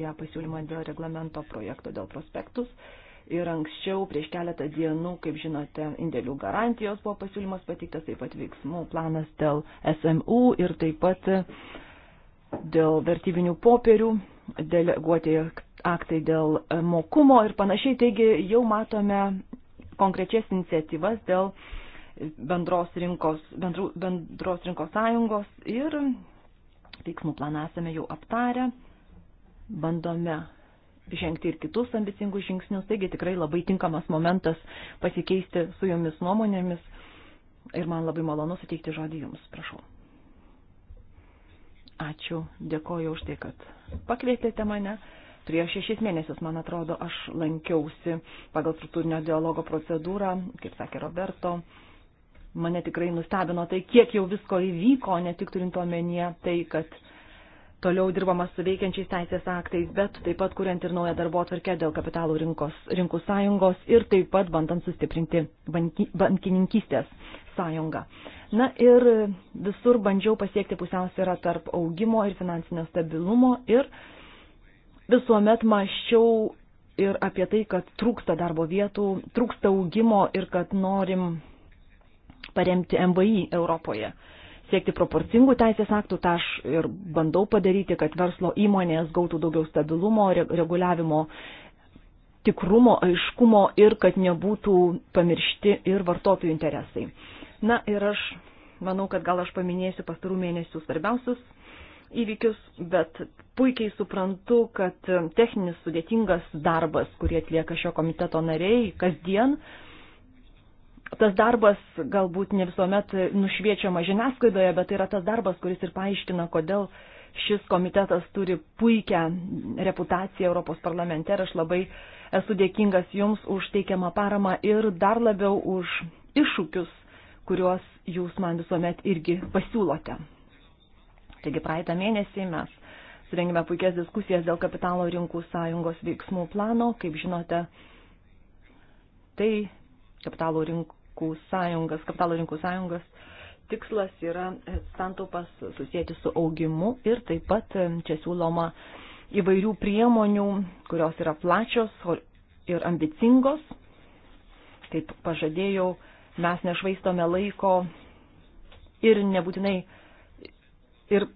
ją pasiūlymą dėl reglamento projekto dėl prospektus. Ir anksčiau, prieš keletą dienų, kaip žinote, indėlių garantijos buvo pasiūlymas pateiktas, taip pat veiksmų planas dėl SMU ir taip pat dėl vertybinių popierių, deleguoti aktai dėl mokumo ir panašiai. Taigi jau matome konkrečias iniciatyvas dėl bendros rinkos, bendru, bendros rinkos sąjungos ir veiksmų planą esame jau aptarę bandome žengti ir kitus ambicingus žingsnius, taigi tikrai labai tinkamas momentas pasikeisti su jomis nuomonėmis ir man labai malonu suteikti žodį jums, prašau. Ačiū, dėkoju už tai, kad pakvietėte mane. Prieš šešis mėnesius, man atrodo, aš lankiausi pagal struktūrinio dialogo procedūrą, kaip sakė Roberto. Mane tikrai nustebino tai, kiek jau visko įvyko, ne tik turint omenyje tai, kad toliau dirbama su veikiančiais teisės aktais, bet taip pat kuriant ir naują darbo atvarkę dėl kapitalų rinkos, rinkų sąjungos ir taip pat bandant sustiprinti banki, bankininkystės sąjungą. Na ir visur bandžiau pasiekti pusiausvyrą tarp augimo ir finansinio stabilumo ir visuomet maščiau ir apie tai, kad trūksta darbo vietų, trūksta augimo ir kad norim paremti MVI Europoje siekti proporcingų teisės aktų, tą aš ir bandau padaryti, kad verslo įmonės gautų daugiau stabilumo, reguliavimo tikrumo, aiškumo ir kad nebūtų pamiršti ir vartotojų interesai. Na ir aš manau, kad gal aš paminėsiu pastarų mėnesių svarbiausius įvykius, bet puikiai suprantu, kad techninis sudėtingas darbas, kurį atlieka šio komiteto nariai kasdien, uh, tas darbas galbūt ne visuomet nušviečiama žiniasklaidoje, bet tai yra tas darbas, kuris ir paaiškina, kodėl šis komitetas turi puikią reputaciją Europos parlamente ir aš labai esu dėkingas Jums už teikiamą paramą ir dar labiau už iššūkius, kuriuos Jūs man visuomet irgi pasiūlote. Taigi praeitą mėnesį mes surengėme puikias diskusijas dėl kapitalo rinkų sąjungos veiksmų plano. Kaip žinote, tai kapitalo rinkų rinkų sąjungas, kapitalo rinkų sąjungas tikslas yra santupas susijęti su augimu ir taip pat čia siūloma įvairių priemonių, kurios yra plačios ir ambicingos. Kaip pažadėjau, mes nešvaistome laiko ir nebūtinai ir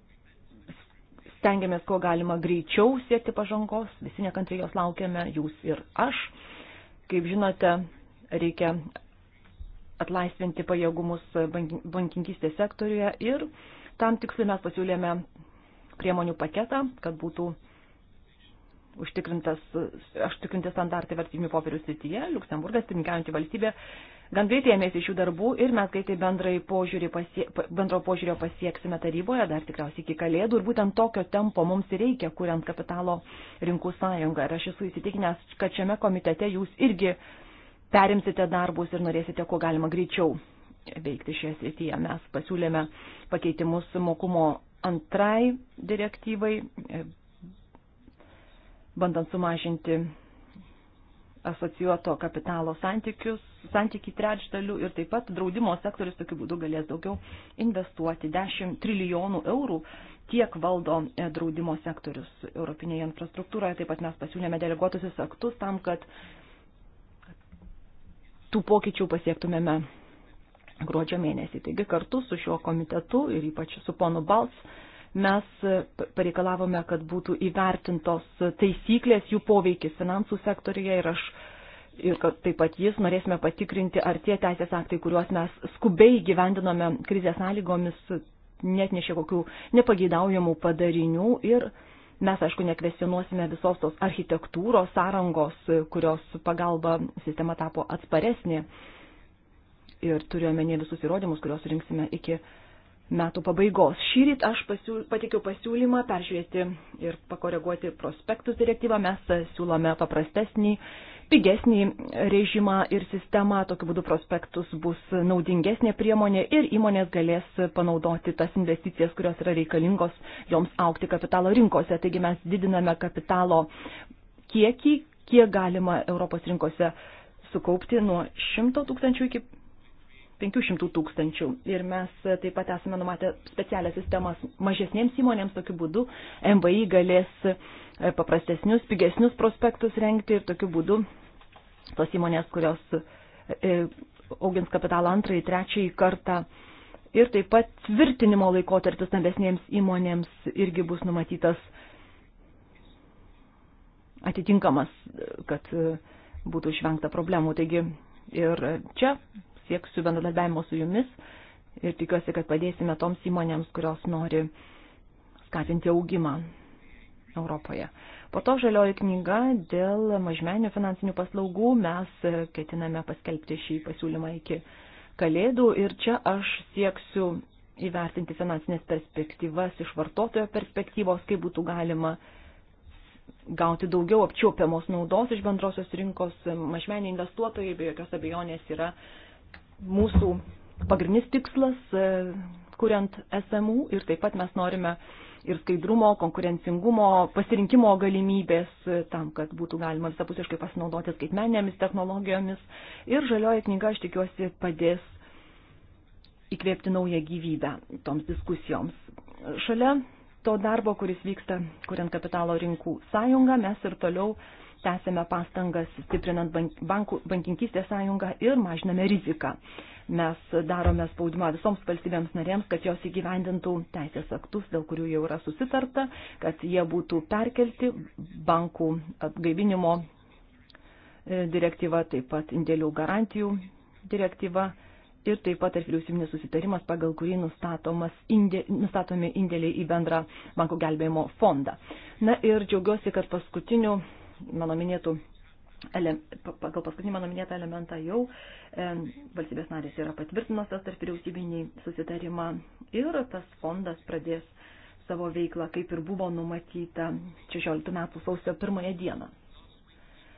stengiamės, kuo galima greičiau siekti pažangos, visi nekantriai jos laukiame, jūs ir aš. Kaip žinote, reikia atlaisvinti pajėgumus bankininkystės sektoriuje ir tam tikslui mes pasiūlėme priemonių paketą, kad būtų užtikrinti standartai vertybinių popierių srityje. Luksemburgas, pirmininkaujantį valstybę, gan greitai ėmėsi šių darbų ir mes greitai požiūrį pasie, bendro požiūrio pasieksime taryboje, dar tikriausiai iki kalėdų. Ir būtent tokio tempo mums reikia, kuriant kapitalo rinkų sąjungą. Ir aš esu įsitikinęs, kad šiame komitete jūs irgi uh, perimsite darbus ir norėsite kuo galima greičiau veikti šioje srityje. Mes pasiūlėme pakeitimus mokumo antrai direktyvai, bandant sumažinti asocijuoto kapitalo santykius, santykiai trečdalių ir taip pat draudimo sektorius tokiu būdu galės daugiau investuoti. 10 trilijonų eurų tiek valdo e, draudimo sektorius Europinėje infrastruktūroje. Taip pat mes pasiūlėme deleguotusius aktus tam, kad tų pokyčių pasiektumėme gruodžio mėnesį. Taigi kartu su šiuo komitetu ir ypač su ponu Balts mes pareikalavome, kad būtų įvertintos taisyklės, jų poveikis finansų sektorija ir aš ir kad taip pat jis norėsime patikrinti, ar tie teisės aktai, kuriuos mes skubiai gyvendinome krizės sąlygomis, net nešė kokių nepageidaujamų padarinių ir uh, Mes, aišku, nekvesionuosime visos tos architektūros sąrangos, kurios pagalba sistema tapo atsparesnė. Ir turiuomenė visus įrodymus, kuriuos surinksime iki metų pabaigos. Šyryt aš pasiūl, patikiu pasiūlymą peržiūrėti ir pakoreguoti prospektus direktyvą. Mes siūlome paprastesnį pigesnį režimą ir sistemą, tokiu būdu prospektus bus naudingesnė priemonė ir įmonės galės panaudoti tas investicijas, kurios yra reikalingos joms aukti kapitalo rinkose. Taigi mes didiname kapitalo kiekį, kiek galima Europos rinkose sukaupti nuo 100 tūkstančių iki 500 tūkstančių. Ir mes taip pat esame numatę specialią sistemą mažesnėms įmonėms, tokiu būdu MVI galės E, paprastesnius, pigesnius prospektus renkti ir tokiu būdu tos įmonės, kurios e, e, augins kapitalą antrąjį, trečiąjį kartą. Ir taip pat tvirtinimo laikotarpis stambesnėms įmonėms irgi bus numatytas atitinkamas, kad būtų išvengta problemų. Taigi ir čia sieksiu bendradarbiavimo su jumis ir tikiuosi, kad padėsime toms įmonėms, kurios nori skatinti augimą. Europoje. Po to žalioji knyga dėl mažmenio finansinių paslaugų mes ketiname paskelbti šį pasiūlymą iki kalėdų ir čia aš sieksiu įvertinti finansinės perspektyvas iš vartotojo perspektyvos, kaip būtų galima gauti daugiau apčiuopiamos naudos iš bendrosios rinkos. Mažmeniai investuotojai be jokios abejonės yra mūsų pagrindinis tikslas, kuriant SMU ir taip pat mes norime uh, ir skaidrumo, konkurencingumo, pasirinkimo galimybės tam, kad būtų galima visapusiškai pasinaudoti skaitmeninėmis technologijomis. Ir žalioji knyga, aš tikiuosi, padės įkvėpti naują gyvybę toms diskusijoms. Šalia to darbo, kuris vyksta, kuriant kapitalo rinkų sąjungą, mes ir toliau tęsėme pastangas stiprinant bank, bankų, bankinkystės sąjungą ir mažiname riziką. Mes darome spaudimą visoms valstybėms narėms, kad jos įgyvendintų teisės aktus, dėl kurių jau yra susitarta, kad jie būtų perkelti bankų atgaivinimo e, direktyva, taip pat indėlių garantijų direktyva ir taip pat tarp vyriausybinis susitarimas, pagal kurį indė, nustatomi indėliai į bendrą bankų gelbėjimo fondą. Na ir džiaugiuosi, kad paskutiniu mano minėtų ele, pagal paskutinį mano minėtą elementą jau e, valstybės narės yra patvirtinusios tarp vyriausybinį susitarimą ir tas fondas pradės savo veiklą, kaip ir buvo numatyta 16 metų sausio pirmąją dieną.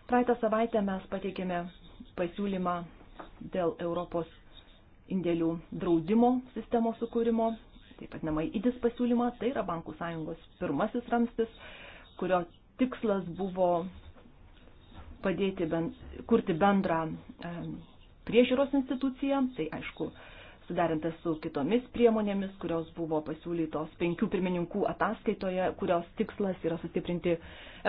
Praeitą savaitę mes pateikėme pasiūlymą dėl Europos indėlių draudimo sistemos sukūrimo, taip pat namai įdis pasiūlymą, tai yra Bankų sąjungos pirmasis ramstis, kurio tikslas buvo padėti ben, kurti bendrą e, priežiūros instituciją, tai aišku, sudarintas su kitomis priemonėmis, kurios buvo pasiūlytos penkių pirmininkų ataskaitoje, kurios tikslas yra sustiprinti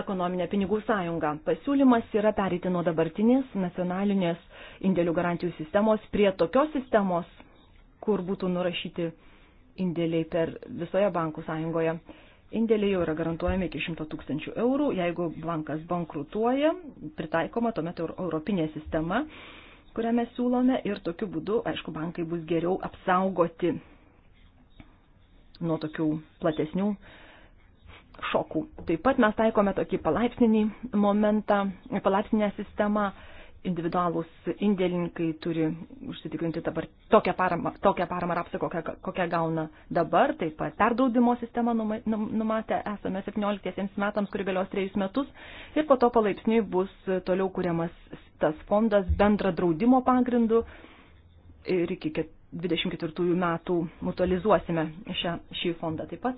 ekonominę pinigų sąjungą. Pasiūlymas yra pereiti nuo dabartinės nacionalinės indėlių garantijų sistemos prie tokios sistemos, kur būtų nurašyti indėliai per visoje bankų sąjungoje indėliai jau yra garantuojami iki 100 tūkstančių eurų. Jeigu bankas bankrutuoja, pritaikoma tuomet europinė sistema, kurią mes siūlome ir tokiu būdu, aišku, bankai bus geriau apsaugoti nuo tokių platesnių šokų. Taip pat mes taikome tokį palaipsninį momentą, palaipsninę sistemą individualūs indėlininkai turi užsitikrinti dabar tokią paramą, tokią paramą rapsą, kokią, kokią gauna dabar. Taip pat perdaudimo sistemą numatę esame 17 metams, kuri galios 3 metus. Ir po to palaipsniui bus toliau kuriamas tas fondas bendra draudimo pagrindu. Ir iki 24 metų mutualizuosime šią, šį fondą taip pat.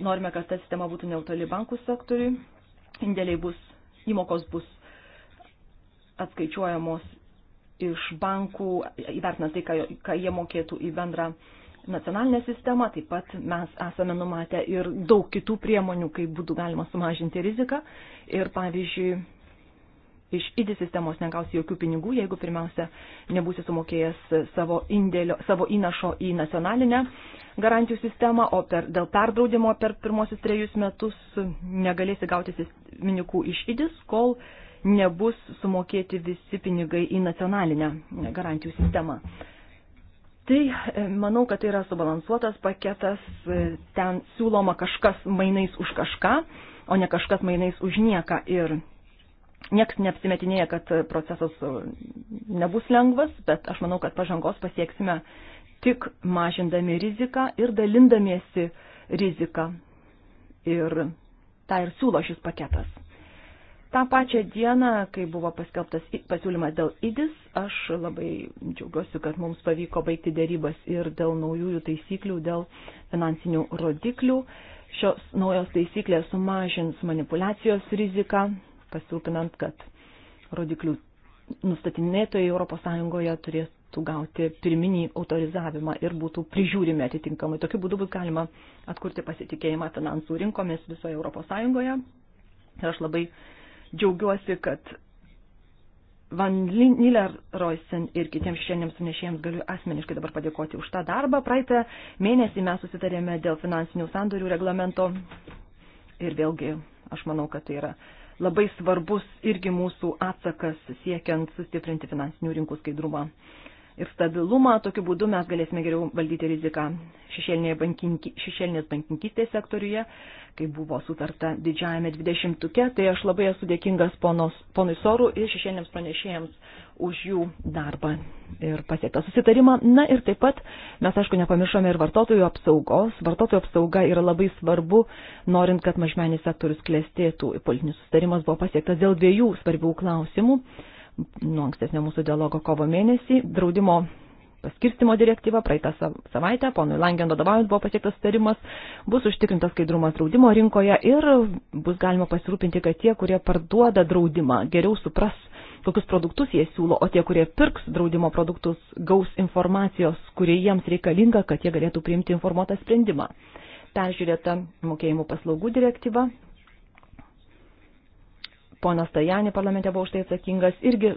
Norime, kad ta sistema būtų neutrali bankų sektoriui. Indėliai bus, įmokos bus atskaičiuojamos iš bankų, įvertinant tai, ką, ką jie mokėtų į bendrą nacionalinę sistemą. Taip pat mes esame numatę ir daug kitų priemonių, kaip būtų galima sumažinti riziką. Ir pavyzdžiui, iš IDI sistemos negausi jokių pinigų, jeigu pirmiausia nebūsi sumokėjęs savo, indėlio, savo įnašo į nacionalinę garantijų sistemą, o per, dėl perdraudimo per pirmosius trejus metus negalėsi gauti pinigų iš IDIS, kol uh, nebus sumokėti visi pinigai į nacionalinę garantijų sistemą. Tai e, manau, kad tai yra subalansuotas paketas, e, ten siūloma kažkas mainais už kažką, o ne kažkas mainais už nieką. Ir nieks neapsimetinėja, kad procesas e, nebus lengvas, bet aš manau, kad pažangos pasieksime tik mažindami riziką ir dalindamiesi riziką. Ir tą ir siūlo šis paketas tą pačią dieną, kai buvo paskelbtas pasiūlymas dėl IDIS, aš labai džiaugiuosi, kad mums pavyko baigti dėrybas ir dėl naujųjų taisyklių, dėl finansinių rodiklių. Šios naujos taisyklės sumažins manipulacijos riziką, pasirūpinant, kad rodiklių nustatinėtojai ES turėtų gauti pirminį autorizavimą ir būtų prižiūrimi atitinkamai. Tokiu būdu bus galima atkurti pasitikėjimą finansų rinkomis visoje ES. Ir aš labai uh, džiaugiuosi, kad Van Nileroisen ir kitiems šiandiems sunešėjams galiu asmeniškai dabar padėkoti už tą darbą. Praeitą mėnesį mes susitarėme dėl finansinių sandorių reglamento ir vėlgi aš manau, kad tai yra labai svarbus irgi mūsų atsakas siekiant sustiprinti finansinių rinkų skaidrumą ir stabilumą. Tokiu būdu mes galėsime geriau valdyti riziką bankinki, šešėlinės bankinkystės sektoriuje, kai buvo sutarta didžiajame 20-tuke. Tai aš labai esu dėkingas ponos, ponui Sorų ir šešėlinėms pranešėjams už jų darbą ir pasiektą susitarimą. Na ir taip pat mes, aišku, nepamiršome ir vartotojų apsaugos. Vartotojų apsauga yra labai svarbu, norint, kad mažmenis sektorius klestėtų. Politinis susitarimas buvo pasiektas dėl dviejų svarbių klausimų nuo ankstesnio mūsų dialogo kovo mėnesį. Draudimo paskirstimo direktyva praeitą savaitę, ponui Langen vadovaujant buvo pasiektas starimas, bus užtikrintas skaidrumas draudimo rinkoje ir bus galima pasirūpinti, kad tie, kurie parduoda draudimą, geriau supras, kokius produktus jie siūlo, o tie, kurie pirks draudimo produktus, gaus informacijos, kurie jiems reikalinga, kad jie galėtų priimti informuotą sprendimą. Peržiūrėta mokėjimų paslaugų direktyva, ponas Tajani parlamente buvo už tai atsakingas, irgi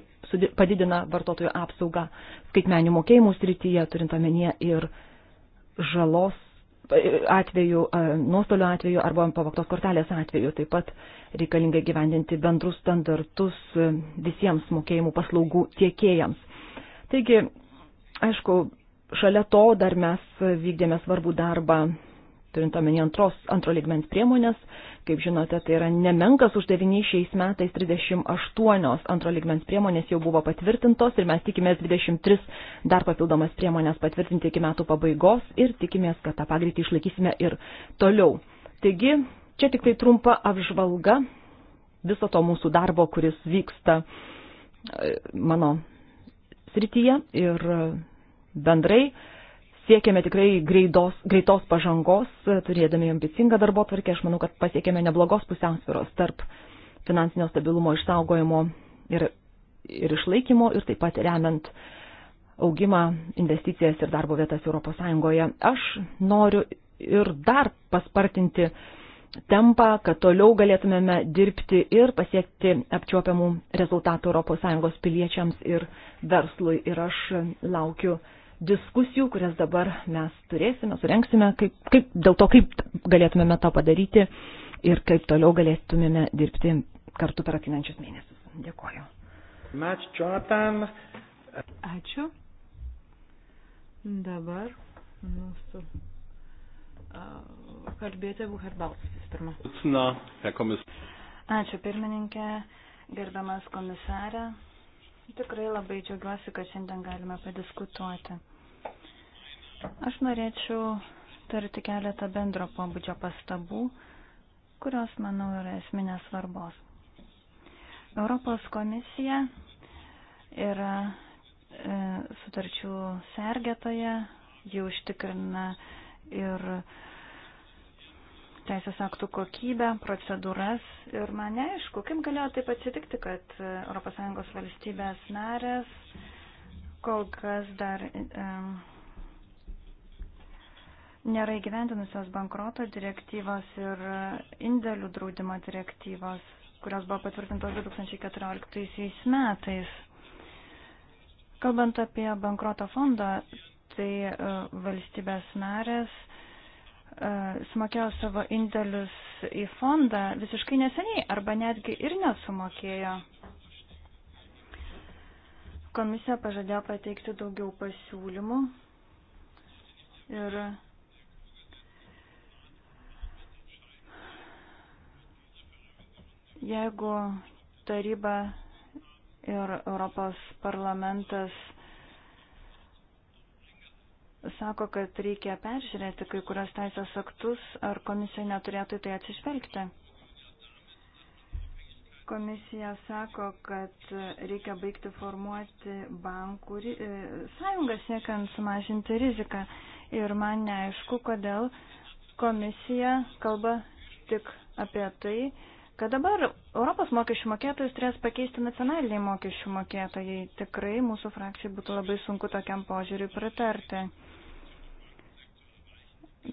padidina vartotojų apsaugą skaitmenių mokėjimų srityje, turint omenyje ir žalos e, atveju, e, nuostolio atveju arba pavoktos kortelės atveju. Taip pat reikalinga gyvendinti bendrus standartus e, visiems mokėjimų paslaugų tiekėjams. Taigi, aišku, šalia to dar mes vykdėme svarbų darbą turint omeny antros, antro ligmens priemonės. Kaip žinote, tai yra nemenkas uždavinys šiais metais 38 antro ligmens priemonės jau buvo patvirtintos ir mes tikimės 23 dar papildomas priemonės patvirtinti iki metų pabaigos ir tikimės, kad tą pagreitį išlaikysime ir toliau. Taigi, čia tik tai trumpa apžvalga viso to mūsų darbo, kuris vyksta e, mano srityje ir e, bendrai siekėme tikrai greitos, greitos pažangos, turėdami ambicingą darbo tvarkę, aš manau, kad pasiekėme neblogos pusiausvėros tarp finansinio stabilumo išsaugojimo ir, ir išlaikymo ir taip pat remiant augimą, investicijas ir darbo vietas ES. Aš noriu ir dar paspartinti tempą, kad toliau galėtumėme dirbti ir pasiekti apčiuopiamų rezultatų ES piliečiams ir verslui. Ir aš laukiu diskusijų, kurias dabar mes turėsime, surenksime, kaip, kaip, dėl to, kaip galėtumėme tą padaryti ir kaip toliau galėtumėme dirbti kartu per atinančius mėnesius. Dėkuoju. Ačiū. Dabar mūsų kalbėtoja Buharbalskis pirma. Ačiū pirmininkė, gerbiamas komisarė. Tikrai labai džiaugiuosi, kad šiandien galime padiskutuoti. Aš norėčiau tarti keletą bendro pobūdžio pastabų, kurios, manau, yra esminės svarbos. Europos komisija yra e, sutarčių sergėtoje, ji užtikrina ir e, teisės aktų kokybę, procedūras ir man neaišku, kaip galėjo taip atsitikti, kad ES valstybės narės kol kas dar e, nėra įgyventinusios bankroto direktyvos ir indėlių draudimo direktyvos, kurios buvo patvirtintos 2014 metais. Kalbant apie bankroto fondą, tai e, valstybės narės e, E, sumokėjo savo indėlius į fondą visiškai neseniai arba netgi ir nesumokėjo. Komisija pažadėjo pateikti daugiau pasiūlymų ir jeigu taryba ir Europos parlamentas sako, kad reikia peržiūrėti kai kurios teisės aktus, ar komisija neturėtų į tai atsižvelgti. Komisija sako, kad reikia baigti formuoti bankų e, sąjungą siekiant sumažinti riziką. Ir man neaišku, kodėl komisija kalba tik apie tai, kad dabar Europos mokesčių mokėtojus turės pakeisti nacionaliniai mokesčių mokėtojai. Tikrai mūsų frakcijai būtų labai sunku tokiam požiūriui pritarti.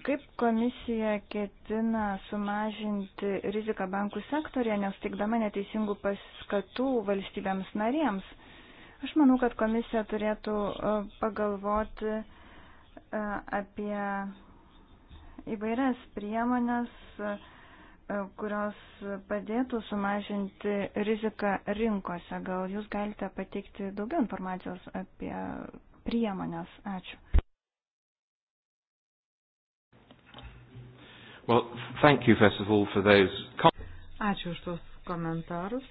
Kaip komisija ketina sumažinti riziką bankų sektorėje, nesteikdama neteisingų paskatų valstybėms narėms? Aš manau, kad komisija turėtų e, pagalvoti e, apie įvairias priemonės, e, kurios padėtų sumažinti riziką rinkose. Gal jūs galite pateikti daugiau informacijos apie priemonės? Ačiū. Well, thank you, first of all, for those Ačiū už tuos komentarus.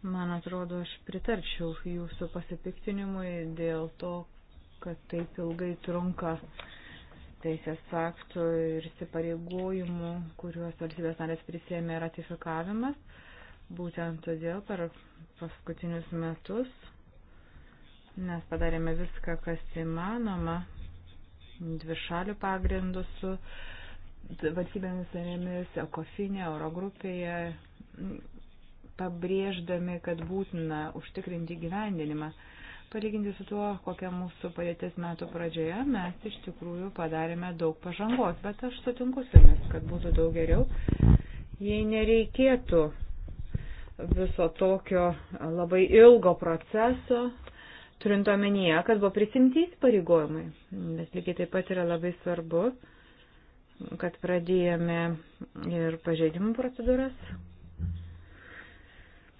Man atrodo, aš pritarčiau jūsų pasipiktinimui dėl to, kad taip ilgai trunka teisės aktų ir įsipareigojimų, kuriuos valstybės narės prisėmė ratifikavimas. Būtent todėl per paskutinius metus mes padarėme viską, kas įmanoma, dvišalių pagrindų su uh, valstybėmis narėmis, ekofinė, eurogrupėje, pabrėždami, kad būtina užtikrinti gyvendinimą. Palyginti su tuo, kokia mūsų padėtis metų pradžioje, mes iš tikrųjų padarėme daug pažangos, bet aš sutinku su jumis, kad būtų daug geriau, jei nereikėtų viso tokio labai ilgo proceso, turint omenyje, kad buvo prisimti įsipareigojimai, nes lygiai taip pat yra labai svarbu kad pradėjome ir pažeidimų procedūras.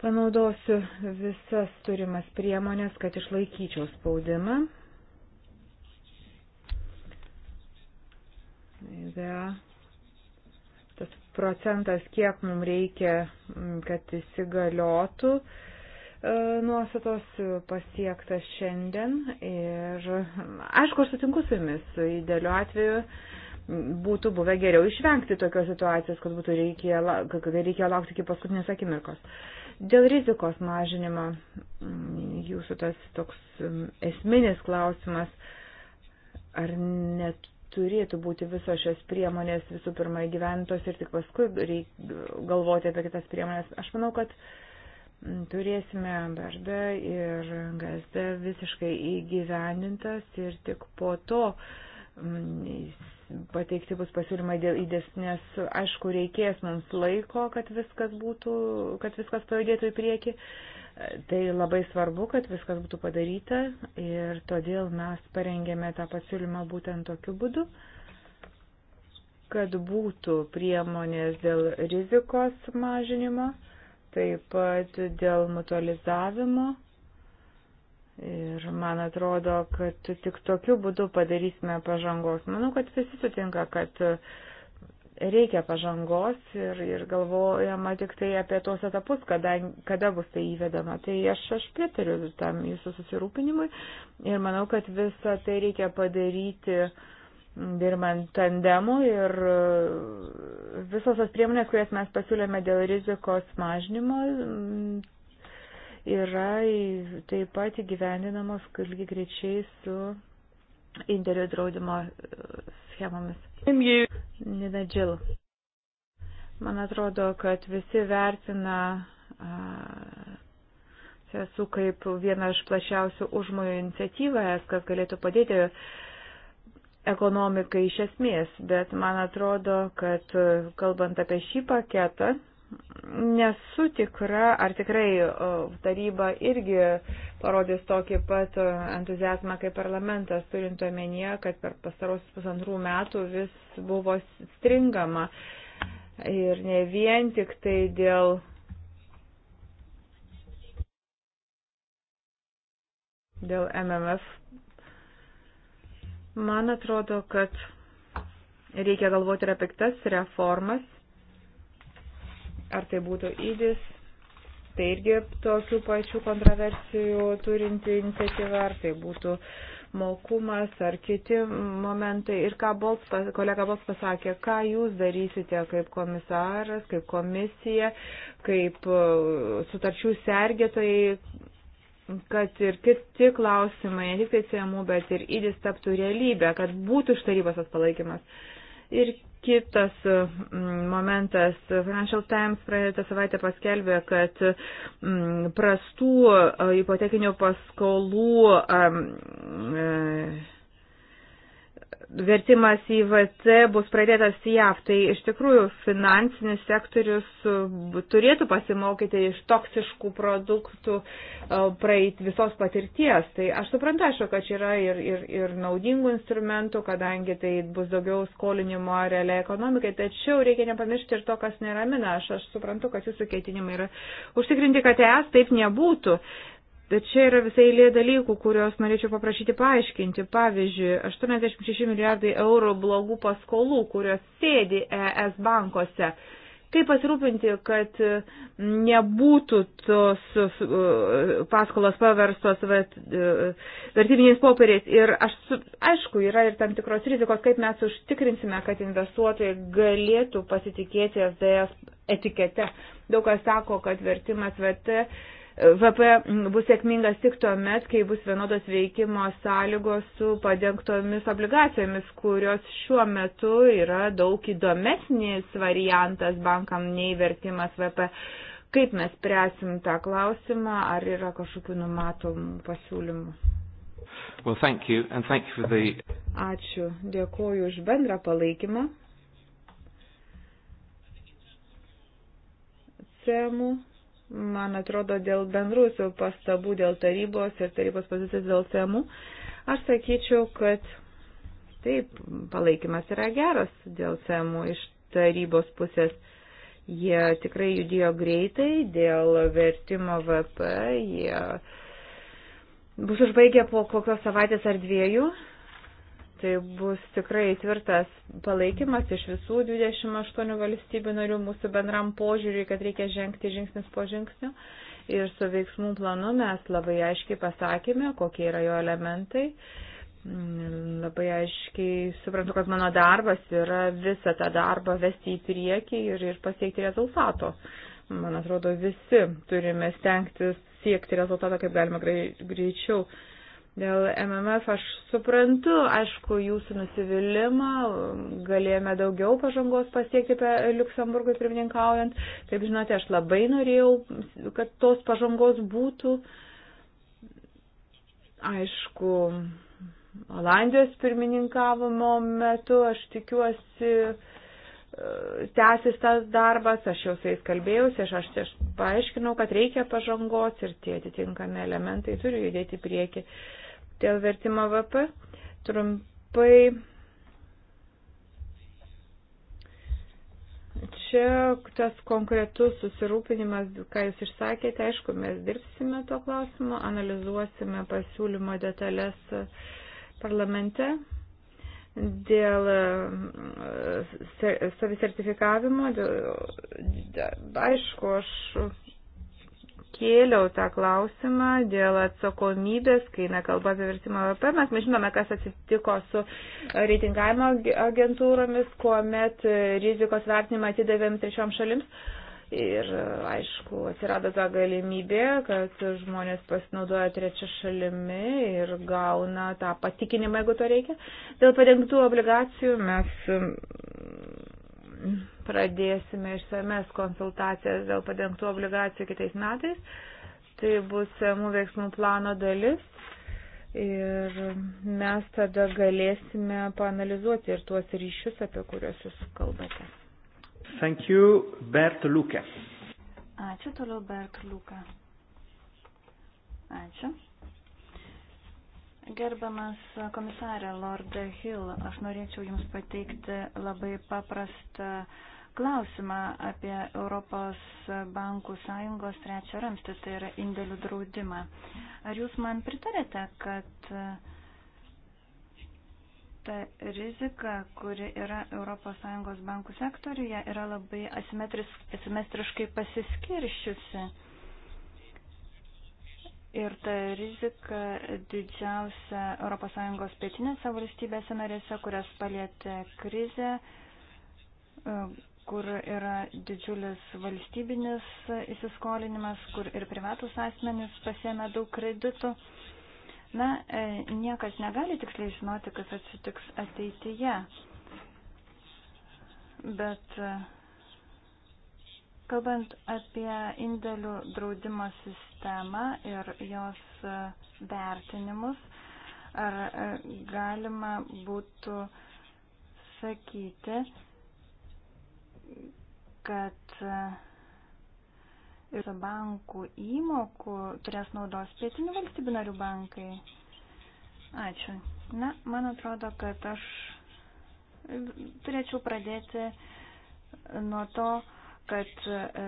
Panaudosiu visas turimas priemonės, kad išlaikyčiau spaudimą. Yra tas procentas, kiek mums reikia, kad įsigaliotų e, nuostatos pasiektas šiandien. Ir aišku, aš sutinku su jumis. Idealiu atveju būtų buvę geriau išvengti tokios situacijos, kad būtų reikėjo, kad reikėjo laukti iki paskutinės akimirkos. Dėl rizikos mažinimo, mm, jūsų tas toks mm, esminis klausimas, ar net turėtų būti visos šios priemonės visų pirma įgyventos ir tik paskui galvoti apie kitas priemonės. Aš manau, kad mm, turėsime BRD ir GSD visiškai įgyvendintas ir tik po to uh, Mm, pateikti bus pasiūlymai dėl įdės, nes aišku, reikės mums laiko, kad viskas būtų, kad viskas pajudėtų į priekį. Tai labai svarbu, kad viskas būtų padaryta ir todėl mes parengėme tą pasiūlymą būtent tokiu būdu, kad būtų priemonės dėl rizikos mažinimo, taip pat dėl mutualizavimo Ir man atrodo, kad tik tokiu būdu padarysime pažangos. Manau, kad visi sutinka, kad reikia pažangos ir, ir galvojama tik tai apie tuos etapus, kada, kada bus tai įvedama. Tai aš, aš pritariu tam jūsų susirūpinimui ir manau, kad visą tai reikia padaryti dirbant tandemu ir visos tas priemonės, kurias mes pasiūlėme dėl rizikos mažnymo, yra taip pat įgyvendinamos lygiai greičiai su indėlių draudimo e, schemomis. Nina Džil. Man atrodo, kad visi vertina esu kaip viena iš plačiausių užmojų iniciatyvą, kas galėtų padėti ekonomikai iš esmės, bet man atrodo, kad kalbant apie šį paketą, nesu tikra, ar tikrai taryba irgi parodys tokį pat entuzijazmą kaip parlamentas, turint omenyje, kad per pastarosius pusantrų metų vis buvo stringama. Ir ne vien tik tai dėl. Dėl MMF. Man atrodo, kad reikia galvoti ir apie kitas reformas, ar tai būtų įdis, tai irgi tokių pačių kontroversijų turinti iniciatyva, ar tai būtų mokumas ar kiti momentai. Ir ką Bolts, kolega Bolts pasakė, ką jūs darysite kaip komisaras, kaip komisija, kaip e, sutarčių sergėtojai, kad ir kiti klausimai, ne tik tai CMU, bet ir įdis taptų realybę, kad būtų iš tarybos tas palaikymas. Ir kitas mm, momentas. Financial Times praeitą savaitę paskelbė, kad mm, prastų e, ipotecinių paskolų e, vertimas į VC bus pradėtas JAV, tai iš tikrųjų finansinis sektorius e, turėtų pasimokyti iš toksiškų produktų e, praeit visos patirties. Tai aš suprantu, aišku, kad čia yra ir, ir, ir naudingų instrumentų, kadangi tai bus daugiau skolinimo realiai ekonomikai, tačiau reikia nepamiršti ir to, kas neramina. Aš, aš suprantu, kad jūsų keitinimai yra užtikrinti, kad ES taip nebūtų. Bet čia yra visai lė dalykų, kuriuos norėčiau paprašyti paaiškinti. Pavyzdžiui, 86 milijardai eurų blogų paskolų, kurios sėdi ES bankose. Kaip pasirūpinti, kad nebūtų tos paskolos paverstos e, vertybiniais popieriais. Ir aš, aišku, yra ir tam tikros rizikos, kaip mes užtikrinsime, kad investuotojai galėtų pasitikėti SDS etikete. Daug kas sako, kad vertimas VT. VT VP bus sėkmingas tik tuo met, kai bus vienodos veikimo sąlygos su padengtomis obligacijomis, kurios šiuo metu yra daug įdomesnis variantas bankam nei vertimas VP. Kaip mes presim tą klausimą, ar yra kažkokių numatomų pasiūlymų? Well, thank you, and thank you for the... Ačiū. Dėkuoju už bendrą palaikymą. Temų man atrodo, dėl bendrusių pastabų, dėl tarybos ir tarybos pozicijos dėl temų, aš sakyčiau, kad taip, palaikymas yra geras dėl temų iš tarybos pusės. Jie tikrai judėjo greitai dėl vertimo VP, jie bus užbaigę po kokios savaitės ar dviejų, Tai bus tikrai tvirtas palaikymas iš visų 28 valstybių narių mūsų bendram požiūriui, kad reikia žengti žingsnis po žingsnio. Ir su veiksmų planu mes labai aiškiai pasakėme, kokie yra jo elementai. Labai aiškiai suprantu, kad mano darbas yra visą tą darbą vesti į priekį ir, ir pasiekti rezultato. Man atrodo, visi turime stengtis siekti rezultato kaip galima greičiau. Grei Dėl MMF aš suprantu, aišku, jūsų nusivylimą, galėjome daugiau pažangos pasiekti Luksemburgui pirmininkaujant. Kaip žinote, aš labai norėjau, kad tos pažangos būtų. Aišku, Olandijos pirmininkavimo metu aš tikiuosi e, tęsis tas darbas, aš jau su jais kalbėjausi, aš, aš, aš paaiškinau, kad reikia pažangos ir tie atitinkami elementai turi judėti prieki. Uh, dėl vertimo VP. Trumpai. Čia tas konkretus susirūpinimas, ką jūs išsakėte, aišku, mes dirbsime tuo klausimu, analizuosime pasiūlymo detalės parlamente dėl e, savisertifikavimo. Dėl, aišku, aš kėliau tą klausimą dėl atsakomybės, kai nekalba apie vertimą VP. Mes žinome, kas atsitiko su reitingavimo agentūromis, kuomet rizikos vertinimą atidavėm trečiom šalims. Ir aišku, atsirado ta galimybė, kad žmonės pasinaudoja trečią šalimi ir gauna tą patikinimą, jeigu to reikia. Dėl padengtų obligacijų mes pradėsime išsames konsultacijas dėl padengtų obligacijų kitais metais. Tai bus mūsų veiksmų plano dalis. Ir mes tada galėsime panalizuoti ir tuos ryšius, apie kuriuos jūs kalbate. Thank you, Bert Lukas. Ačiū toliau, Bert Lukas. Ačiū. Gerbiamas komisarė Lord Hill, aš norėčiau Jums pateikti labai paprastą klausimą apie Europos bankų sąjungos trečią ramstį, tai yra indėlių draudimą. Ar Jūs man pritarėte, kad ta rizika, kuri yra ES bankų sektoriuje, yra labai asimetriškai pasiskirščiusi? ir ta rizika didžiausia ES pietinėse valstybėse narėse, kurias palėtė krizė, e, kur yra didžiulis valstybinis įsiskolinimas, kur ir privatus asmenys pasėmė daug kreditų. Na, e, niekas negali tiksliai žinoti, kas atsitiks ateityje. Bet uh, Kalbant apie indėlių draudimo sistemą ir jos e, vertinimus, ar e, galima būtų sakyti, kad e, ir bankų įmokų turės naudos pietinių valstybių narių bankai? Ačiū. Na, man atrodo, kad aš turėčiau pradėti nuo to, kad e,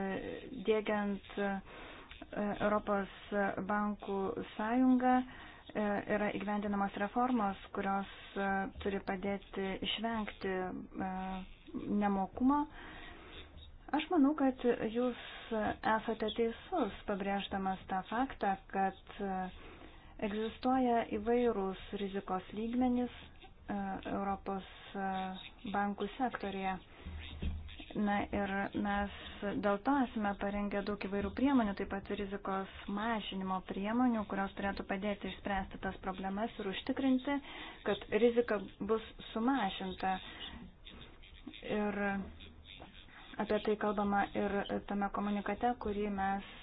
dėgiant e, Europos bankų sąjungą e, yra įgyvendinamos reformos, kurios turi padėti išvengti nemokumo. Aš manau, kad jūs esate teisus, pabrėždamas tą faktą, kad egzistuoja įvairūs rizikos lygmenys Europos bankų sektorėje. Na ir mes dėl to esame parengę daug įvairių priemonių, taip pat rizikos mažinimo priemonių, kurios turėtų padėti išspręsti tas problemas ir užtikrinti, kad rizika bus sumažinta. Ir apie tai kalbama ir tame komunikate, kurį mes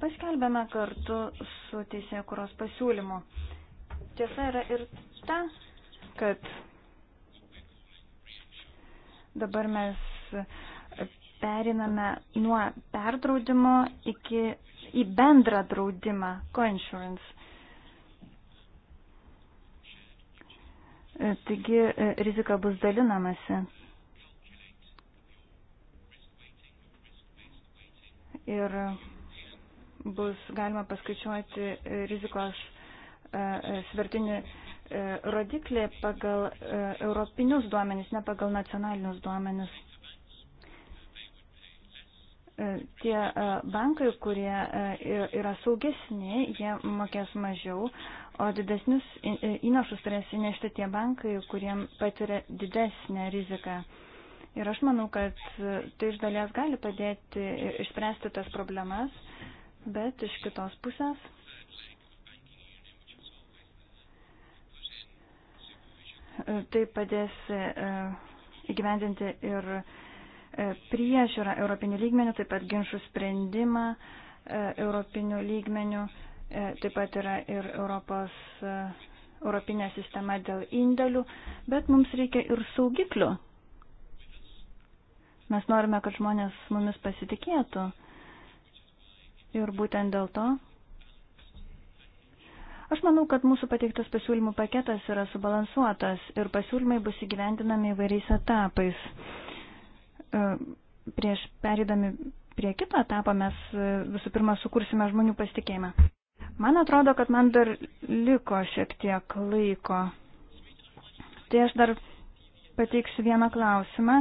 paskelbėme kartu su teisėkuros pasiūlymu. Tiesa yra ir ta, kad Dabar mes periname nuo perdraudimo iki į bendrą draudimą, coinsurance. Taigi e, rizika bus dalinamasi. Ir bus galima paskaičiuoti rizikos e, e, svertinį E, rodiklį pagal e, europinius duomenis, ne pagal nacionalinius duomenis. E, tie bankai, kurie yra saugesni, jie mokės mažiau, o didesnius įnašus turės įnešti tie bankai, kuriem patiria didesnę riziką. Ir aš manau, kad tai iš dalies gali padėti išspręsti tas problemas, bet iš kitos pusės Tai padės e, įgyvendinti ir e, priežiūrą europinių lygmenių, taip pat ginčių sprendimą e, europinių lygmenių, taip pat yra ir Europos, europinė sistema dėl indėlių, bet mums reikia ir saugiklių. Mes norime, kad žmonės mumis pasitikėtų. Ir būtent dėl to Aš manau, kad mūsų pateiktas pasiūlymų paketas yra subalansuotas ir pasiūlymai bus įgyvendinami įvairiais etapais. E, prieš perėdami prie kito etapo mes e, visų pirma sukursime žmonių pasitikėjimą. Man atrodo, kad man dar liko šiek tiek laiko. Tai aš dar pateiksiu vieną klausimą,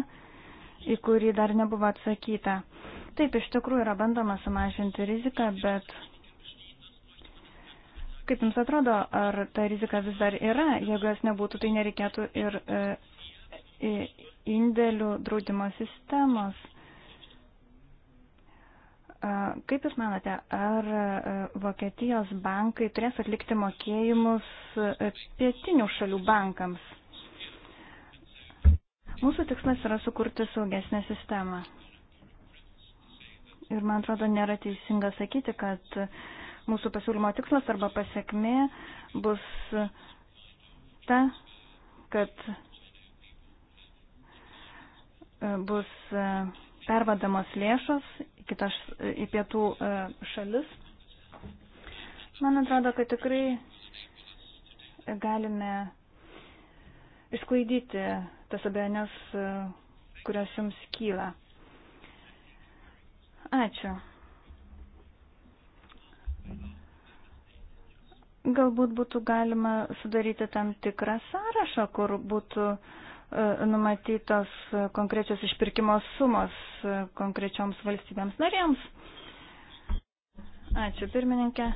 į kurį dar nebuvo atsakyta. Taip, iš tikrųjų yra bandoma sumažinti riziką, bet Kaip Jums atrodo, ar ta rizika vis dar yra? Jeigu jos nebūtų, tai nereikėtų ir e, indėlių draudimo sistemos. Kaip Jūs manote, ar e, Vokietijos bankai turės atlikti mokėjimus e, pietinių šalių bankams? Mūsų tikslas yra sukurti saugesnę sistemą. Ir man atrodo, nėra teisinga sakyti, kad Mūsų pasiūlymo tikslas arba pasiekmė bus ta, kad e, bus e, pervadamos lėšos į, kitas, į pietų e, šalis. Man atrodo, kad tikrai galime išsklaidyti tas abejonės, kurios jums kyla. Ačiū. Galbūt būtų galima sudaryti tam tikrą sąrašą, kur būtų e, numatytos konkrečios išpirkimo sumos e, konkrečioms valstybėms narėms. Ačiū pirmininkė.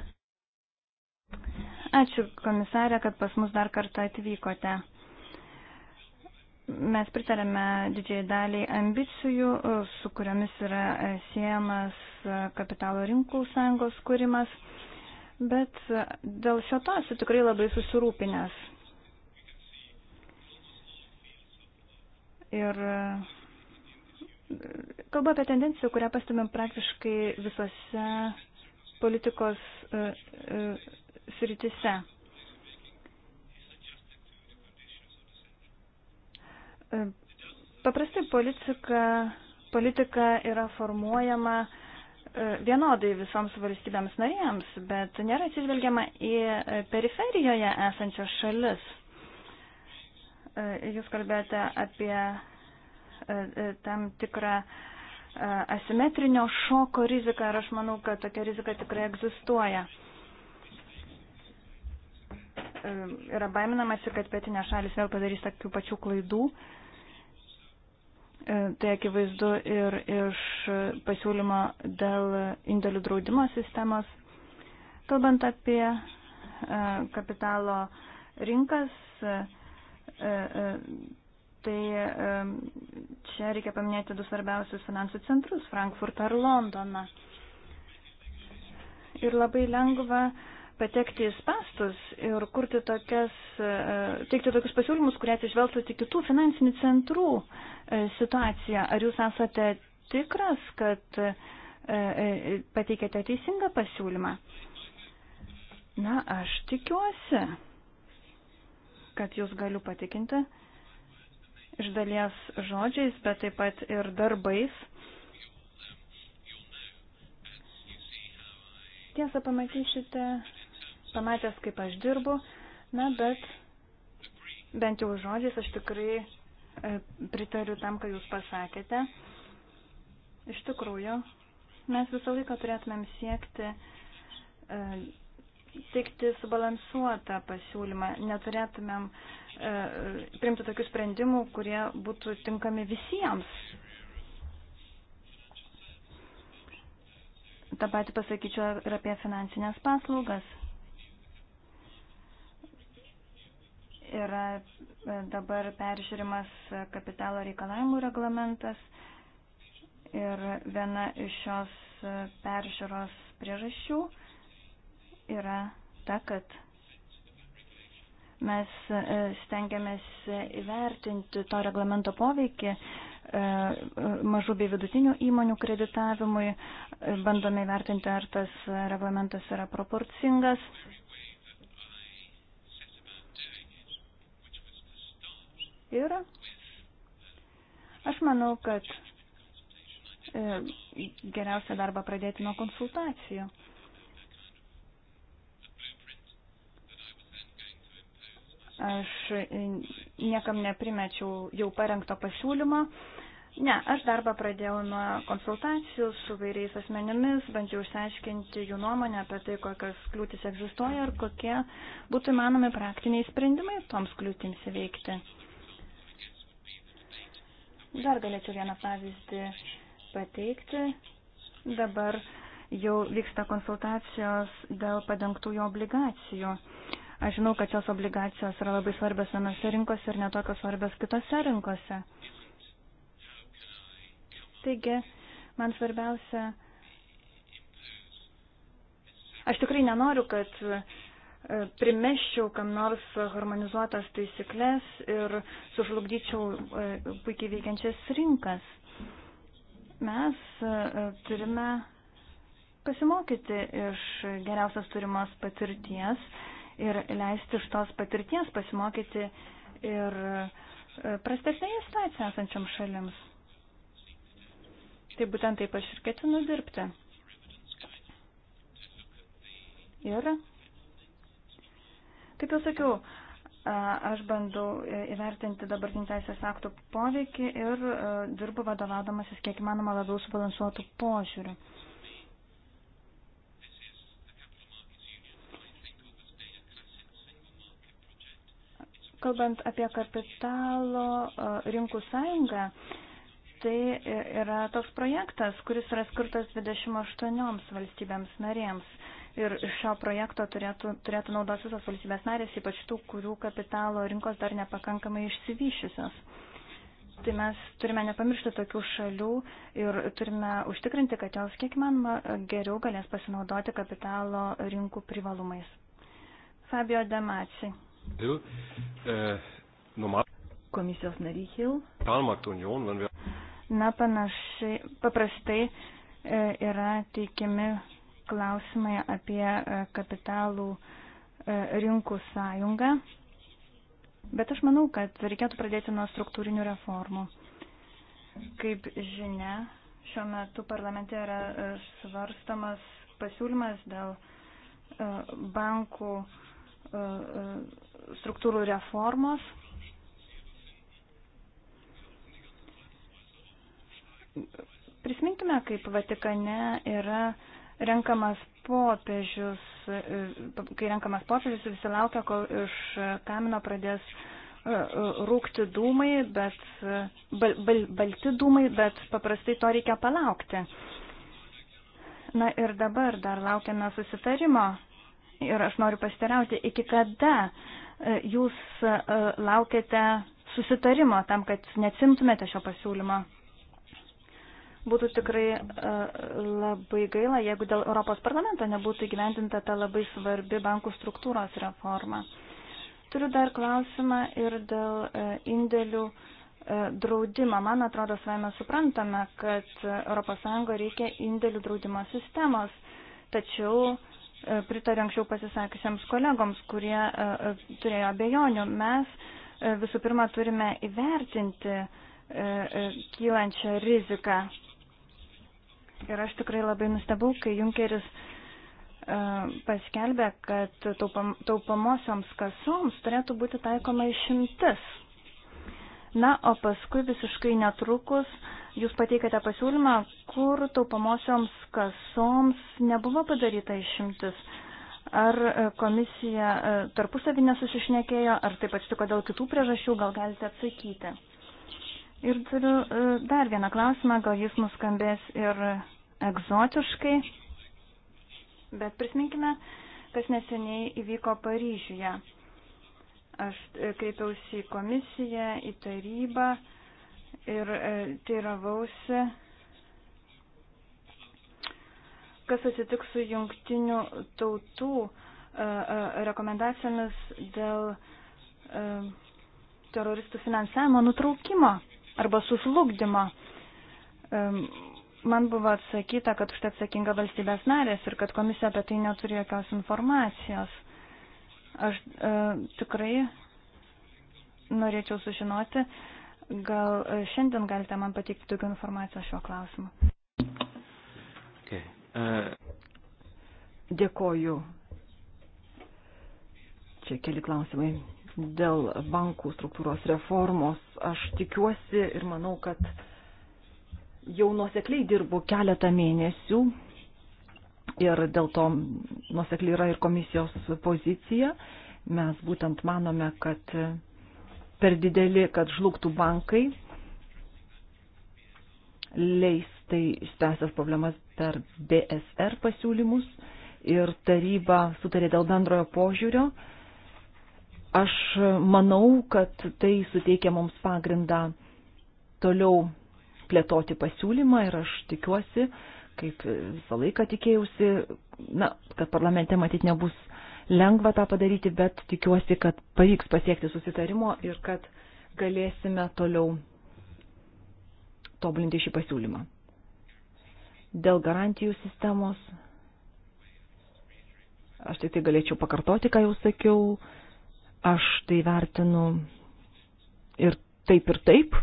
Ačiū komisarė, kad pas mus dar kartą atvykote. Mes pritarėme didžiai daliai ambicijų, e, su kuriomis yra siejamas kapitalo rinkų sąjungos kūrimas bet e, dėl šio to esu tikrai labai susirūpinęs. Ir e, kalbu apie tendenciją, kurią pastumėm praktiškai visose politikos e, sritise. Paprastai politika, politika yra formuojama uh, E, vienodai visoms valstybėms narėms, bet nėra atsižvelgiama į periferijoje esančias šalis. E, jūs kalbėjote apie e, tam tikrą asimetrinio šoko riziką ir aš manau, kad tokia rizika tikrai egzistuoja. Yra baiminamasi, kad pietinės šalis vėl padarys tokių pačių klaidų. Uh, E, tai akivaizdu ir iš pasiūlymo dėl indėlių draudimo sistemos. Kalbant apie e, kapitalo rinkas, e, tai čia reikia paminėti du svarbiausius finansų centrus - Frankfurtą ir Londoną. Ir labai lengva uh, patekti į spastus ir kurti tokias, e, teikti tokius pasiūlymus, kurie atsižvelgtų tik kitų finansinių centrų e, situaciją. Ar jūs esate tikras, kad e, pateikėte teisingą pasiūlymą? Na, aš tikiuosi, kad jūs galiu patikinti iš dalies žodžiais, bet taip pat ir darbais. Tiesą pamatysite pamatęs, kaip aš dirbu, na, bet bent jau žodžiais aš tikrai e, pritariu tam, ką jūs pasakėte. Iš tikrųjų, mes visą laiką turėtumėm siekti e, teikti subalansuotą pasiūlymą, neturėtumėm e, priimti tokių sprendimų, kurie būtų tinkami visiems. Ta pati pasakyčiau ir apie finansinės paslaugas. yra e, dabar peržiūrimas kapitalo reikalavimų reglamentas ir viena iš šios e, peržiūros priežasčių yra ta, kad mes e, stengiamės įvertinti to reglamento poveikį mažų bei vidutinių įmonių kreditavimui, bandome įvertinti, ar tas reglamentas yra proporcingas Ir aš manau, kad e, geriausia darbą pradėti nuo konsultacijų. Aš e, niekam neprimečiau jau parengto pasiūlymo. Ne, aš darbą pradėjau nuo konsultacijų su vairiais asmenimis, bandžiau išsiaiškinti jų nuomonę apie tai, kokios kliūtis egzistuoja ir kokie būtų įmanomi praktiniai sprendimai toms kliūtims įveikti. Dar galėčiau vieną pavyzdį pateikti. Dabar jau vyksta konsultacijos dėl padengtųjų obligacijų. Aš žinau, kad šios obligacijos yra labai svarbios vienose rinkose ir netokios svarbios kitose rinkose. Taigi, man svarbiausia, aš tikrai nenoriu, kad E, primeščiau kam nors harmonizuotas taisyklės ir sužlugdyčiau e, puikiai veikiančias rinkas. Mes e, turime pasimokyti iš geriausios turimos patirties ir leisti iš tos patirties pasimokyti ir prastesnėje situacijoje esančiam šalims. Tai būtent taip aš ir ketinu dirbti. Ir Kaip jau sakiau, aš bandau e, įvertinti dabartinį teisės aktų poveikį ir e, dirbu vadovaudamasis kiek įmanoma labiau subalansuotų požiūrių. Kalbant apie kapitalo e, rinkų sąjungą, tai yra toks projektas, kuris yra skirtas 28 valstybėms narėms Ir šio projekto turėtų, turėtų naudos visos valstybės narės, ypač tų, kurių kapitalo rinkos dar nepakankamai išsivyšiusios. Tai mes turime nepamiršti tokių šalių ir turime užtikrinti, kad jos kiek manoma geriau galės pasinaudoti kapitalo rinkų privalumais. Fabio Demaci. Eh, Komisijos nariai Hill. Na, panašiai, paprastai eh, yra teikiami klausimai apie e, kapitalų e, rinkų sąjungą. Bet aš manau, kad reikėtų pradėti nuo struktūrinių reformų. Kaip žinia, šiuo metu parlamente yra e, svarstamas pasiūlymas dėl bankų struktūrų reformos. Prisiminkime, kaip Vatikane yra uh, renkamas popiežius, e, kai renkamas popiežius visi laukia, kol iš kamino pradės e, e, rūkti dūmai, bet, bal, bal, balti dūmai, bet paprastai to reikia palaukti. Na ir dabar dar laukiame susitarimo ir aš noriu pasitariauti, iki kada jūs laukiate susitarimo tam, kad neatsimtumėte šio pasiūlymo. Būtų tikrai e, labai gaila, jeigu dėl Europos parlamento nebūtų įgyvendinta ta labai svarbi bankų struktūros reforma. Turiu dar klausimą ir dėl e, indėlių e, draudimą. Man atrodo, savame suprantame, kad ES reikia indėlių draudimo sistemos. Tačiau pritariu anksčiau pasisakysiams kolegoms, kurie turėjo abejonių. Mes visų pirma turime įvertinti kylančią riziką. Ir aš tikrai labai nustebau, kai Junkeris e, paskelbė, kad taupam, taupamosioms kasoms turėtų būti taikoma išimtis. Na, o paskui visiškai netrukus jūs pateikėte pasiūlymą, kur taupamosioms kasoms nebuvo padaryta išimtis. Ar e, komisija e, tarpusavį nesusišnekėjo, ar taip atsitiko dėl kitų priežasčių, gal galite atsakyti. Ir turiu dar vieną klausimą, gal jis nuskambės ir egzotiškai, bet prisiminkime, kas neseniai įvyko Paryžiuje. Aš e, kreipiausi į komisiją, į tarybą ir e, teiravausi, kas atsitiks su jungtinių tautų e, rekomendacijomis dėl teroristų finansavimo nutraukimo arba suslugdymo Man buvo atsakyta, kad už tai atsakinga valstybės narės ir kad komisija apie tai neturi jokios informacijos. Aš e, tikrai norėčiau sužinoti, gal e, šiandien galite man pateikti daugiau informacijos šiuo klausimu. Okay. Uh... Dėkoju. Čia keli klausimai. Dėl bankų struktūros reformos aš tikiuosi ir manau, kad uh, jau nuosekliai dirbu keletą mėnesių ir dėl to nuosekliai yra ir komisijos pozicija. Mes būtent manome, kad per dideli, kad žlugtų bankai, leis tai išspręstas problemas per BSR pasiūlymus ir taryba sutarė dėl bendrojo požiūrio. Aš manau, kad tai suteikia mums pagrindą toliau plėtoti pasiūlymą ir aš tikiuosi, kaip visą laiką tikėjausi, na, kad parlamente matyt nebus lengva tą padaryti, bet tikiuosi, kad pavyks pasiekti susitarimo ir kad galėsime toliau tobulinti šį pasiūlymą. Dėl garantijų sistemos aš tik tai galėčiau pakartoti, ką jau sakiau, aš tai vertinu ir taip ir taip,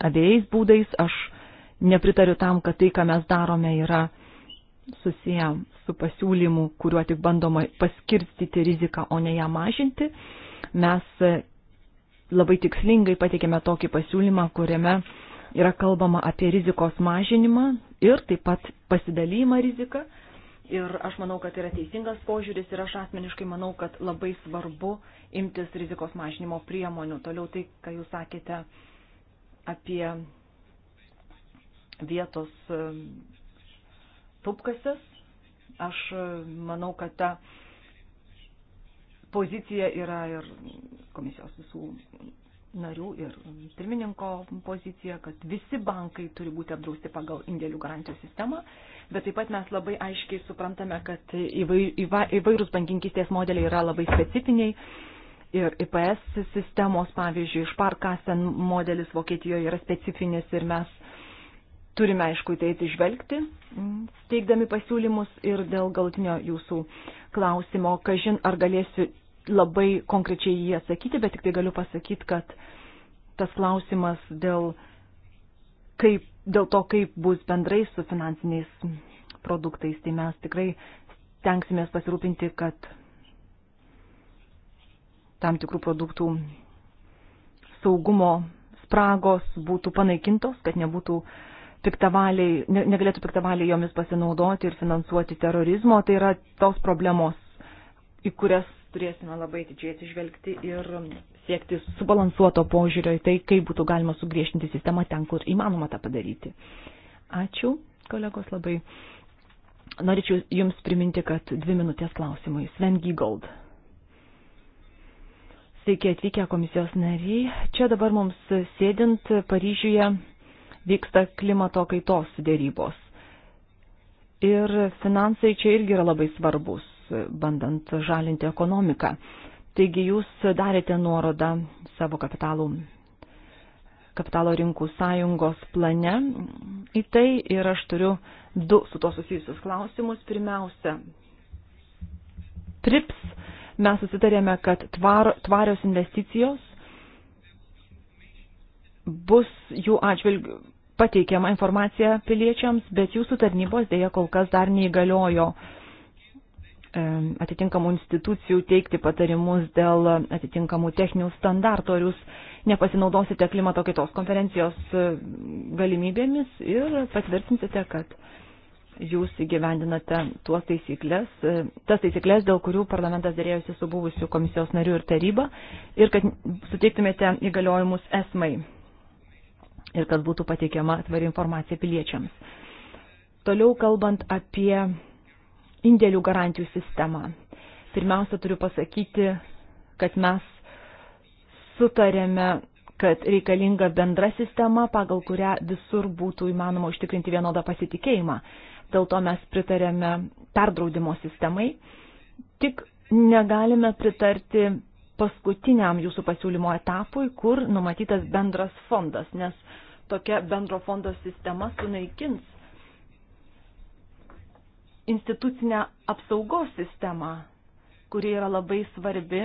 abiejais būdais. Aš nepritariu tam, kad tai, ką mes darome, yra susiję su pasiūlymu, kuriuo tik bandoma paskirstyti riziką, o ne ją mažinti. Mes labai tikslingai pateikėme tokį pasiūlymą, kuriame yra kalbama apie rizikos mažinimą ir taip pat pasidalymą riziką. Ir aš manau, kad yra teisingas požiūris ir aš asmeniškai manau, kad labai svarbu imtis rizikos mažinimo priemonių. Toliau tai, ką jūs sakėte apie vietos e, tupkasis. Aš e, manau, kad ta pozicija yra ir komisijos visų narių ir pirmininko pozicija, kad visi bankai turi būti apdrausti pagal indėlių garantijos sistemą, bet taip pat mes labai aiškiai suprantame, kad įvairūs bankininkystės modeliai yra labai specifiniai ir IPS sistemos, pavyzdžiui, Šparkasen modelis Vokietijoje yra specifinis ir mes turime, aišku, tai atsižvelgti, mm, teikdami pasiūlymus ir dėl galtinio jūsų klausimo, kažin ar galėsiu labai konkrečiai jį atsakyti, bet tik tai galiu pasakyti, kad tas klausimas dėl, kaip, dėl to, kaip bus bendrai su finansiniais produktais, tai mes tikrai tenksimės pasirūpinti, kad tam tikrų produktų saugumo spragos būtų panaikintos, kad nebūtų piktavaliai, negalėtų piktavaliai jomis pasinaudoti ir finansuoti terorizmo. Tai yra tos problemos, į kurias turėsime labai didžiai atsižvelgti ir siekti subalansuoto požiūrio į tai, kaip būtų galima sugriežtinti sistemą ten, kur įmanoma tą padaryti. Ačiū, kolegos, labai. Norėčiau Jums priminti, kad dvi minutės klausimui. Sven Gygold. Sveiki atvykę komisijos nariai. Čia dabar mums sėdint Paryžiuje vyksta klimato kaitos dėrybos. Ir finansai čia irgi yra labai svarbus, bandant žalinti ekonomiką. Taigi jūs darėte nuorodą savo kapitalų, kapitalo rinkų sąjungos plane į tai ir aš turiu du su to susijusius klausimus. Pirmiausia, PRIPS mes susitarėme, kad tvar, tvarios investicijos bus jų atžvilgių pateikiama informacija piliečiams, bet jūsų tarnybos dėja kol kas dar neįgaliojo atitinkamų institucijų teikti patarimus dėl atitinkamų techninių standartų, ar jūs nepasinaudosite klimato kitos konferencijos galimybėmis ir patvirtinsite, kad jūs įgyvendinate tuos taisyklės, e, tas taisyklės, dėl kurių parlamentas dėrėjosi su buvusiu komisijos nariu ir taryba, ir kad suteiktumėte įgaliojimus esmai ir kad būtų pateikiama tvari informacija piliečiams. Toliau kalbant apie indėlių garantijų sistemą. Pirmiausia, turiu pasakyti, kad mes sutarėme kad reikalinga bendra sistema, pagal kurią visur būtų įmanoma užtikrinti vienodą pasitikėjimą dėl to mes pritarėme perdraudimo sistemai. Tik negalime pritarti paskutiniam jūsų pasiūlymo etapui, kur numatytas bendras fondas, nes tokia bendro fondo sistema sunaikins institucinę apsaugos sistemą, kuri yra labai svarbi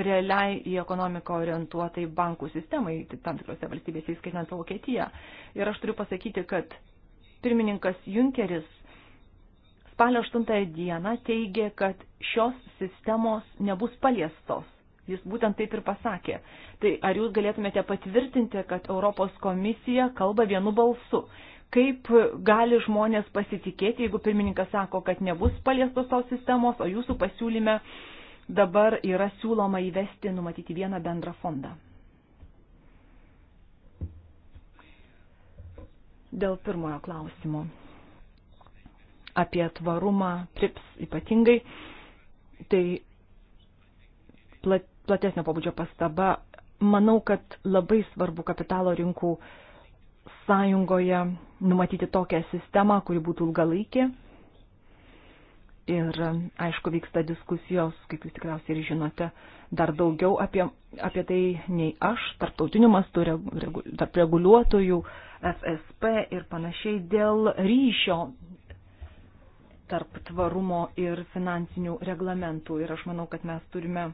realiai į ekonomiką orientuotai bankų sistemai, tai tam tikrose valstybėse, įskaitant Vokietiją. Ir aš turiu pasakyti, kad pirmininkas Junkeris spalio 8 dieną teigė, kad šios sistemos nebus paliestos. Jis būtent taip ir pasakė. Tai ar jūs galėtumėte patvirtinti, kad Europos komisija kalba vienu balsu? Kaip gali žmonės pasitikėti, jeigu pirmininkas sako, kad nebus paliestos tos sistemos, o jūsų pasiūlyme uh, dabar yra siūloma įvesti, numatyti vieną bendrą fondą. Dėl pirmojo klausimo apie tvarumą, prips ypatingai, tai platesnio pabudžio pastaba. Manau, kad labai svarbu kapitalo rinkų sąjungoje numatyti tokią sistemą, kuri būtų ilgalaikė, Ir aišku, vyksta diskusijos, kaip jūs tikriausiai ir žinote, dar daugiau apie, apie tai nei aš, tarptautiniu mastu, regu, tarp reguliuotojų, FSP ir panašiai dėl ryšio tarp tvarumo ir finansinių reglamentų. Ir aš manau, kad mes turime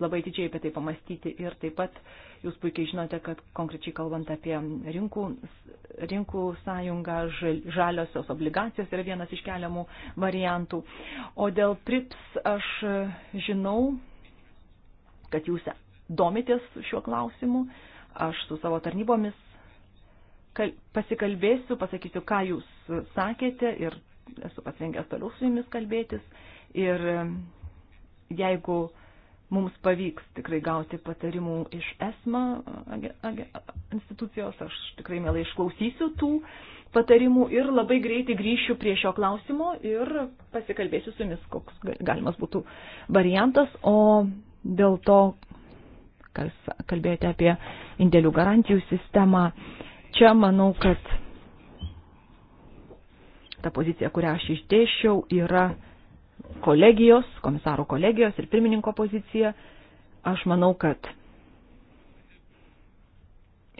labai didžiai apie tai pamastyti ir taip pat uh, Jūs puikiai žinote, kad konkrečiai kalbant apie rinkų, rinkų sąjungą, žaliosios obligacijos yra vienas iš keliamų variantų. O dėl PRIPS aš žinau, kad jūs domitės šiuo klausimu. Aš su savo tarnybomis pasikalbėsiu, pasakysiu, ką jūs sakėte ir esu pasirengęs toliau su jumis kalbėtis. Ir jeigu mums pavyks tikrai gauti patarimų iš ESMA institucijos, aš tikrai mielai išklausysiu tų patarimų ir labai greitai grįšiu prie šio klausimo ir pasikalbėsiu su jumis, koks galimas būtų variantas, o dėl to, kas kalbėjote apie indėlių garantijų sistemą, čia manau, kad ta pozicija, kurią aš išdėšiau, yra kolegijos, komisarų kolegijos ir pirmininko poziciją. Aš manau, kad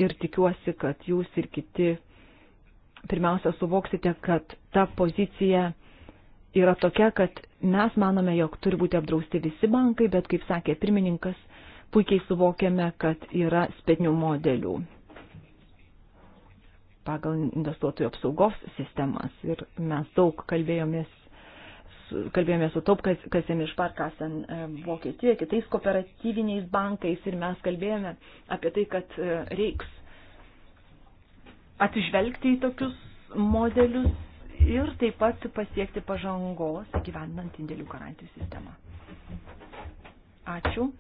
ir tikiuosi, kad jūs ir kiti pirmiausia suvoksite, kad ta pozicija yra tokia, kad mes manome, jog turi būti apdrausti visi bankai, bet, kaip sakė pirmininkas, puikiai suvokiame, kad yra spėtinių modelių pagal investuotojų apsaugos sistemas. Ir mes daug kalbėjomės kalbėjome su Top Kasem iš Parkasen e, Vokietijoje, kitais kooperatyviniais bankais ir mes kalbėjome apie tai, kad e, reiks atsižvelgti į tokius modelius ir taip pat pasiekti pažangos įgyvendinant indėlių garantijų sistemą. Ačiū.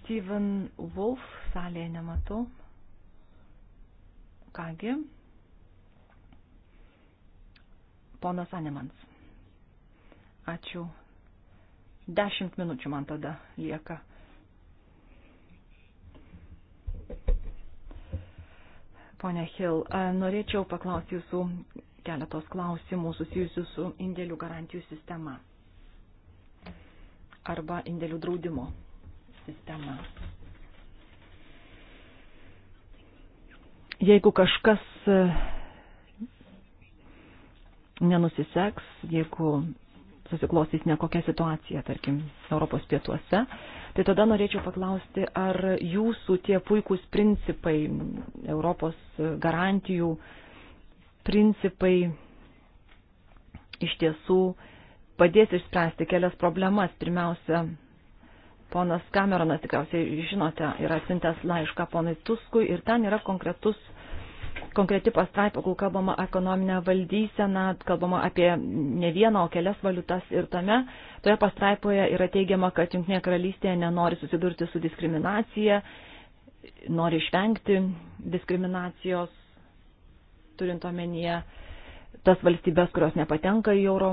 Steven Wolf salėje nematau. Kągi ponas Anemans. Ačiū. Dešimt minučių man tada lieka. Pone Hill, norėčiau paklausti jūsų keletos klausimų susijusių su indėlių garantijų sistema arba indėlių draudimo sistema. Jeigu kažkas nenusiseks, jeigu susiklostys nekokia situacija, tarkim, Europos pietuose, tai tada norėčiau paklausti, ar jūsų tie puikūs principai, Europos garantijų principai iš tiesų padės išspręsti kelias problemas. Pirmiausia, ponas Kameronas tikriausiai žinote, yra atsintęs laišką ponai Tuskui ir ten yra konkretus konkreti pastraipa, kur kalbama ekonominę valdyseną, kalbama apie ne vieną, o kelias valiutas ir tame, toje pastraipoje yra teigiama, kad Junktinė karalystė nenori susidurti su diskriminacija, nori išvengti diskriminacijos, turint omenyje tas valstybės, kurios nepatenka į euro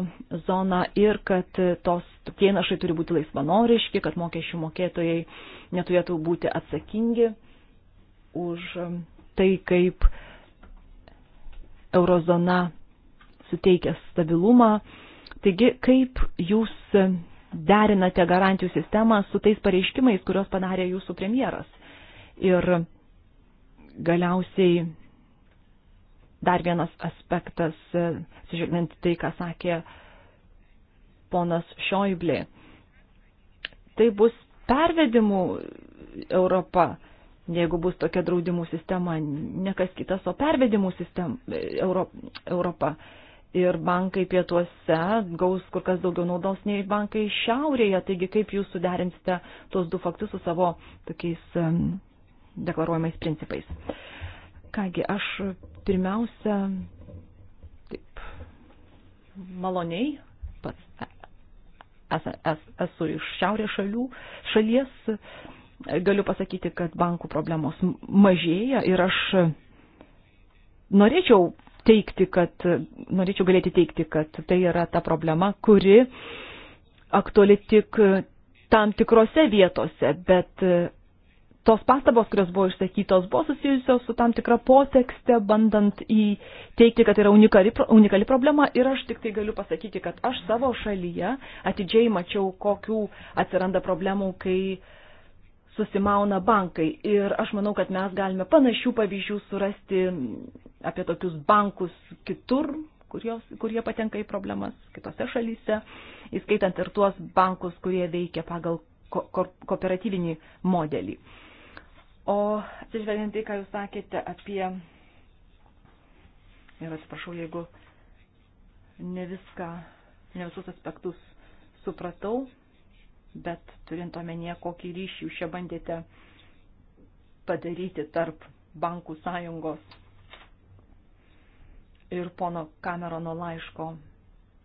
zoną ir kad tos tie našai turi būti laisvanoriški, kad mokesčių mokėtojai neturėtų būti atsakingi už tai, kaip uh, eurozona suteikia stabilumą. Taigi, kaip jūs derinate garantijų sistemą su tais pareiškimais, kuriuos padarė jūsų premjeras? Ir galiausiai dar vienas aspektas, sižiūrint tai, ką sakė ponas Šoiblė. Tai bus pervedimų Europa jeigu bus tokia draudimų sistema, ne kas kitas, o pervedimų sistema e, Euro, Europa. Ir bankai pietuose gaus kur kas daugiau naudos nei bankai šiaurėje. Taigi, kaip jūs suderinsite tuos du faktus su savo tokiais um, deklaruojamais principais? Kągi, aš pirmiausia, taip, maloniai, pats e, es, es, esu iš šiaurės šalių, šalies. Uh, galiu pasakyti, kad bankų problemos mažėja ir aš norėčiau teikti, kad, norėčiau galėti teikti, kad tai yra ta problema, kuri aktuali tik tam tikrose vietose, bet tos pastabos, kurios buvo išsakytos, buvo susijusios su tam tikra potekste, bandant įteikti, kad yra unikali, unikali problema ir aš tik tai galiu pasakyti, kad aš savo šalyje atidžiai mačiau, kokių atsiranda problemų, kai uh, susimauna bankai. Ir aš manau, kad mes galime panašių pavyzdžių surasti apie tokius bankus kitur, kurios, kurie patenka į problemas kitose šalyse, įskaitant ir tuos bankus, kurie veikia pagal ko, ko, kooperatyvinį modelį. O atsižvelgiant tai, ką jūs sakėte apie. Ir atsiprašau, jeigu ne viską, ne visus aspektus supratau, bet turint omenyje, kokį ryšį jūs čia bandėte padaryti tarp bankų sąjungos ir pono Kamerono laiško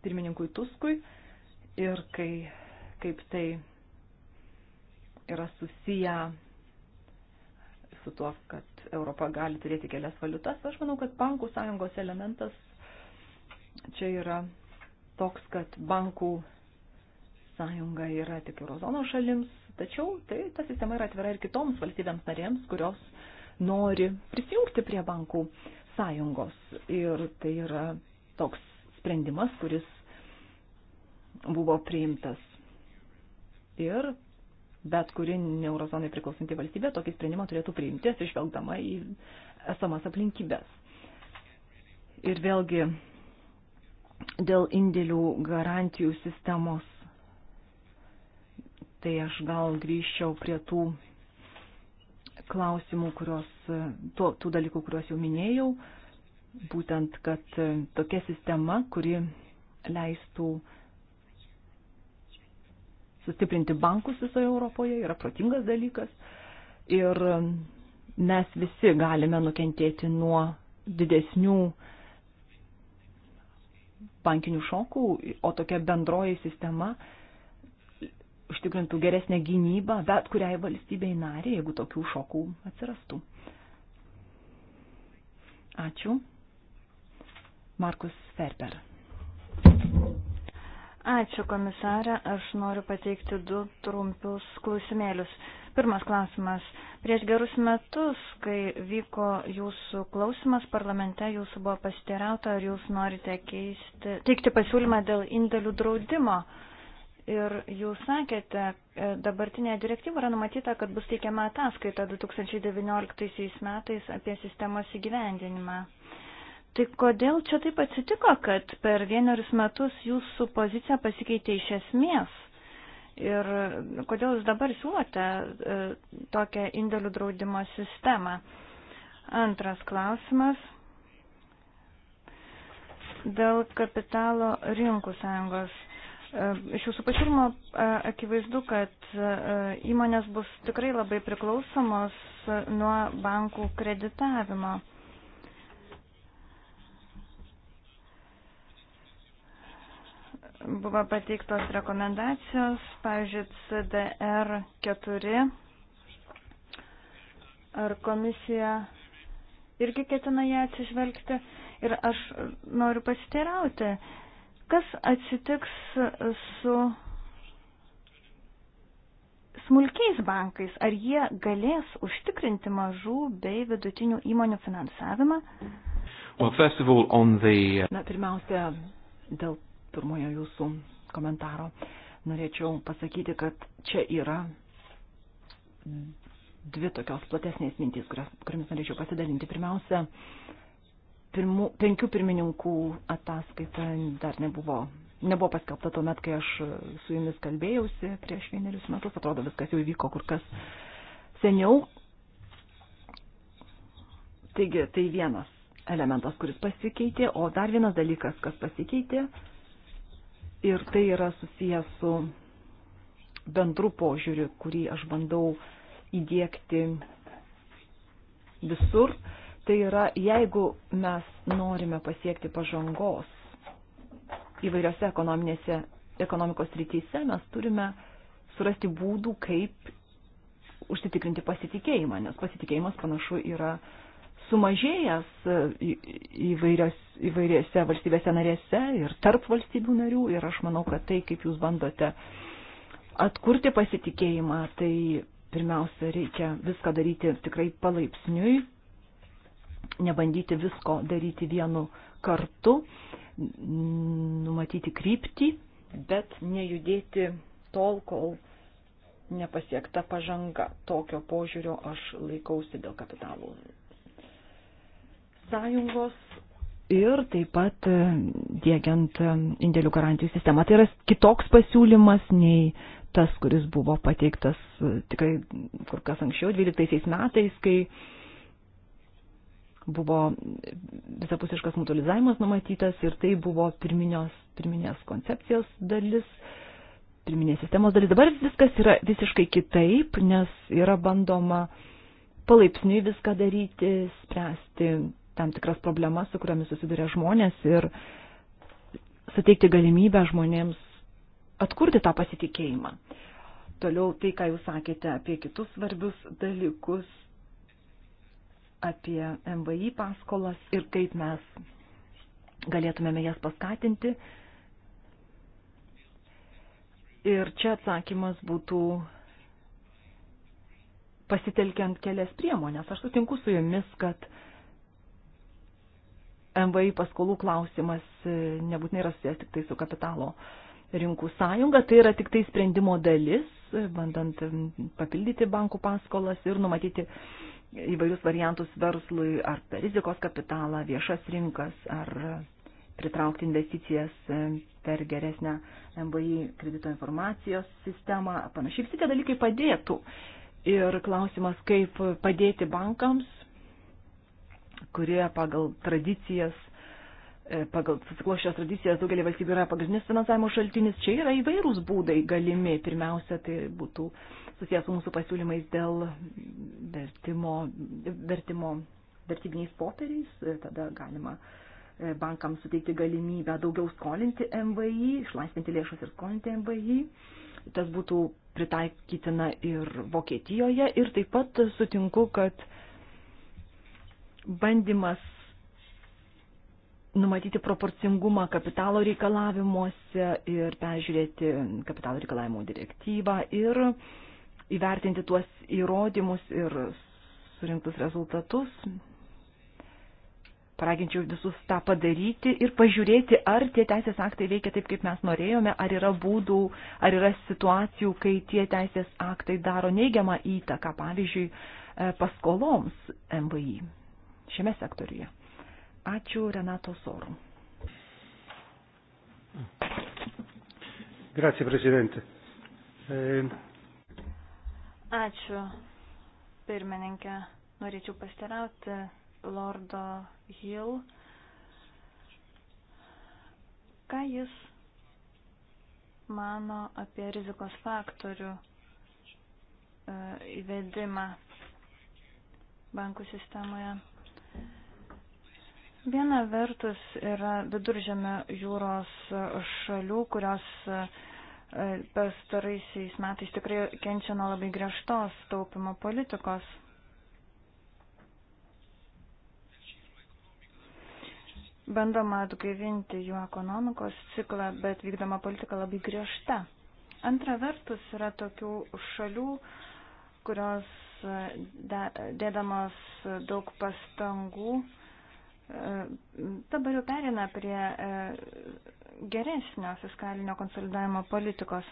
pirmininkui Tuskui ir kai, kaip tai yra susiję su tuo, kad Europa gali turėti kelias valiutas, aš manau, kad bankų sąjungos elementas čia yra toks, kad bankų sąjunga yra tik eurozono šalims, tačiau tai ta sistema yra atvira ir kitoms valstybėms narėms, kurios nori prisijungti prie bankų sąjungos. Ir tai yra toks sprendimas, kuris buvo priimtas. Ir bet kuri eurozonai priklausanti valstybė tokį sprendimą turėtų priimti, atsižvelgdama į esamas aplinkybės. Ir vėlgi dėl indėlių garantijų sistemos tai aš gal grįžčiau prie tų klausimų, kurios, to, tų dalykų, kuriuos jau minėjau, būtent, kad tokia sistema, kuri leistų sustiprinti bankus visoje Europoje, yra protingas dalykas ir mes visi galime nukentėti nuo didesnių bankinių šokų, o tokia bendroji sistema užtikrintų geresnę gynybą bet kuriai valstybei nariai, jeigu tokių šokų atsirastų. Ačiū. Markus Ferber. Ačiū komisarė, aš noriu pateikti du trumpius klausimėlius. Pirmas klausimas. Prieš gerus metus, kai vyko jūsų klausimas parlamente, jūsų buvo pasiteirauta, ar jūs norite keisti, teikti pasiūlymą dėl indėlių draudimo. Uh, Ir jūs sakėte, e, dabartinėje direktyvoje yra numatyta, kad bus teikiama ataskaita 2019 metais apie sistemos įgyvendinimą. Tai kodėl čia taip atsitiko, kad per vienerius metus jūsų pozicija pasikeitė iš esmės? Ir kodėl jūs dabar siūlote e, tokią indėlių draudimo sistemą? Antras klausimas. Dėl kapitalo rinkų sąjungos Iš jūsų pasiūlymo akivaizdu, kad įmonės bus tikrai labai priklausomos nuo bankų kreditavimo. Buvo pateiktos rekomendacijos, pavyzdžiui, CDR 4. Ar komisija irgi ketina ją atsižvelgti? Ir aš noriu pasiteirauti, Kas atsitiks su smulkiais bankais? Ar jie galės užtikrinti mažų bei vidutinių įmonių finansavimą? Well, first of all, on the... Uh, Na, pirmiausia, dėl pirmojo jūsų komentaro norėčiau pasakyti, kad čia yra dvi tokios platesnės mintys, kurias, kuriamis norėčiau pasidalinti. Pirmiausia, pirmų, penkių pirmininkų ataskaita dar nebuvo, nebuvo paskelbta tuo met, kai aš su jumis kalbėjausi prieš vienerius metus. Atrodo, viskas jau įvyko kur kas seniau. Taigi, tai vienas elementas, kuris pasikeitė, o dar vienas dalykas, kas pasikeitė, ir tai yra susijęs su bendru požiūriu, kurį aš bandau įdėkti visur. Uh, Tai yra, jeigu mes norime pasiekti pažangos įvairiose ekonomikos rytyse, mes turime surasti būdų, kaip užsitikrinti pasitikėjimą, nes pasitikėjimas panašu yra sumažėjęs įvairios, įvairiose valstybėse narėse ir tarp valstybių narių ir aš manau, kad tai, kaip jūs bandote atkurti pasitikėjimą, tai pirmiausia reikia viską daryti tikrai palaipsniui, nebandyti visko daryti vienu kartu, numatyti kryptį, bet nejudėti tol, kol nepasiekta pažanga. Tokio požiūrio aš laikausi dėl kapitalų sąjungos ir taip pat e, dėgiant e, indėlių garantijų sistemą. Tai yra kitoks pasiūlymas nei tas, kuris buvo pateiktas e, tikrai kur kas anksčiau, 12 metais, kai buvo visapusiškas mutualizavimas numatytas ir tai buvo pirminios, pirminės koncepcijos dalis, pirminės sistemos dalis. Dabar viskas yra visiškai kitaip, nes yra bandoma palaipsniui viską daryti, spręsti tam tikras problemas, su kuriomis susiduria žmonės ir suteikti galimybę žmonėms atkurti tą pasitikėjimą. Toliau tai, ką jūs sakėte apie kitus svarbius dalykus, apie MVI paskolas ir kaip mes galėtumėme jas paskatinti. Ir čia atsakymas būtų pasitelkiant kelias priemonės. Aš sutinku su jumis, kad MVI paskolų klausimas e, nebūtinai yra susijęs tik tai su kapitalo rinkų sąjunga, tai yra tik tai sprendimo dalis, bandant papildyti bankų paskolas ir numatyti uh, įvairius variantus verslui, ar per rizikos kapitalą, viešas rinkas, ar pritraukti investicijas e, per geresnę MBI kredito informacijos sistemą, panašiai visi tie dalykai padėtų. Ir klausimas, kaip padėti bankams, kurie pagal tradicijas, e, pagal susiklošęs tradicijas daugelį valstybių yra pagrindinis finansavimo šaltinis, čia yra įvairūs būdai galimi. Pirmiausia, tai būtų susijęs su mūsų pasiūlymais dėl vertimo, vertimo vertybiniais popieriais, tada galima e, bankams suteikti galimybę daugiau skolinti MVI, išlaisvinti lėšas ir skolinti MVI. Tas būtų pritaikytina ir Vokietijoje. Ir taip pat sutinku, kad bandymas numatyti proporcingumą kapitalo reikalavimuose ir peržiūrėti kapitalo reikalavimų direktyvą ir uh, įvertinti tuos įrodymus ir surinktus rezultatus. Paraginčiau visus tą padaryti ir pažiūrėti, ar tie teisės aktai veikia taip, kaip mes norėjome, ar yra būdų, ar yra situacijų, kai tie teisės aktai daro neigiamą įtaką, pavyzdžiui, e, paskoloms MVI šiame sektoriuje. Ačiū Renato Sorų. Grazie Presidente. Eh, Ačiū, pirmininkė. Norėčiau pasirauti Lordo Hill. Ką jis mano apie rizikos faktorių e, įvedimą bankų sistemoje? Viena vertus yra viduržėme jūros šalių, kurios e, pastaraisiais metais tikrai kenčia nuo labai griežtos taupimo politikos. Bandoma atgaivinti jų ekonomikos ciklą, bet vykdoma politika labai griežta. Antra vertus yra tokių šalių, kurios dėdamos daug pastangų dabar jau perina prie e, geresnio fiskalinio konsolidavimo politikos.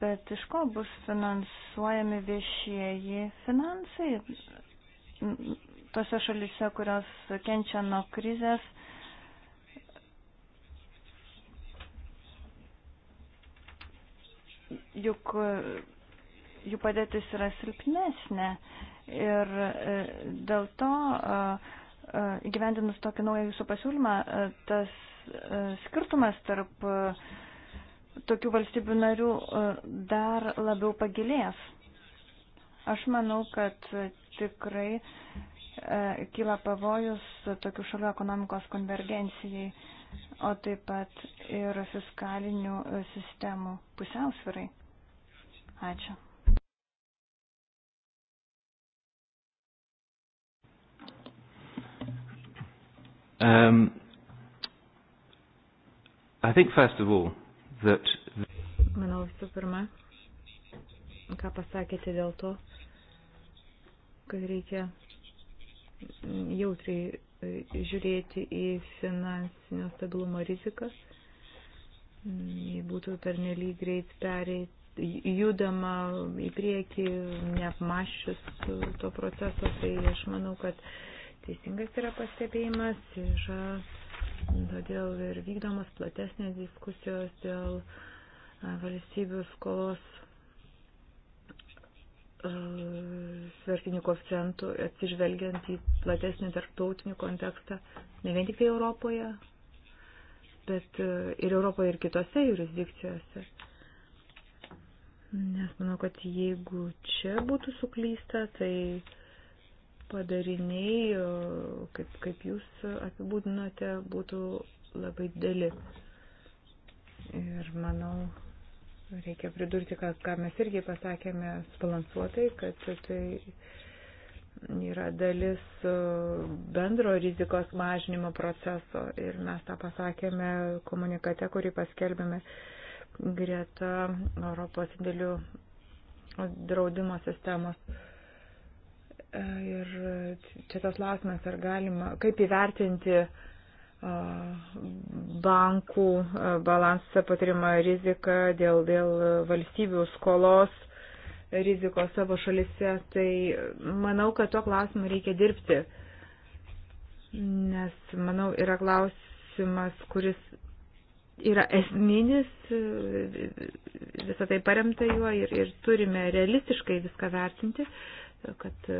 Bet iš ko bus finansuojami viešieji finansai? Tose šalise, kurios kenčia nuo krizės, juk jų padėtis yra silpnesnė ir e, dėl to įgyvendinus tokį naują jūsų pasiūlymą, tas skirtumas tarp tokių valstybių narių dar labiau pagilės. Aš manau, kad tikrai kyla pavojus tokių šalių ekonomikos konvergencijai, o taip pat ir fiskalinių sistemų pusiausvirai. Ačiū. Um, I think first of all that Manau visų pirma, ką pasakėte dėl to, kad reikia jautriai e, žiūrėti į finansinio stabilumo rizikas, jei būtų pernelyg greit pereiti judama į priekį, neapmašius to proceso, tai aš manau, kad uh, Teisingas yra pastebėjimas ir e, todėl ir vykdomas platesnės diskusijos dėl e, valstybių skolos e, svertinių koeficientų, atsižvelgiant į platesnį tarptautinį kontekstą, ne vien tik tai Europoje, bet ir Europoje ir kitose jurisdikcijose. Nes manau, kad jeigu čia būtų suklysta, tai uh, padariniai, kaip, kaip jūs apibūdinote, būtų labai dėli. Ir manau, reikia pridurti, kad, ką mes irgi pasakėme subalansuotai, kad tai yra dalis bendro rizikos mažinimo proceso ir mes tą pasakėme komunikate, kurį paskelbėme greta Europos dėlių draudimo sistemos. E, ir čia tas klausimas, ar galima, kaip įvertinti e, bankų e, balansą patirimą riziką dėl, dėl valstybių skolos rizikos savo šalise, tai manau, kad tuo klausimu reikia dirbti. Nes, manau, yra klausimas, kuris yra esminis, visą tai paremta juo ir, ir turime realistiškai viską vertinti. Uh, kad e,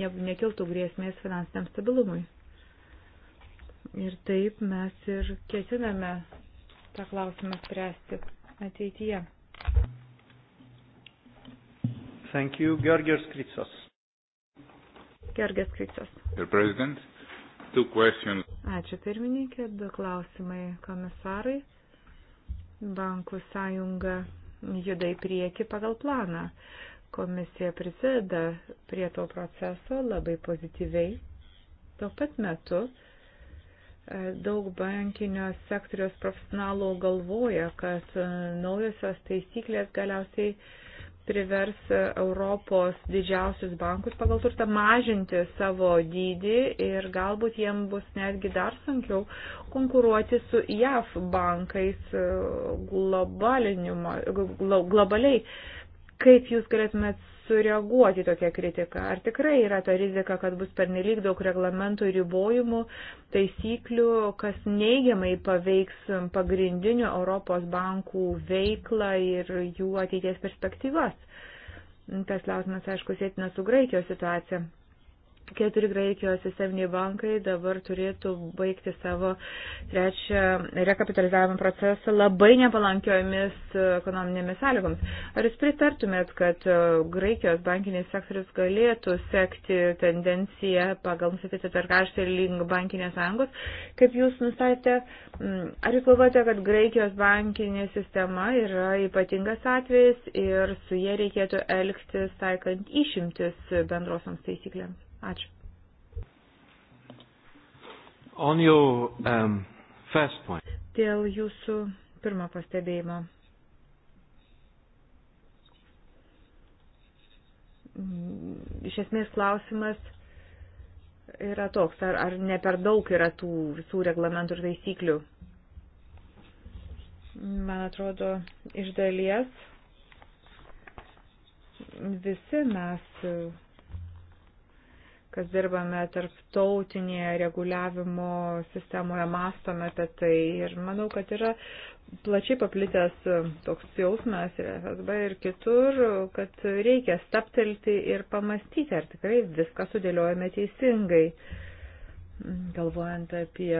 ne, nekiltų grėsmės finansiniam stabilumui. Ir taip mes ir ketiname tą klausimą spręsti ateityje. Thank you, Georgios Kritsos. Georgios Kritsos. Your President, two questions. Ačiū pirmininkė, du klausimai komisarai. Bankų sąjunga juda į priekį pagal planą. Uh, Komisija prisideda prie to proceso labai pozityviai. Tuo pat metu e, daug bankinio sektoriaus profesionalų galvoja, kad e, naujosios taisyklės galiausiai privers Europos didžiausius bankus pagal turtą mažinti savo dydį ir galbūt jiem bus netgi dar sunkiau konkuruoti su JAF bankais e, globaliai. Kaip jūs galėtumėt sureaguoti tokią kritiką? Ar tikrai yra ta rizika, kad bus pernelyg daug reglamentų ribojimų, taisyklių, kas neigiamai paveiks pagrindinių Europos bankų veiklą ir jų ateities perspektyvas? Tas klausimas, aišku, sėtina su Graikijos situacija keturi Graikijos sisteminiai bankai dabar turėtų baigti savo trečią rekapitalizavimo procesą labai nepalankiomis e, ekonominėmis sąlygoms. Ar jūs pritartumėt, kad e, Graikijos bankinis sektorius galėtų sekti tendenciją pagal nustatytą tvarkaštį link bankinės sąjungos? Kaip jūs nustatėte, ar jūs galvojate, kad Graikijos bankinė sistema yra ypatingas atvejis ir su jie reikėtų elgtis taikant išimtis bendrosioms taisyklėms? Ačiū. On your, um, first point. Dėl jūsų pirmo pastebėjimo. Iš esmės klausimas yra toks, ar, ar ne per daug yra tų visų reglamentų ir taisyklių. Man atrodo, iš dalies visi mes kas dirbame tarptautinėje reguliavimo sistemoje, mastome apie tai. Ir manau, kad yra plačiai paplitęs e, toks jausmas ir FSB ir kitur, kad reikia staptelti ir pamastyti, ar tikrai viską sudėliojame teisingai, galvojant apie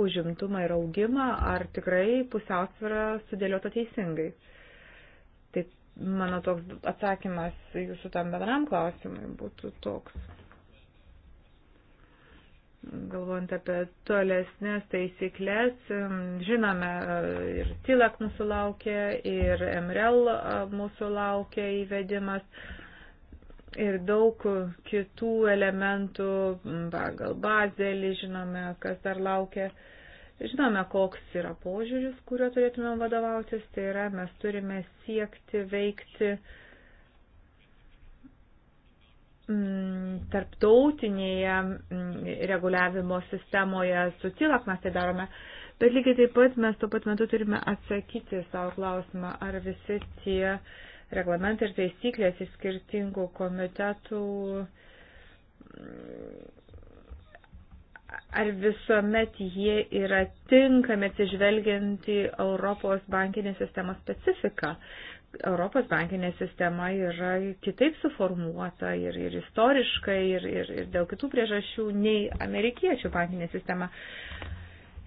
užimtumą ir augimą, ar tikrai pusiausvėra sudėliota teisingai. Taip Mano toks atsakymas jūsų tam bendram klausimui būtų toks. Galvojant apie tolesnės taisyklės, žinome ir TILAK mūsų laukia, ir MREL mūsų laukia įvedimas ir daug kitų elementų pagal bazelį, žinome, kas dar laukia. Žinome, koks yra požiūris, kuriuo turėtume vadovautis, tai yra mes turime siekti veikti mm, tarptautinėje mm, reguliavimo sistemoje su tilak mes tai darome, bet lygiai taip pat mes tuo pat metu turime atsakyti savo klausimą, ar visi tie reglamentai ir taisyklės iš skirtingų komitetų mm, ar visuomet jie yra tinkami atsižvelgiant į Europos bankinės sistemos specifiką. Europos bankinė sistema yra kitaip suformuota ir, ir istoriškai, ir, ir, ir dėl kitų priežasčių nei amerikiečių bankinė sistema.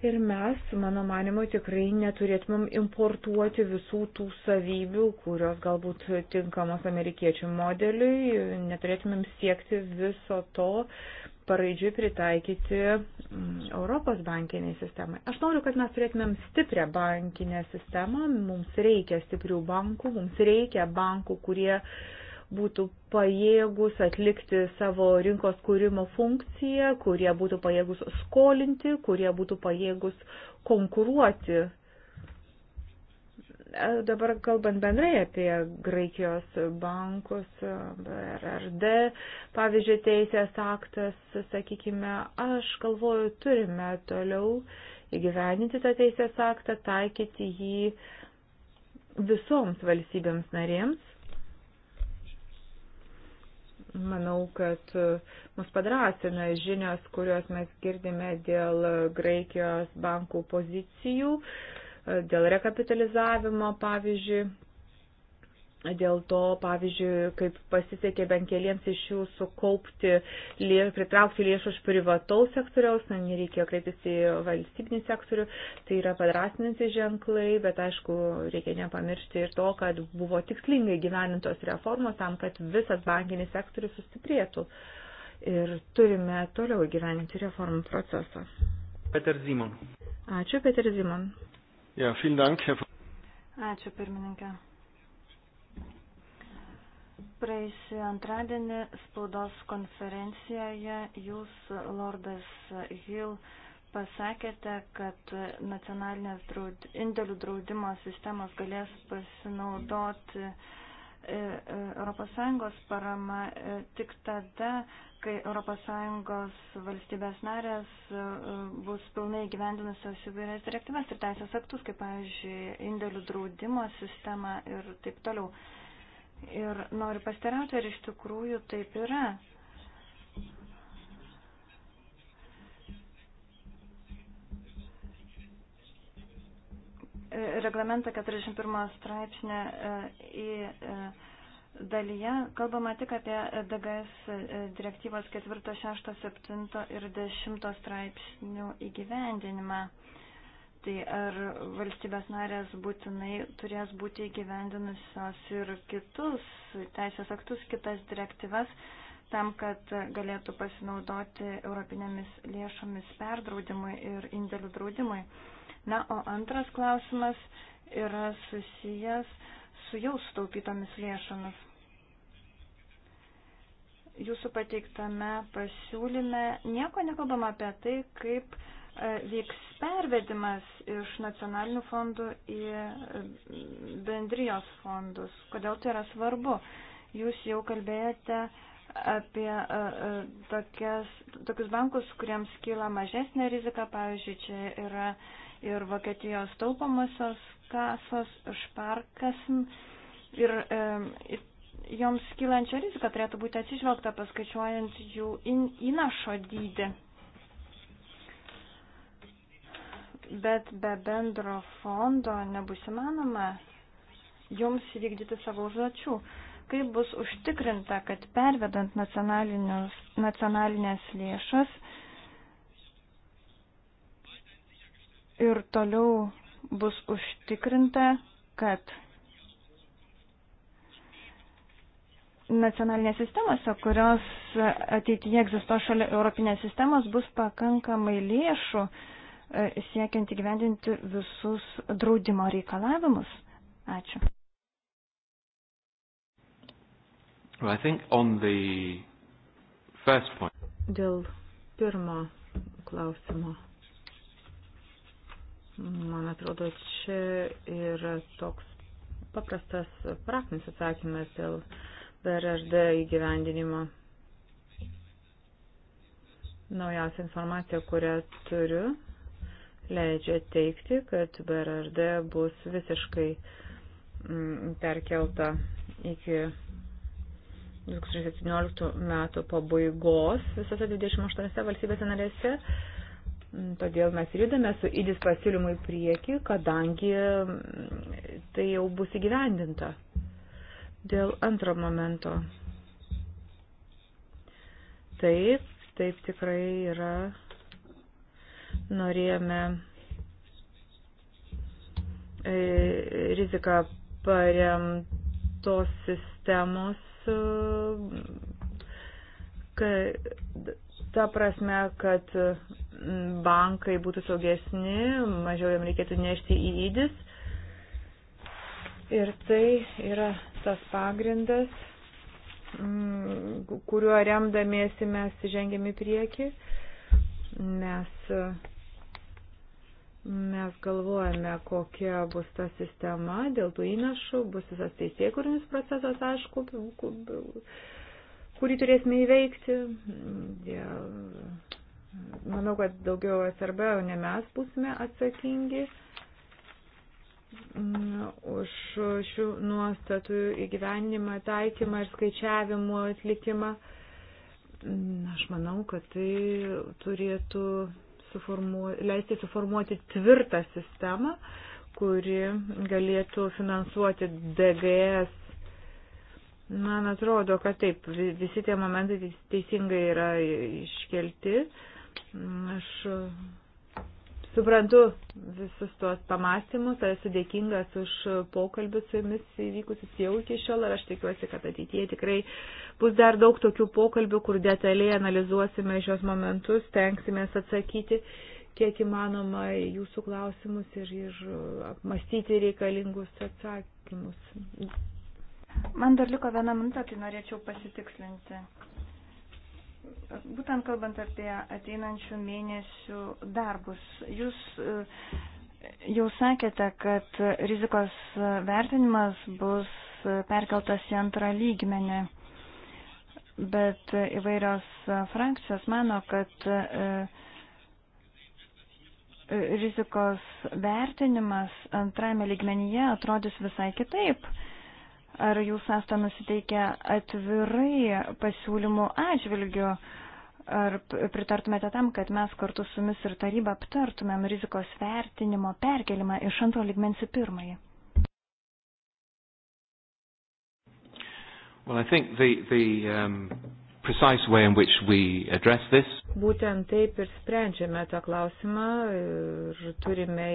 Ir mes, mano manimu, tikrai neturėtumėm importuoti visų tų savybių, kurios galbūt tinkamos amerikiečių modeliui, neturėtumėm siekti viso to, paraidžiui pritaikyti mm, Europos bankiniai sistemai. Aš noriu, kad mes turėtumėm stiprią bankinę sistemą, mums reikia stiprių bankų, mums reikia bankų, kurie būtų pajėgus atlikti savo rinkos kūrimo funkciją, kurie būtų pajėgus skolinti, kurie būtų pajėgus konkuruoti Dabar kalbant bendrai apie Graikijos bankus, RRD, pavyzdžiui, teisės aktas, sakykime, aš galvoju, turime toliau įgyveninti tą teisės aktą, taikyti jį visoms valstybėms narėms. Manau, kad mus padrasina žinios, kuriuos mes girdime dėl Graikijos bankų pozicijų. Uh, dėl rekapitalizavimo, pavyzdžiui, Dėl to, pavyzdžiui, kaip pasisekė bent keliems iš jų sukaupti, pritraukti lėšų iš privataus sektoriaus, na, nereikėjo kreiptis į valstybinį sektorių, tai yra padrasninti ženklai, bet aišku, reikia nepamiršti ir to, kad buvo tikslingai gyvenintos reformos tam, kad visas bankinis sektorius sustiprėtų. Ir turime toliau gyveninti reformų procesą. Peter Zimon. Ačiū, Peter Zimon. Ja, vielen Dank, Herr. Ačiū, pirmininkė. Praėjusį antradienį spaudos konferencijoje jūs, Lordas Hill, pasakėte, kad nacionalinės draud... indėlių draudimo sistemos galės pasinaudoti ES e, parama e, tik tada, kai ES valstybės narės e, bus pilnai gyvendinusios įvairias direktyvas ir teisės aktus, kaip, pavyzdžiui, indėlių draudimo sistema ir taip toliau. Ir noriu pasiterauti, ar iš tikrųjų taip yra. Reglamentą 41 straipsnę e, į. E, e, dalyje kalbama tik apie DGS direktyvos 4, 6, 7 ir 10 straipsnių įgyvendinimą. Tai ar valstybės narės būtinai turės būti įgyvendinusios ir kitus teisės aktus, kitas direktyvas, tam, kad galėtų pasinaudoti europinėmis lėšomis perdraudimui ir indėlių draudimui. Na, o antras klausimas yra susijęs uh, su jau sutaupytomis lėšomis. Jūsų pateiktame pasiūlyme nieko nekalbama apie tai, kaip e, vyks pervedimas iš nacionalinių fondų į e, bendrijos fondus. Kodėl tai yra svarbu? Jūs jau kalbėjote apie e, tokias, tokius bankus, kuriems kyla mažesnė rizika, pavyzdžiui, čia yra uh, ir Vokietijos taupomosios kasos Sparkassen ir e, joms kylančią riziką turėtų būti atsižvelgta paskaičiuojant jų in, įnašo dydį. Bet be bendro fondo nebus įmanoma jums įvykdyti savo užduočių. Kaip bus užtikrinta, kad pervedant nacionalinės lėšas, ir toliau bus užtikrinta, kad nacionalinės sistemose, kurios ateityje egzistuos šalia Europinės sistemos, bus pakankamai lėšų e, siekiant įgyvendinti visus draudimo reikalavimus. Ačiū. Well, Dėl pirmo klausimo Man atrodo, čia yra toks paprastas praktinis atsakymas dėl BRRD įgyvendinimo. Naujausia informacija, kurią turiu, leidžia teikti, kad BRRD bus visiškai mm, perkelta iki 2017 metų pabaigos visose 28 valstybėse narėse Mm, todėl mes judame su įdis pasiūlymu į priekį, kadangi mm, tai jau bus įgyvendinta. Dėl antro momento. Taip, taip tikrai yra. Norėjome e, riziką paremtos sistemos, e, ta prasme, kad bankai būtų saugesni, mažiau jam reikėtų nešti į įdis. Ir tai yra tas pagrindas, mm, kuriuo remdamiesi mes žengėme į priekį. Mes, mes galvojame, kokia bus ta sistema dėl tų įnašų, bus visas teisėkurinis procesas, aišku, kurį turėsime įveikti. Dėl Manau, kad daugiau SRB, o ne mes būsime atsakingi mm, už šių nuostatų įgyvenimą, taikymą ir skaičiavimų atlikimą. Mm, aš manau, kad tai turėtų suformuo, leisti suformuoti tvirtą sistemą, kuri galėtų finansuoti DGS. Man atrodo, kad taip, visi tie momentai teisingai yra iškelti. Uh, Aš suprantu visus tuos pamastymus, ar esu dėkingas už pokalbius su jumis įvykusius jau iki šiol ir aš tikiuosi, kad ateityje tikrai bus dar daug tokių pokalbių, kur detaliai analizuosime šios momentus, tenksimės atsakyti kiek įmanoma jūsų klausimus ir, ir apmastyti reikalingus atsakymus. Man dar liko vieną minutę, tai norėčiau pasitikslinti būtent kalbant apie ateinančių mėnesių darbus, jūs e, jau sakėte, kad rizikos vertinimas bus perkeltas į antrą lygmenį, bet įvairios frakcijos mano, kad e, rizikos vertinimas antrame lygmenyje atrodys visai kitaip Ar jūs esate nusiteikę atvirai pasiūlymų atžvilgiu? Ar pritartumėte tam, kad mes kartu su jumis ir taryba aptartumėm rizikos vertinimo perkelimą iš antro ligmens į pirmąjį? Well, I think the, the um, precise way in which we address this. Būtent taip ir sprendžiame tą klausimą ir turime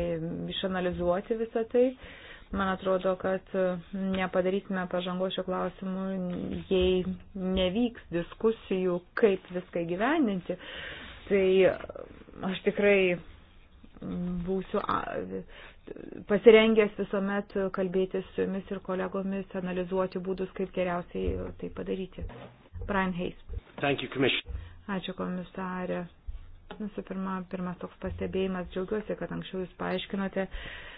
išanalizuoti visą tai. Uh, Man atrodo, kad nepadarysime pažangos šio klausimu, jei nevyks diskusijų, kaip viską gyveninti. Tai aš tikrai būsiu pasirengęs visuomet kalbėti su jumis ir kolegomis, analizuoti būdus, kaip geriausiai tai padaryti. Brian Hayes. Thank you, Ačiū komisarė. Visų pirma, pirmas toks pastebėjimas, džiaugiuosi, kad anksčiau jūs paaiškinote, uh,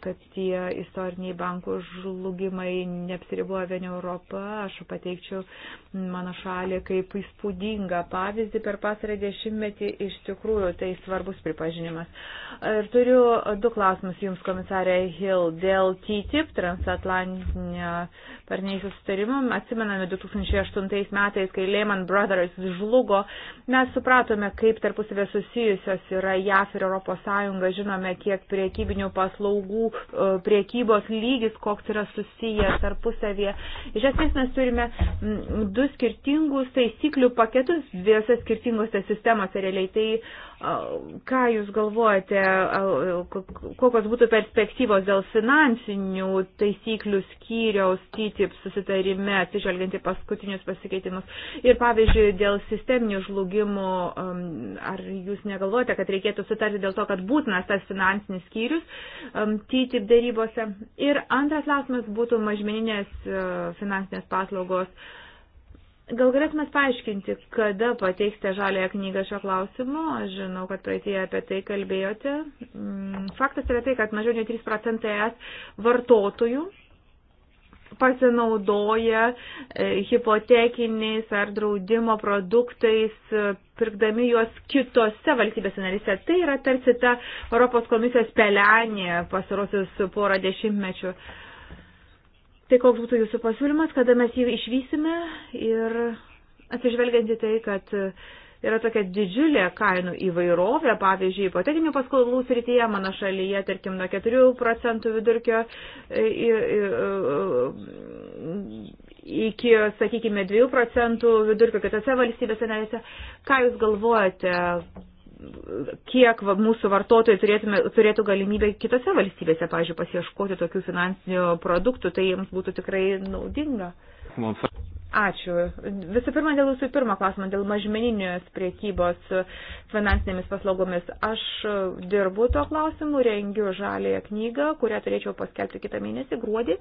kad tie istoriniai bankų žlugimai neapsiribuoja vien Europą. Aš pateikčiau mano šalį kaip įspūdingą pavyzdį per pasarą dešimtmetį. Iš tikrųjų, tai svarbus pripažinimas. Ir turiu du klausimus Jums, komisarė Hill, dėl TTIP, transatlantinio parnėjų sustarimo. Atsimename 2008 metais, kai Lehman Brothers žlugo, mes supratome, kaip tarpusavė susijusios yra JAF ir ES, žinome, kiek priekybė žvalgybinių paslaugų e, priekybos lygis, koks yra susijęs tarpusavėje. Iš esmės mes turime mm, du skirtingus taisyklių paketus dviese skirtingose sistemose realiai. Tai ką Jūs galvojate, kokios būtų perspektyvos dėl finansinių taisyklių skyriaus TTIP susitarime, atsižvelgiant į paskutinius pasikeitimus. Ir pavyzdžiui, dėl sisteminių žlugimų, ar Jūs negalvojate, kad reikėtų sutarti dėl to, kad būtinas tas finansinis skyrius, Um, TTIP darybose. Ir antras klausimas būtų mažmeninės uh, finansinės paslaugos. Gal galėtumėt paaiškinti, kada pateiksite žalėją knygą šio klausimu? Aš žinau, kad praeitie apie tai kalbėjote. Mm, faktas yra tai, kad mažiau nei 3 procentai vartotojų pasinaudoja e, hipotekiniais ar draudimo produktais, e, pirkdami juos kitose valstybėse narise. Tai yra tarsi ta Europos komisijos pelenė pasarosius porą dešimtmečių. Tai koks būtų jūsų pasiūlymas, kada mes jį išvysime ir atsižvelgiant į tai, kad uh, yra tokia didžiulė kainų įvairovė, pavyzdžiui, ipotekinių paskolų srityje mano šalyje, tarkim, nuo 4 procentų vidurkio e, e, iki, sakykime, 2 procentų vidurkio kitose valstybėse narėse. Ką Jūs galvojate, kiek mūsų vartotojai turėtume, turėtų galimybę kitose valstybėse, pavyzdžiui, pasieškoti tokių finansinių produktų, tai jiems būtų tikrai naudinga. Ačiū. Visų pirma, dėl jūsų pirmo klausimo, dėl mažmeninės priekybos finansinėmis paslaugomis. Aš dirbu tuo klausimu, rengiu žalėją knygą, kurią turėčiau paskelbti kitą mėnesį, gruodį.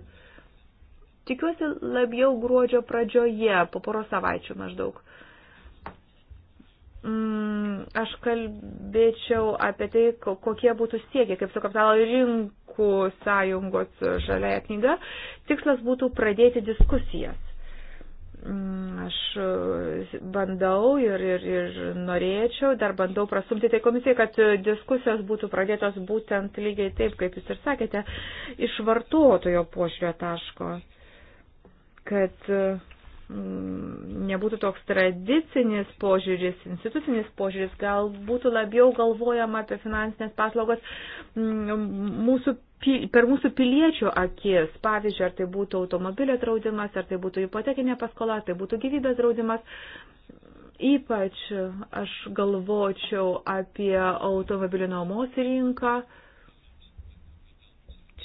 Tikiuosi labiau gruodžio pradžioje, po poros savaičių maždaug. Mm, aš kalbėčiau apie tai, kokie būtų siekiai, kaip su kapitalo rinkų sąjungos žalėja knyga. Tikslas būtų pradėti diskusijas Mm, aš e, bandau ir, ir, ir norėčiau, dar bandau prasumti tai komisijai, kad diskusijos būtų pradėtos būtent lygiai taip, kaip jūs ir sakėte, iš vartotojo pošvio taško, kad uh, Mm, nebūtų toks tradicinis požiūris, institucinis požiūris, gal būtų labiau galvojama apie finansinės paslaugas mm, mūsų, per mūsų piliečių akis. Pavyzdžiui, ar tai būtų automobilio draudimas, ar tai būtų ipotekinė paskola, ar tai būtų gyvybės draudimas. Ypač aš galvočiau apie automobilio nuomos rinką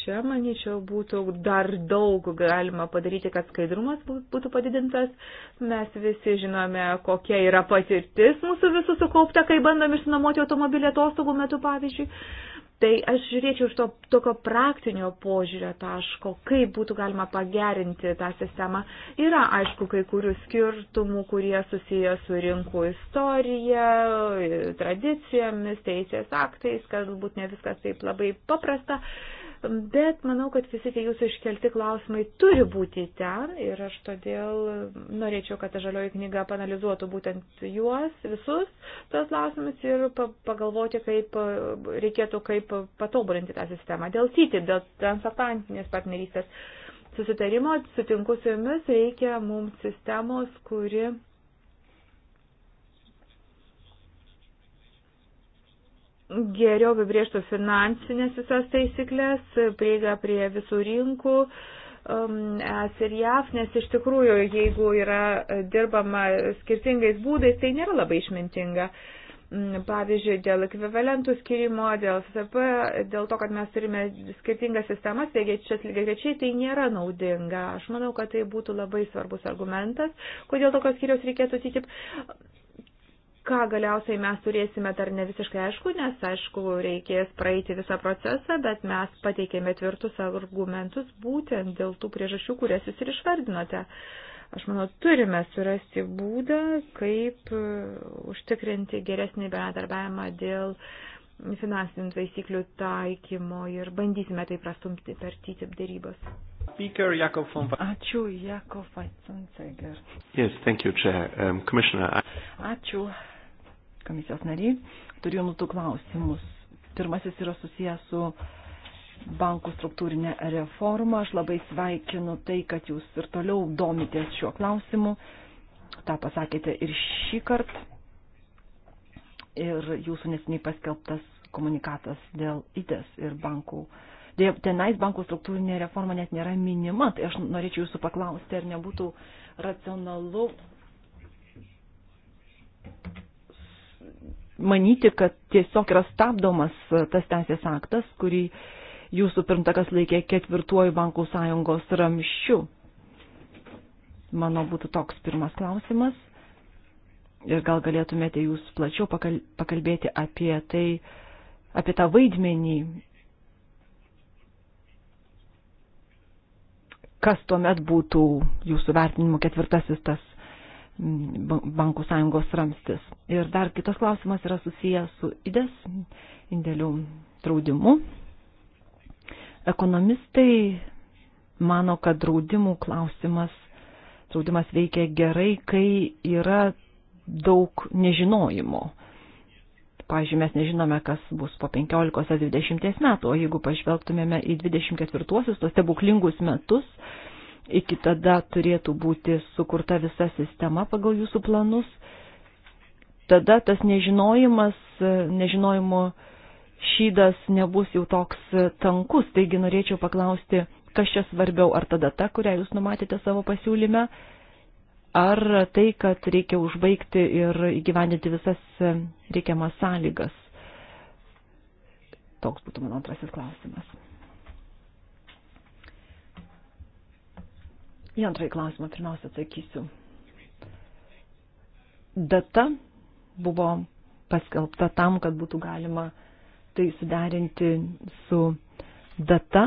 čia, manyčiau, būtų dar daug galima padaryti, kad skaidrumas būtų padidintas. Mes visi žinome, kokia yra patirtis mūsų visų sukaupta, kai bandom išsinuomoti automobilį atostogų metu, pavyzdžiui. Tai aš žiūrėčiau iš to tokio praktinio požiūrio taško, kaip būtų galima pagerinti tą sistemą. Yra, aišku, kai kurių skirtumų, kurie susiję su rinkų istorija, tradicijomis, teisės aktais, kad galbūt ne viskas taip labai paprasta. Uh, bet manau, kad visi tie jūsų iškelti klausimai turi būti ten ir aš todėl norėčiau, kad ta žalioji knyga panalizuotų būtent juos, visus tuos klausimus ir pagalvoti, kaip reikėtų kaip patobulinti tą sistemą. Dėl CITI, dėl transatlantinės partnerystės susitarimo, sutinku su jumis, reikia mums sistemos, kuri geriau apibrieštų finansinės visas taisyklės, prieiga prie visų rinkų, um, es ir JAF, nes iš tikrųjų, jeigu yra dirbama skirtingais būdais, tai nėra labai išmintinga. Mm, pavyzdžiui, dėl ekvivalentų skirimo, dėl FSP, dėl to, kad mes turime skirtingas sistemas, veikiančias lygiai grečiai, tai nėra naudinga. Aš manau, kad tai būtų labai svarbus argumentas, kodėl tokios skiriaus reikėtų tikip ką galiausiai mes turėsime dar ne visiškai aišku, nes aišku, reikės praeiti visą procesą, bet mes pateikėme tvirtus argumentus būtent dėl tų priežasčių, kurias jūs ir išvardinote. Aš manau, turime surasti būdą, kaip e, užtikrinti geresnį bendradarbiavimą dėl finansinių taisyklių taikymo ir bandysime tai prastumti per TTIP dėrybas. Speaker Jakov von Ačiū, Jakov Vatsanceger. Yes, thank you, Chair. Um, Commissioner. I... Ačiū, komisijos nariai. Turiu jums nu du klausimus. Pirmasis yra susijęs su bankų struktūrinė reforma. Aš labai sveikinu tai, kad jūs ir toliau domitės šiuo klausimu. Ta pasakėte ir šį kartą. Ir jūsų nesiniai paskelbtas komunikatas dėl ITES ir bankų tenais bankų struktūrinė reforma net nėra minima, tai aš norėčiau jūsų paklausti, ar nebūtų racionalu manyti, kad tiesiog yra stabdomas e, tas teisės aktas, kurį jūsų pirmtakas laikė ketvirtuoju bankų sąjungos ramščiu. Mano būtų toks pirmas klausimas. Ir gal galėtumėte jūs plačiau pakalbėti apie tai, apie tą vaidmenį, kas tuomet būtų jūsų vertinimu ketvirtasis tas bankų sąjungos ramstis. Ir dar kitas klausimas yra susijęs su IDES, indėlių draudimu. Ekonomistai mano, kad draudimų klausimas, draudimas veikia gerai, kai yra daug nežinojimo. Pavyzdžiui, mes nežinome, kas bus po 15-20 metų, o jeigu pažvelgtumėme į 24-uosius, tos stebuklingus metus, Iki tada turėtų būti sukurta visa sistema pagal jūsų planus. Tada tas nežinojimas, nežinojimo šydas nebus jau toks tankus. Taigi norėčiau paklausti, kas čia svarbiau, ar tada ta, kurią jūs numatėte savo pasiūlyme, ar tai, kad reikia užbaigti ir įgyvendinti visas reikiamas sąlygas. Toks būtų mano antrasis klausimas. Į antrąjį klausimą pirmiausia atsakysiu. Data buvo paskelbta tam, kad būtų galima tai suderinti su data,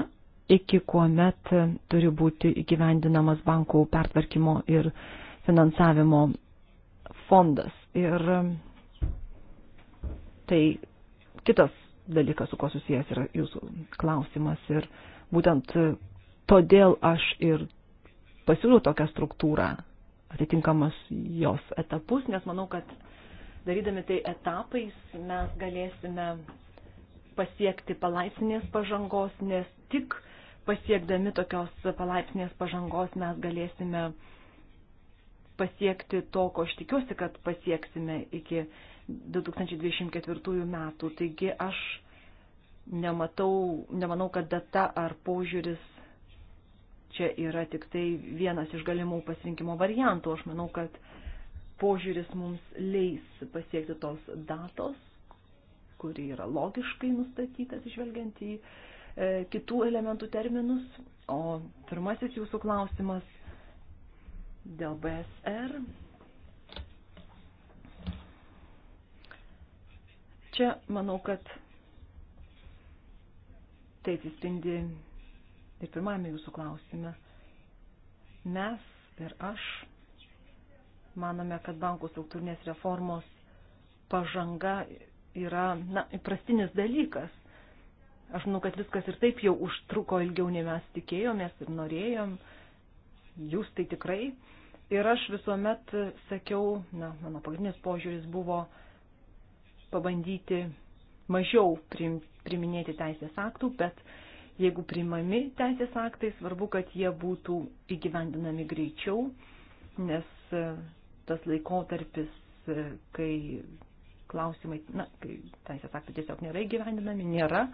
iki kuomet turi būti įgyvendinamas bankų pertvarkymo ir finansavimo fondas. Ir tai kitas dalykas, su ko susijęs yra jūsų klausimas. Ir būtent todėl aš ir pasiūliau tokią struktūrą, atitinkamas jos etapus, nes manau, kad darydami tai etapais mes galėsime pasiekti palaipsnės pažangos, nes tik pasiekdami tokios palaipsnės pažangos mes galėsime pasiekti to, ko aš tikiuosi, kad pasieksime iki 2024 metų. Taigi aš nematau, nemanau, kad data ar požiūris čia yra tik tai vienas iš galimų pasirinkimo variantų. Aš manau, kad požiūris mums leis pasiekti tos datos, kuri yra logiškai nustatytas, išvelgiant į e, kitų elementų terminus. O pirmasis jūsų klausimas dėl BSR. Čia manau, kad tai atsispindi ir pirmame jūsų klausime. Mes ir aš manome, kad bankų struktūrinės reformos pažanga yra na, įprastinis dalykas. Aš manau, kad viskas ir taip jau užtruko ilgiau, nei mes tikėjomės ir norėjom. Jūs tai tikrai. Ir aš visuomet sakiau, na, mano pagrindinis požiūris buvo pabandyti mažiau prim, priminėti teisės aktų, bet jeigu primami teisės aktai, svarbu, kad jie būtų įgyvendinami greičiau, nes e, tas laikotarpis, e, kai klausimai, na, kai teisės aktai tiesiog nėra įgyvendinami, nėra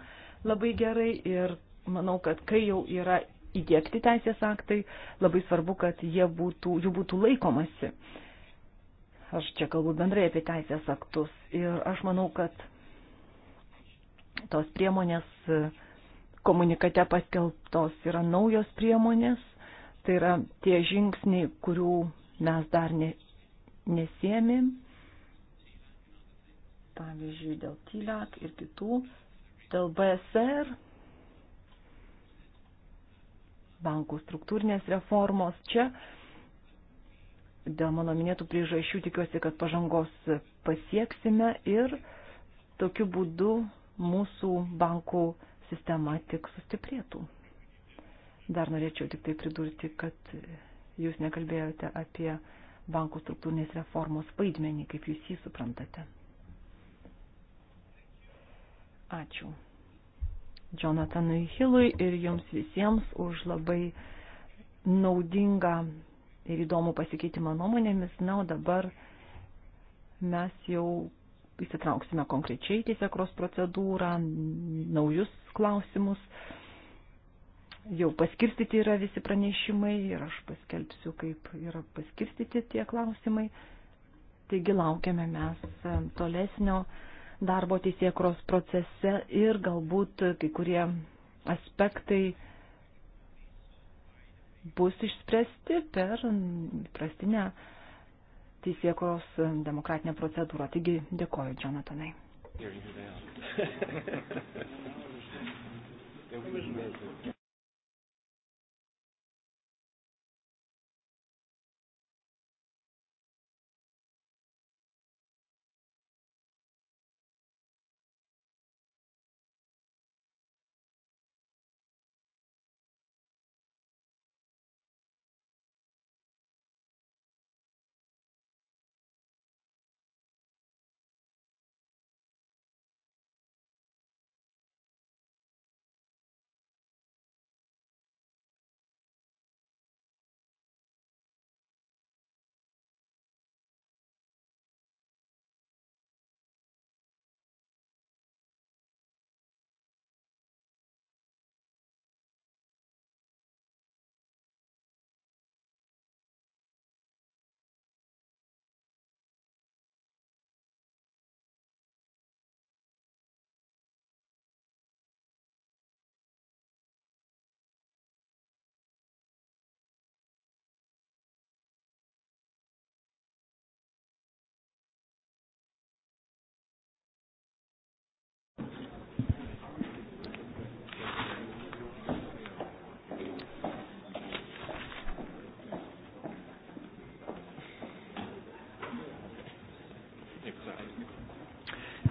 labai gerai ir manau, kad kai jau yra įdėkti teisės aktai, labai svarbu, kad jie būtų, jų būtų laikomasi. Aš čia kalbu bendrai apie teisės aktus ir aš manau, kad tos priemonės uh, komunikate paskelbtos yra naujos priemonės, tai yra tie žingsniai, kurių mes dar ne, nesėmėm, pavyzdžiui, dėl TILAK ir kitų, dėl BSR, bankų struktūrinės reformos. Čia dėl mano minėtų priežasčių tikiuosi, kad pažangos pasieksime ir tokiu būdu mūsų bankų sistema tik sustiprėtų. Dar norėčiau tik tai pridurti, kad jūs nekalbėjote apie bankų struktūrinės reformos vaidmenį, kaip jūs jį suprantate. Ačiū. Jonathanui Hillui ir jums visiems už labai naudingą ir įdomų pasikeitimą nuomonėmis. Na, o dabar mes jau įsitrauksime konkrečiai teisėkros procedūrą, naujus klausimus. Jau paskirstyti yra visi pranešimai ir aš paskelbsiu, kaip yra paskirstyti tie klausimai. Taigi laukiame mes e, tolesnio darbo teisėkros procese ir galbūt kai kurie aspektai bus išspręsti per prastinę teisėkuros demokratinę procedūrą. Taigi dėkoju, Jonatanai.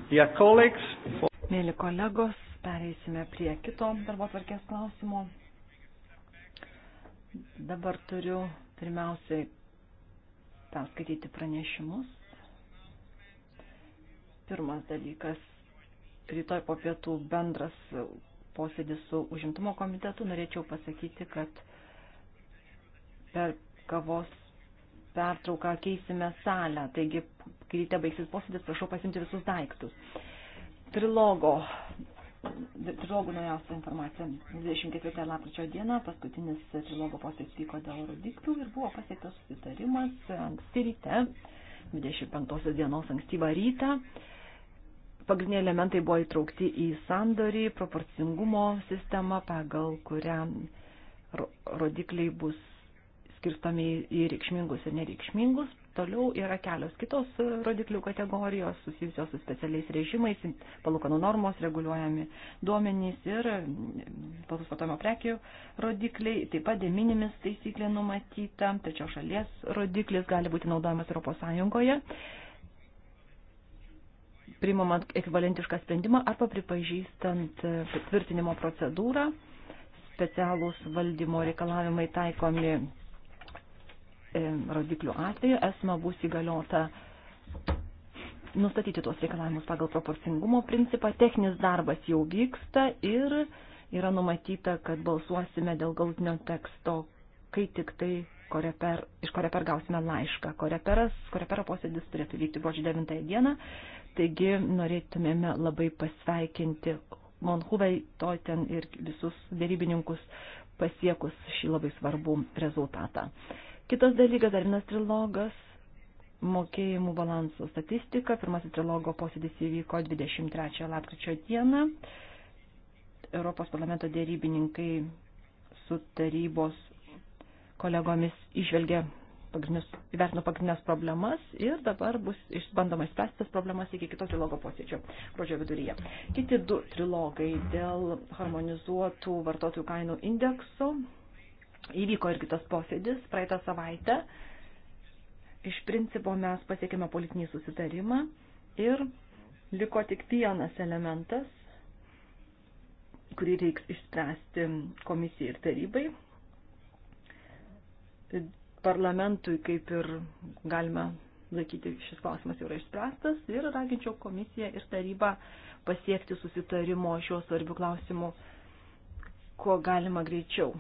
Mėly kolegos, pereisime prie kito darbo tvarkės klausimo. Dabar turiu pirmiausiai perskaityti pranešimus. Pirmas dalykas - rytoj po pietų bendras posėdis su užimtumo komitetu. Norėčiau pasakyti, kad per kavos pertrauką keisime salę, taigi kai ryte baigsis posėdis, prašau pasimti visus daiktus. Trilogo, trilogų naujausia informacija 24 lapkričio dieną, paskutinis trilogo posėdis vyko dėl rodiklių ir buvo pasiektas susitarimas anksti ryte, 25 dienos ankstyvą rytą. Pagrindiniai elementai buvo įtraukti į sandorį, proporcingumo sistemą, pagal kurią rodikliai bus skirstomi į reikšmingus ir nereikšmingus Toliau yra kelios kitos rodiklių kategorijos susijusios su specialiais režimais, palūkanų normos, reguliuojami duomenys ir platus vartojimo prekių rodikliai. Taip pat deminimis taisyklė numatyta, tačiau šalies rodiklis gali būti naudojamas ES priimant ekvivalentišką sprendimą arba pripažįstant tvirtinimo procedūrą, specialūs valdymo reikalavimai taikomi E, rodiklių atveju esma bus įgaliota nustatyti tuos reikalavimus pagal proporcingumo principą. Techninis darbas jau vyksta ir yra numatyta, kad balsuosime dėl galutinio teksto, kai tik tai koreper, iš koreper gausime laišką. Koreperas, korepero posėdis turėtų vykti gruodžio 9 dieną, taigi norėtumėme labai pasveikinti Monhuvei, Toten ir visus dėrybininkus pasiekus šį labai svarbų rezultatą. Kitas dalykas, dar vienas trilogas, mokėjimų balansų statistika. Pirmasis trilogo posėdis įvyko 23 lapkričio dieną. Europos parlamento dėrybininkai su tarybos kolegomis išvelgė įvertino pagrindinės problemas ir dabar bus išbandoma išspręsti tas problemas iki kito trilogo posėdžio gruodžio viduryje. Kiti du trilogai dėl harmonizuotų vartotojų kainų indekso Įvyko ir kitas posėdis praeitą savaitę. Iš principo mes pasiekėme politinį susitarimą ir liko tik vienas elementas, kurį reiks išspręsti komisijai ir tarybai. Parlamentui kaip ir galime laikyti šis klausimas yra išspręstas ir raginčiau komisiją ir tarybą pasiekti susitarimo šiuo svarbiu klausimu, kuo galima greičiau.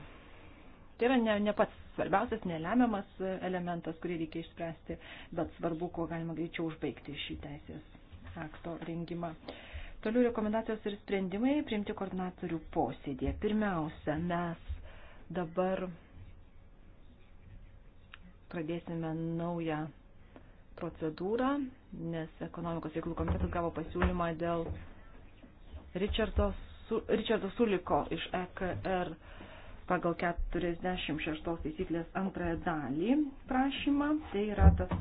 Tai yra ne, ne pats svarbiausias, nelemiamas elementas, kurį reikia išspręsti, bet svarbu, kuo galima greičiau užbaigti šį teisės akto rengimą. Toliau rekomendacijos ir sprendimai priimti koordinatorių posėdėje. Pirmiausia, mes dabar pradėsime naują procedūrą, nes ekonomikos reikalų komitetas gavo pasiūlymą dėl Richardo, Su, Richardo Suliko iš EKR pagal 46 taisyklės antrąją dalį prašymą. Tai yra tas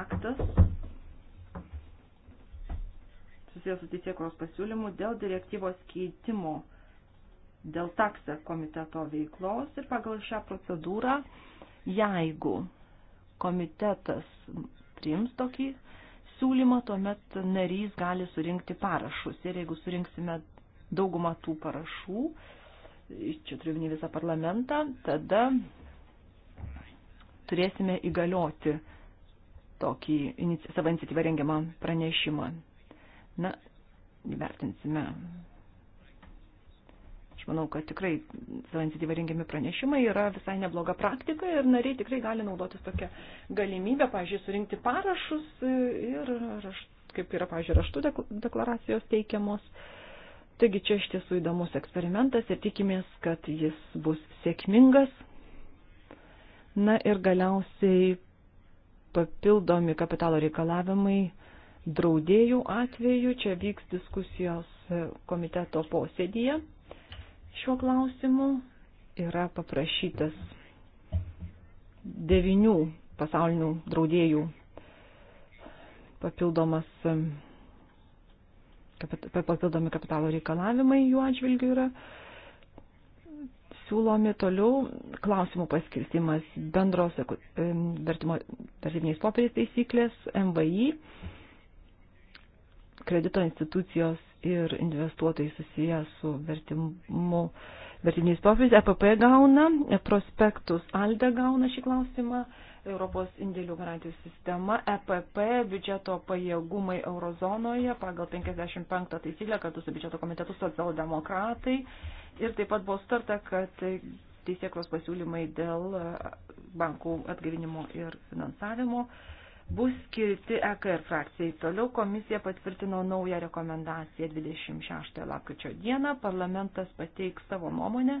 aktas susijęs su teisėkos pasiūlymu dėl direktyvos keitimo dėl taksą komiteto veiklos ir pagal šią procedūrą, jeigu komitetas priims tokį siūlymą, tuomet narys gali surinkti parašus. Ir jeigu surinksime daugumą tų parašų, čia turiu ne visą parlamentą, tada turėsime įgalioti tokį savo iniciatyvą rengiamą pranešimą. Na, vertinsime. Aš manau, kad tikrai savo iniciatyvą rengiami pranešimai yra visai nebloga praktika ir nariai tikrai gali naudotis tokią galimybę, pažiūrėjau, surinkti parašus ir, kaip yra, pažiūrėjau, raštų deklaracijos teikiamos. Uh, Taigi čia iš tiesų įdomus eksperimentas ir tikimės, kad jis bus sėkmingas. Na ir galiausiai papildomi kapitalo reikalavimai draudėjų atveju. Čia vyks diskusijos komiteto posėdėje šiuo klausimu. Yra paprašytas devinių pasaulinių draudėjų papildomas papildomi kapitalo reikalavimai jų atžvilgių yra siūlomi toliau klausimų paskirstimas bendros vertimo vertybiniais popieriais taisyklės MVI, kredito institucijos ir investuotojai susiję su vertimu vertybiniais popieriais, EPP gauna, e prospektus Alde gauna šį klausimą, Europos indėlių garantijų sistema, EPP, biudžeto pajėgumai eurozonoje pagal 55 taisyklę kartu su biudžeto komitetu socialdemokratai. Ir taip pat buvo starta, kad teisėklos pasiūlymai dėl e, bankų atgavinimo ir finansavimo bus skirti EKR frakcijai. Toliau komisija patvirtino naują rekomendaciją 26 lapkričio dieną. Parlamentas pateiks savo nuomonę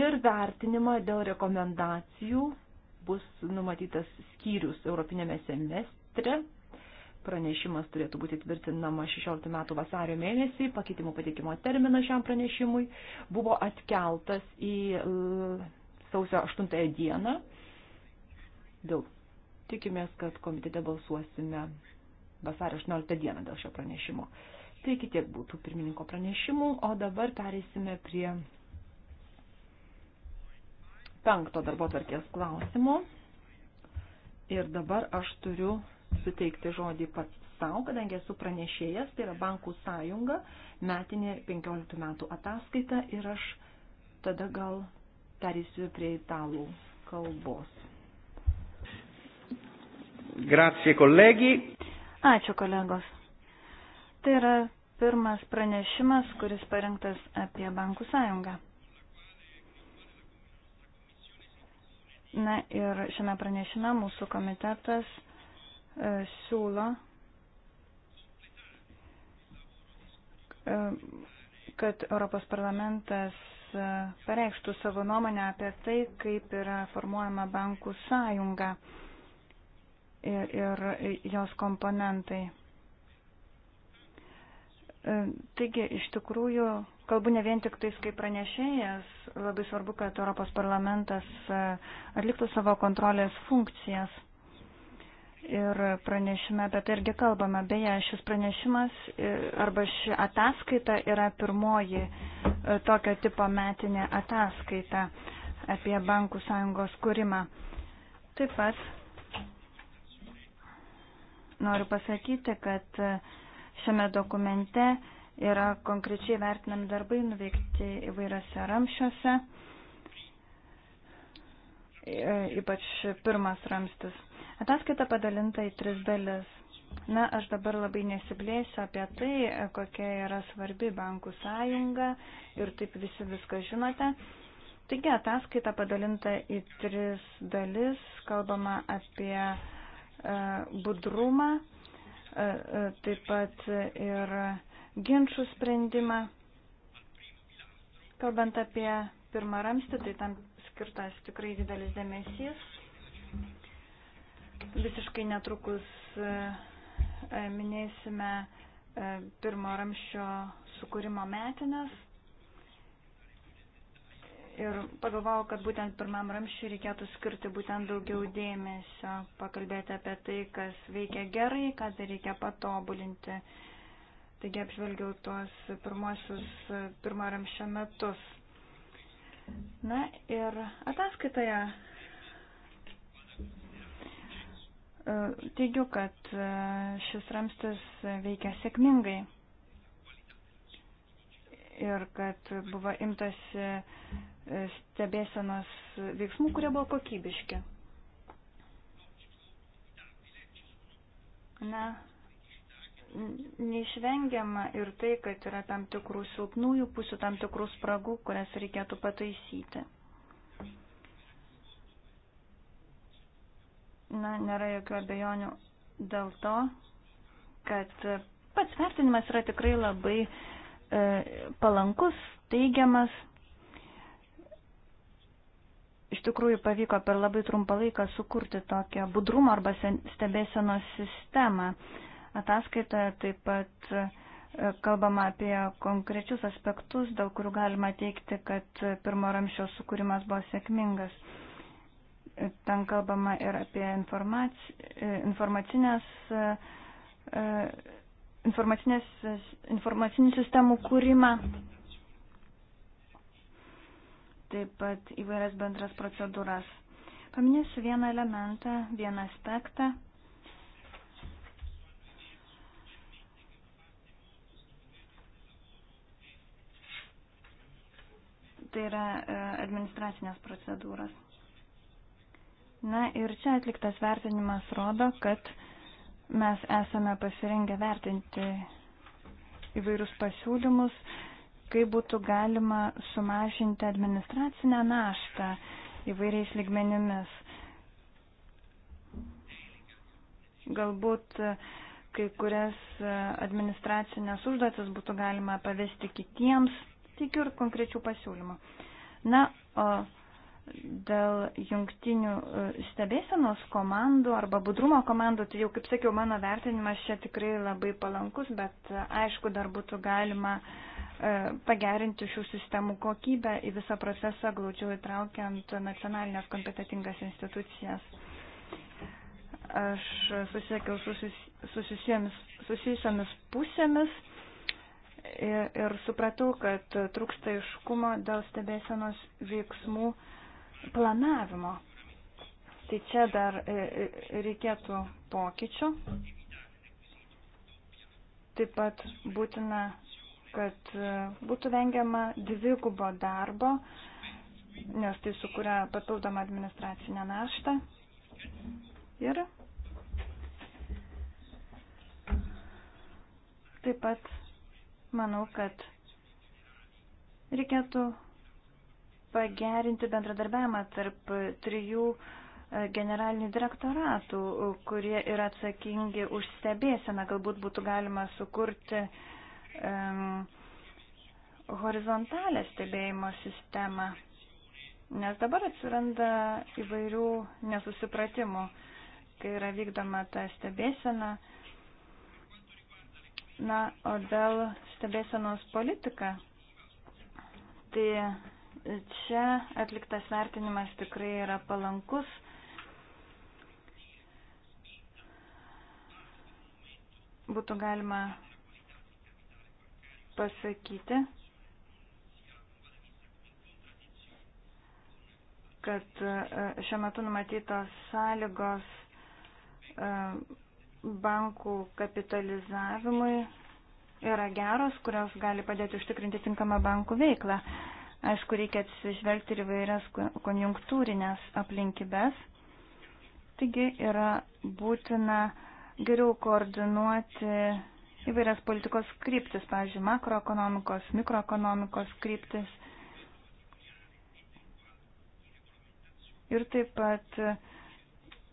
ir vertinimą dėl rekomendacijų bus numatytas skyrius Europinėme semestre. Pranešimas turėtų būti tvirtinama 16 metų vasario mėnesį, pakeitimų pateikimo terminas šiam pranešimui buvo atkeltas į e, sausio 8 dieną. Dėl tikimės, kad komitete balsuosime vasario 18 dieną dėl šio pranešimo. Taigi tiek būtų pirmininko pranešimų, o dabar pereisime prie penkto darbo tvarkės klausimo. Ir dabar aš turiu suteikti žodį pats savo, kadangi esu pranešėjas, tai yra Bankų sąjunga, metinė 15 metų ataskaita ir aš tada gal perėsiu prie italų kalbos. Grazie, kolegi. Ačiū, kolegos. Tai yra pirmas pranešimas, kuris parengtas apie Bankų sąjungą. Na ir šiame pranešime mūsų komitetas e, siūlo, e, kad Europos parlamentas e, pareikštų savo nuomonę apie tai, kaip yra formuojama bankų sąjunga ir, ir jos komponentai. E, taigi, iš tikrųjų, kalbu ne vien tik tais kaip pranešėjas, labai svarbu, kad Europos parlamentas e, atliktų savo kontrolės funkcijas. Ir pranešime apie tai irgi kalbame. Beje, šis pranešimas e, arba ši ataskaita yra pirmoji tokio tipo metinė ataskaita apie bankų sąjungos kūrimą. Taip pat noriu pasakyti, kad Šiame dokumente yra konkrečiai vertinami darbai nuveikti įvairiose ramšiuose, e, ypač pirmas ramstis. Ataskaita padalinta į tris dalis. Na, aš dabar labai nesiblėsiu apie tai, kokia yra svarbi bankų sąjunga ir taip visi viską žinote. Taigi ataskaita padalinta į tris dalis, kalbama apie e, budrumą, E, e, taip pat ir ginčių sprendimą. Kalbant apie pirmą ramstį, tai tam skirtas tikrai didelis dėmesys. Visiškai netrukus e, minėsime pirmo ramščio sukūrimo metinės, ir pagalvojau, kad būtent pirmam ramščiui reikėtų skirti būtent daugiau dėmesio, pakalbėti apie tai, kas veikia gerai, ką dar reikia patobulinti. Taigi apžvelgiau tuos pirmosius pirmo ramščio metus. Na ir ataskaitoje e, teigiu, kad e, šis ramstis veikia sėkmingai ir kad buvo imtasi stebėsenos veiksmų, kurie buvo kokybiški. Na, neišvengiama ir tai, kad yra tam tikrų silpnųjų pusių, tam tikrų spragų, kurias reikėtų pataisyti. Na, nėra jokių abejonių dėl to, kad pats vertinimas yra tikrai labai e, palankus, teigiamas, iš tikrųjų pavyko per labai trumpą laiką sukurti tokią budrumo arba stebėsenos sistemą. Ataskaitoje taip pat e, kalbama apie konkrečius aspektus, dėl kurių galima teikti, kad pirmo ramščio sukūrimas buvo sėkmingas. E, ten kalbama ir apie e, informacinės, informacinės, informacinių sistemų kūrimą taip pat įvairias bendras procedūras. Paminėsiu vieną elementą, vieną aspektą. Tai yra e, administracinės procedūras. Na ir čia atliktas vertinimas rodo, kad mes esame pasirengę vertinti įvairius pasiūlymus, kaip būtų galima sumažinti administracinę naštą įvairiais ligmenimis. Galbūt e, kai kurias e, administracinės užduotis būtų galima pavesti kitiems, tikiu ir konkrečių pasiūlymų. Na, o dėl jungtinių e, stebėsenos komandų arba budrumo komandų, tai jau, kaip sakiau, mano vertinimas čia tikrai labai palankus, bet aišku, dar būtų galima uh, E, pagerinti šių sistemų kokybę į visą procesą, glaudžiau įtraukiant nacionalinės kompetitingas institucijas. Aš susiekiau susijusiamis pusėmis ir, ir supratau, kad trūksta iškumo dėl stebėsenos veiksmų planavimo. Tai čia dar reikėtų pokyčių. Taip pat būtina kad e, būtų vengiama dvigubo darbo, nes tai sukuria papildomą administracinę naštą. Ir taip pat manau, kad reikėtų pagerinti bendradarbiavimą tarp trijų e, generalinių direktoratų, kurie yra atsakingi už stebėseną. Galbūt būtų galima sukurti uh, horizontalę stebėjimo sistemą, nes dabar atsiranda įvairių nesusipratimų, kai yra vykdoma ta stebėsena. Na, o dėl stebėsenos politika, tai čia atliktas vertinimas tikrai yra palankus. Būtų galima pasakyti, kad e, šiuo metu numatytos sąlygos e, bankų kapitalizavimui yra geros, kurios gali padėti užtikrinti tinkamą bankų veiklą. Aišku, reikia atsižvelgti ir vairias konjunktūrinės aplinkybės. Taigi yra būtina geriau koordinuoti įvairias politikos kryptis, pavyzdžiui, makroekonomikos, mikroekonomikos kryptis. Ir taip pat e,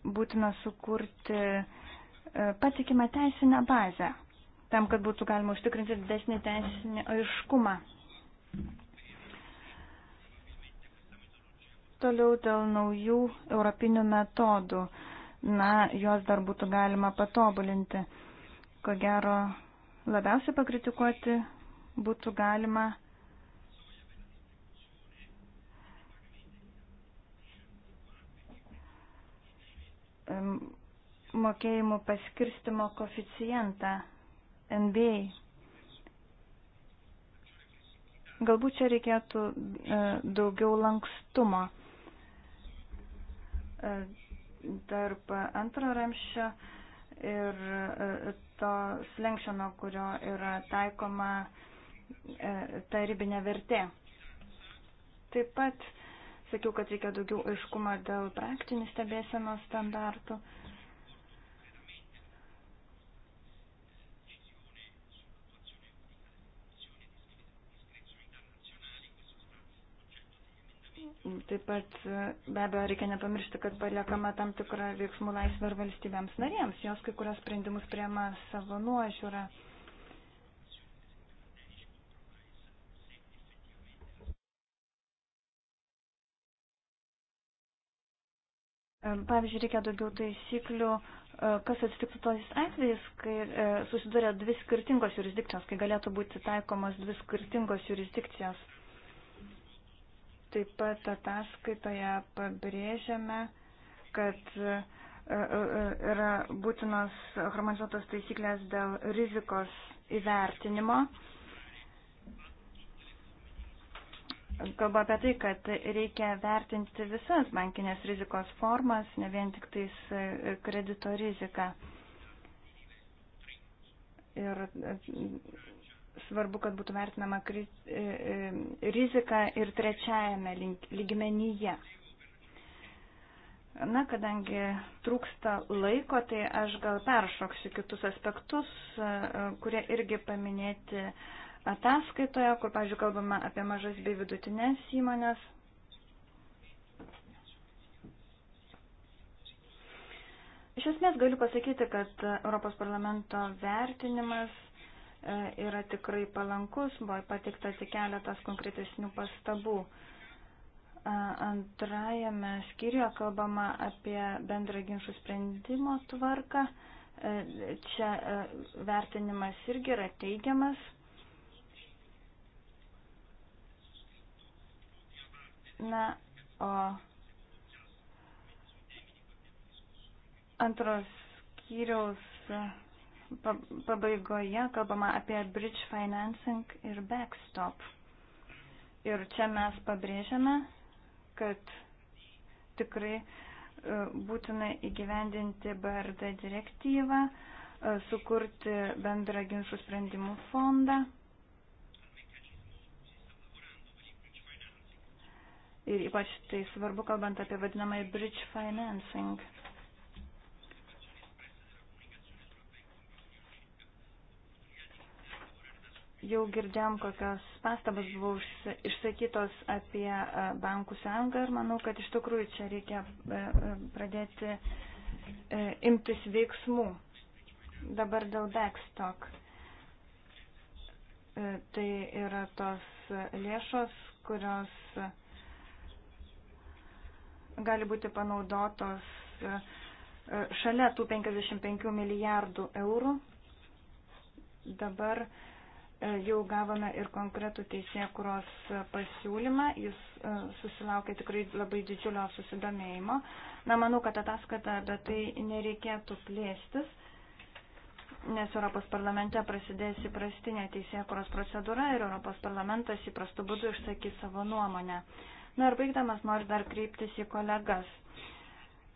būtina sukurti e, patikimą teisinę bazę, tam, kad būtų galima užtikrinti didesnį teisinį aiškumą. Toliau dėl naujų europinių metodų. Na, juos dar būtų galima patobulinti ko gero labiausiai pakritikuoti būtų galima mokėjimų paskirstimo koficijantą NBA. Galbūt čia reikėtų e, daugiau lankstumo e, tarp antro ramščio ir e, to slengščio, nuo kurio yra taikoma e, ta ribinė vertė. Taip pat sakiau, kad reikia daugiau aiškumo dėl praktinių stebėsenos standartų. Uh, Taip pat be abejo reikia nepamiršti, kad paliekama tam tikra veiksmų laisvė ir valstybėms narėms. Jos kai kurios sprendimus priema savo nuožiūrą. Pavyzdžiui, reikia daugiau taisyklių, e, kas atsitiktų tos atvejais, kai e, susiduria dvi skirtingos jurisdikcijos, kai galėtų būti taikomos dvi skirtingos jurisdikcijos. Taip pat ataskaitoje pabrėžiame, kad e, e, e, yra būtinos harmonizuotos taisyklės dėl rizikos įvertinimo. Kalba apie tai, kad reikia vertinti visas bankinės rizikos formas, ne vien tik tais kredito riziką. Ir svarbu, kad būtų vertinama kriz, e, e, rizika ir trečiajame lygmenyje. Na, kadangi trūksta laiko, tai aš gal peršoksiu kitus aspektus, e, kurie irgi paminėti ataskaitoje, kur, pavyzdžiui, kalbama apie mažas bei vidutinės įmonės. Iš esmės galiu pasakyti, kad Europos parlamento vertinimas E, yra tikrai palankus, buvo patikta tik keletas konkretesnių pastabų. E, antrajame skyriuje kalbama apie bendrą ginčių sprendimo tvarką. E, čia vertinimas irgi yra teigiamas. Na, o antros skyriaus pabaigoje kalbama apie bridge financing ir backstop. Ir čia mes pabrėžiame, kad tikrai e, būtina įgyvendinti BRD direktyvą, e, sukurti bendrą ginčių sprendimų fondą. Ir ypač tai svarbu, kalbant apie vadinamąjį bridge financing. Jau girdėjom, kokios pastabas buvo išsakytos apie e, bankų sąjungą ir manau, kad iš tikrųjų čia reikia e, e, pradėti imtis veiksmų. Dabar dėl backstock. Tai yra tos lėšos, kurios gali būti panaudotos šalia tų 55 milijardų eurų. Dabar uh, E, jau gavome ir konkretų teisėkuros pasiūlymą, jis e, susilaukė tikrai labai didžiulio susidomėjimo. Na, manau, kad ataskaita apie tai nereikėtų plėstis nes Europos parlamente prasidės įprastinė teisėkuros procedūra ir Europos parlamentas įprastu būdu išsakys savo nuomonę. Na ir baigdamas noriu dar kreiptis į kolegas.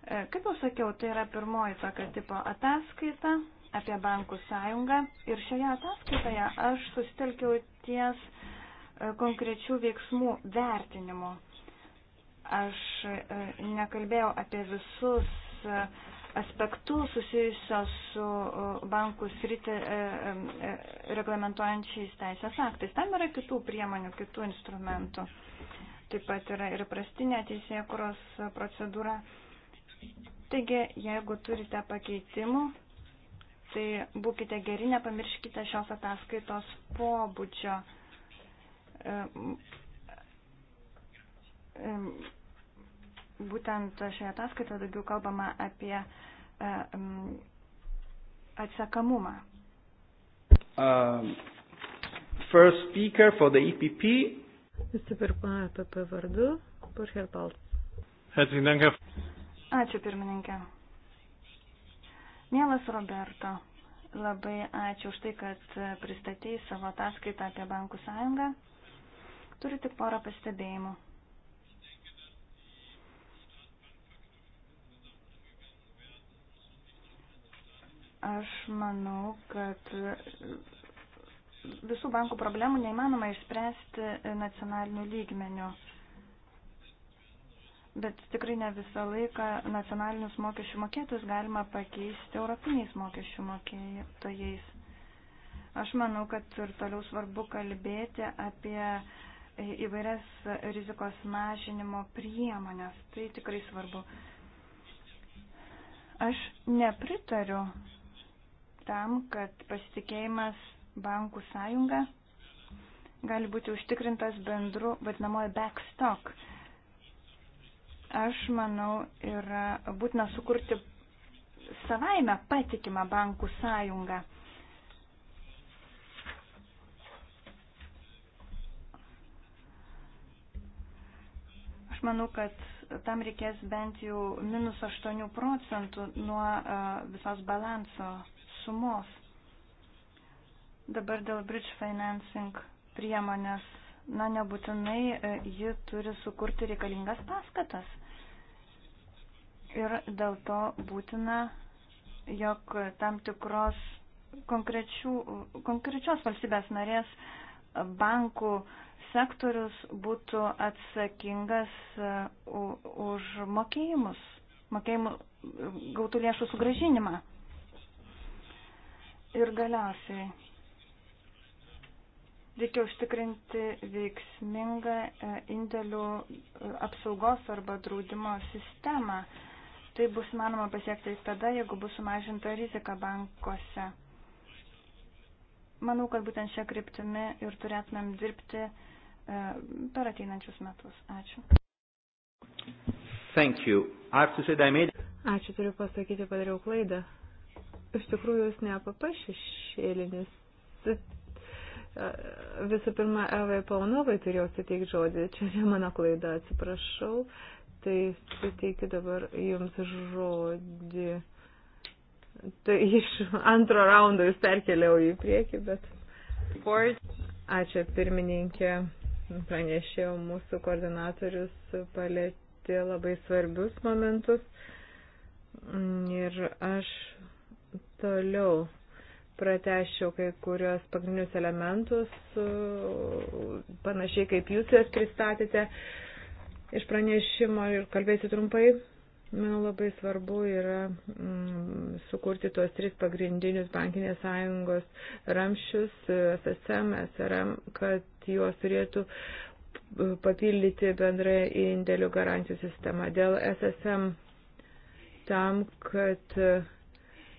E, kaip jau sakiau, tai yra pirmoji tokio tipo ataskaita apie bankų sąjungą ir šioje ataskaitoje aš sustelkiau ties e, konkrečių veiksmų vertinimu. Aš e, nekalbėjau apie visus e, aspektus susijusios su bankų sritį reglamentuojančiais teisės aktais. Tam yra kitų priemonių, kitų instrumentų. Taip pat yra ir prastinė teisėkuros procedūra. Taigi, jeigu turite pakeitimų, Tai būkite geri, nepamirškite šios ataskaitos pobūdžio. Būtent šioje ataskaitoje daugiau kalbama apie e, atsakamumą. Um, first speaker for the EPP. Visų pirma, EPP vardu, Burhel Balts. Ačiū pirmininkė. Mielas Roberto, labai ačiū už tai, kad pristatėjai savo ataskaitą apie Bankų sąjungą. Turiu tik porą pastebėjimų. Aš manau, kad visų bankų problemų neįmanoma išspręsti nacionaliniu lygmeniu bet tikrai ne visą laiką nacionalinius mokesčių mokėtus galima pakeisti europiniais mokesčių mokėtojais. Aš manau, kad ir toliau svarbu kalbėti apie įvairias rizikos mažinimo priemonės. Tai tikrai svarbu. Aš nepritariu tam, kad pasitikėjimas bankų sąjunga gali būti užtikrintas bendru vadinamoji backstop aš manau, yra būtina sukurti savaime patikimą bankų sąjungą. Aš manau, kad tam reikės bent jau minus 8 procentų nuo e, visos balanso sumos. Dabar dėl bridge financing priemonės, na nebūtinai e, ji turi sukurti reikalingas paskatas. Ir dėl to būtina, jog tam tikros konkrečių, konkrečios valstybės narės bankų sektorius būtų atsakingas e, už mokėjimus, mokėjimų gautų lėšų sugražinimą. Ir galiausiai reikia užtikrinti veiksmingą e, indėlių e, apsaugos arba draudimo sistemą. Tai bus manoma pasiekti tada, jeigu bus sumažinta rizika bankuose. Manau, kad būtent šią kryptimį ir turėtumėm dirbti e, per ateinančius metus. Ačiū. Thank you. I have to say that I made... Ačiū, turiu pasakyti, padariau klaidą. Iš tikrųjų, jūs ne APP šešėlinis. E, visų pirma, Evai Paunovai turėjau suteikti žodį. Čia ne mano klaida, atsiprašau. Tai suteikiu dabar jums žodį. Tai iš antro raundo jūs perkeliau į priekį, bet. Ačiū pirmininkė, pranešėjo mūsų koordinatorius palėti labai svarbius momentus. Ir aš toliau pratešiau kai kurios pagrindinius elementus, panašiai kaip jūs juos pristatėte. Uh, iš pranešimo ir kalbėsiu trumpai. Manau, labai svarbu yra mm, sukurti tuos tris pagrindinius bankinės sąjungos ramščius, SSM, SRM, kad juos turėtų papildyti bendrąją indėlių garantijų sistemą. Dėl SSM tam, kad uh,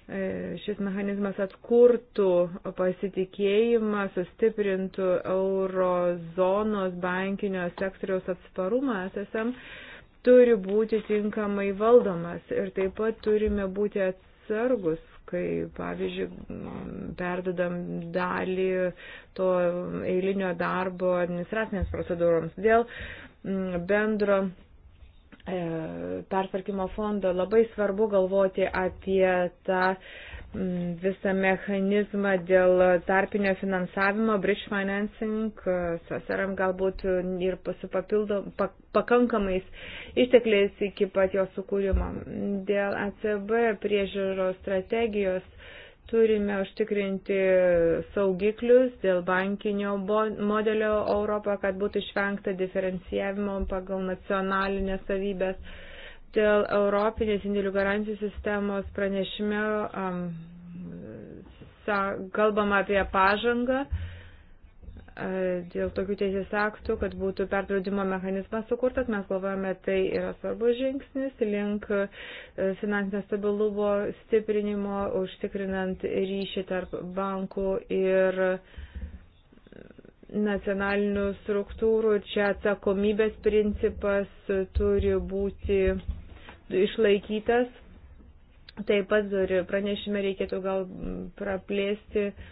E, šis mechanizmas atkurtų pasitikėjimą, sustiprintų eurozonos bankinio sektoriaus atsparumą SSM, turi būti tinkamai valdomas ir taip pat turime būti atsargus kai, pavyzdžiui, perdodam dalį to eilinio darbo administracinėms procedūroms. Dėl bendro E, persvarkymo fondo labai svarbu galvoti apie tą visą mechanizmą dėl tarpinio finansavimo, bridge financing, e, susiram galbūt ir su papildom, pakankamais ištekliais iki pat jo sukūrimo. Dėl ACB priežiūros strategijos Turime užtikrinti saugiklius dėl bankinio modelio Europą, kad būtų išvengta diferencijavimo pagal nacionalinės savybės. Dėl Europinės indėlių garantijų sistemos pranešime um, kalbama apie pažangą. Uh, dėl tokių teisės aktų, kad būtų perdraudimo mechanizmas sukurtas, mes galvojame, tai yra svarbus žingsnis link finansinio stabilumo stiprinimo, užtikrinant ryšį tarp bankų ir nacionalinių struktūrų. Čia atsakomybės principas turi būti išlaikytas. Taip pat pranešime reikėtų gal praplėsti uh,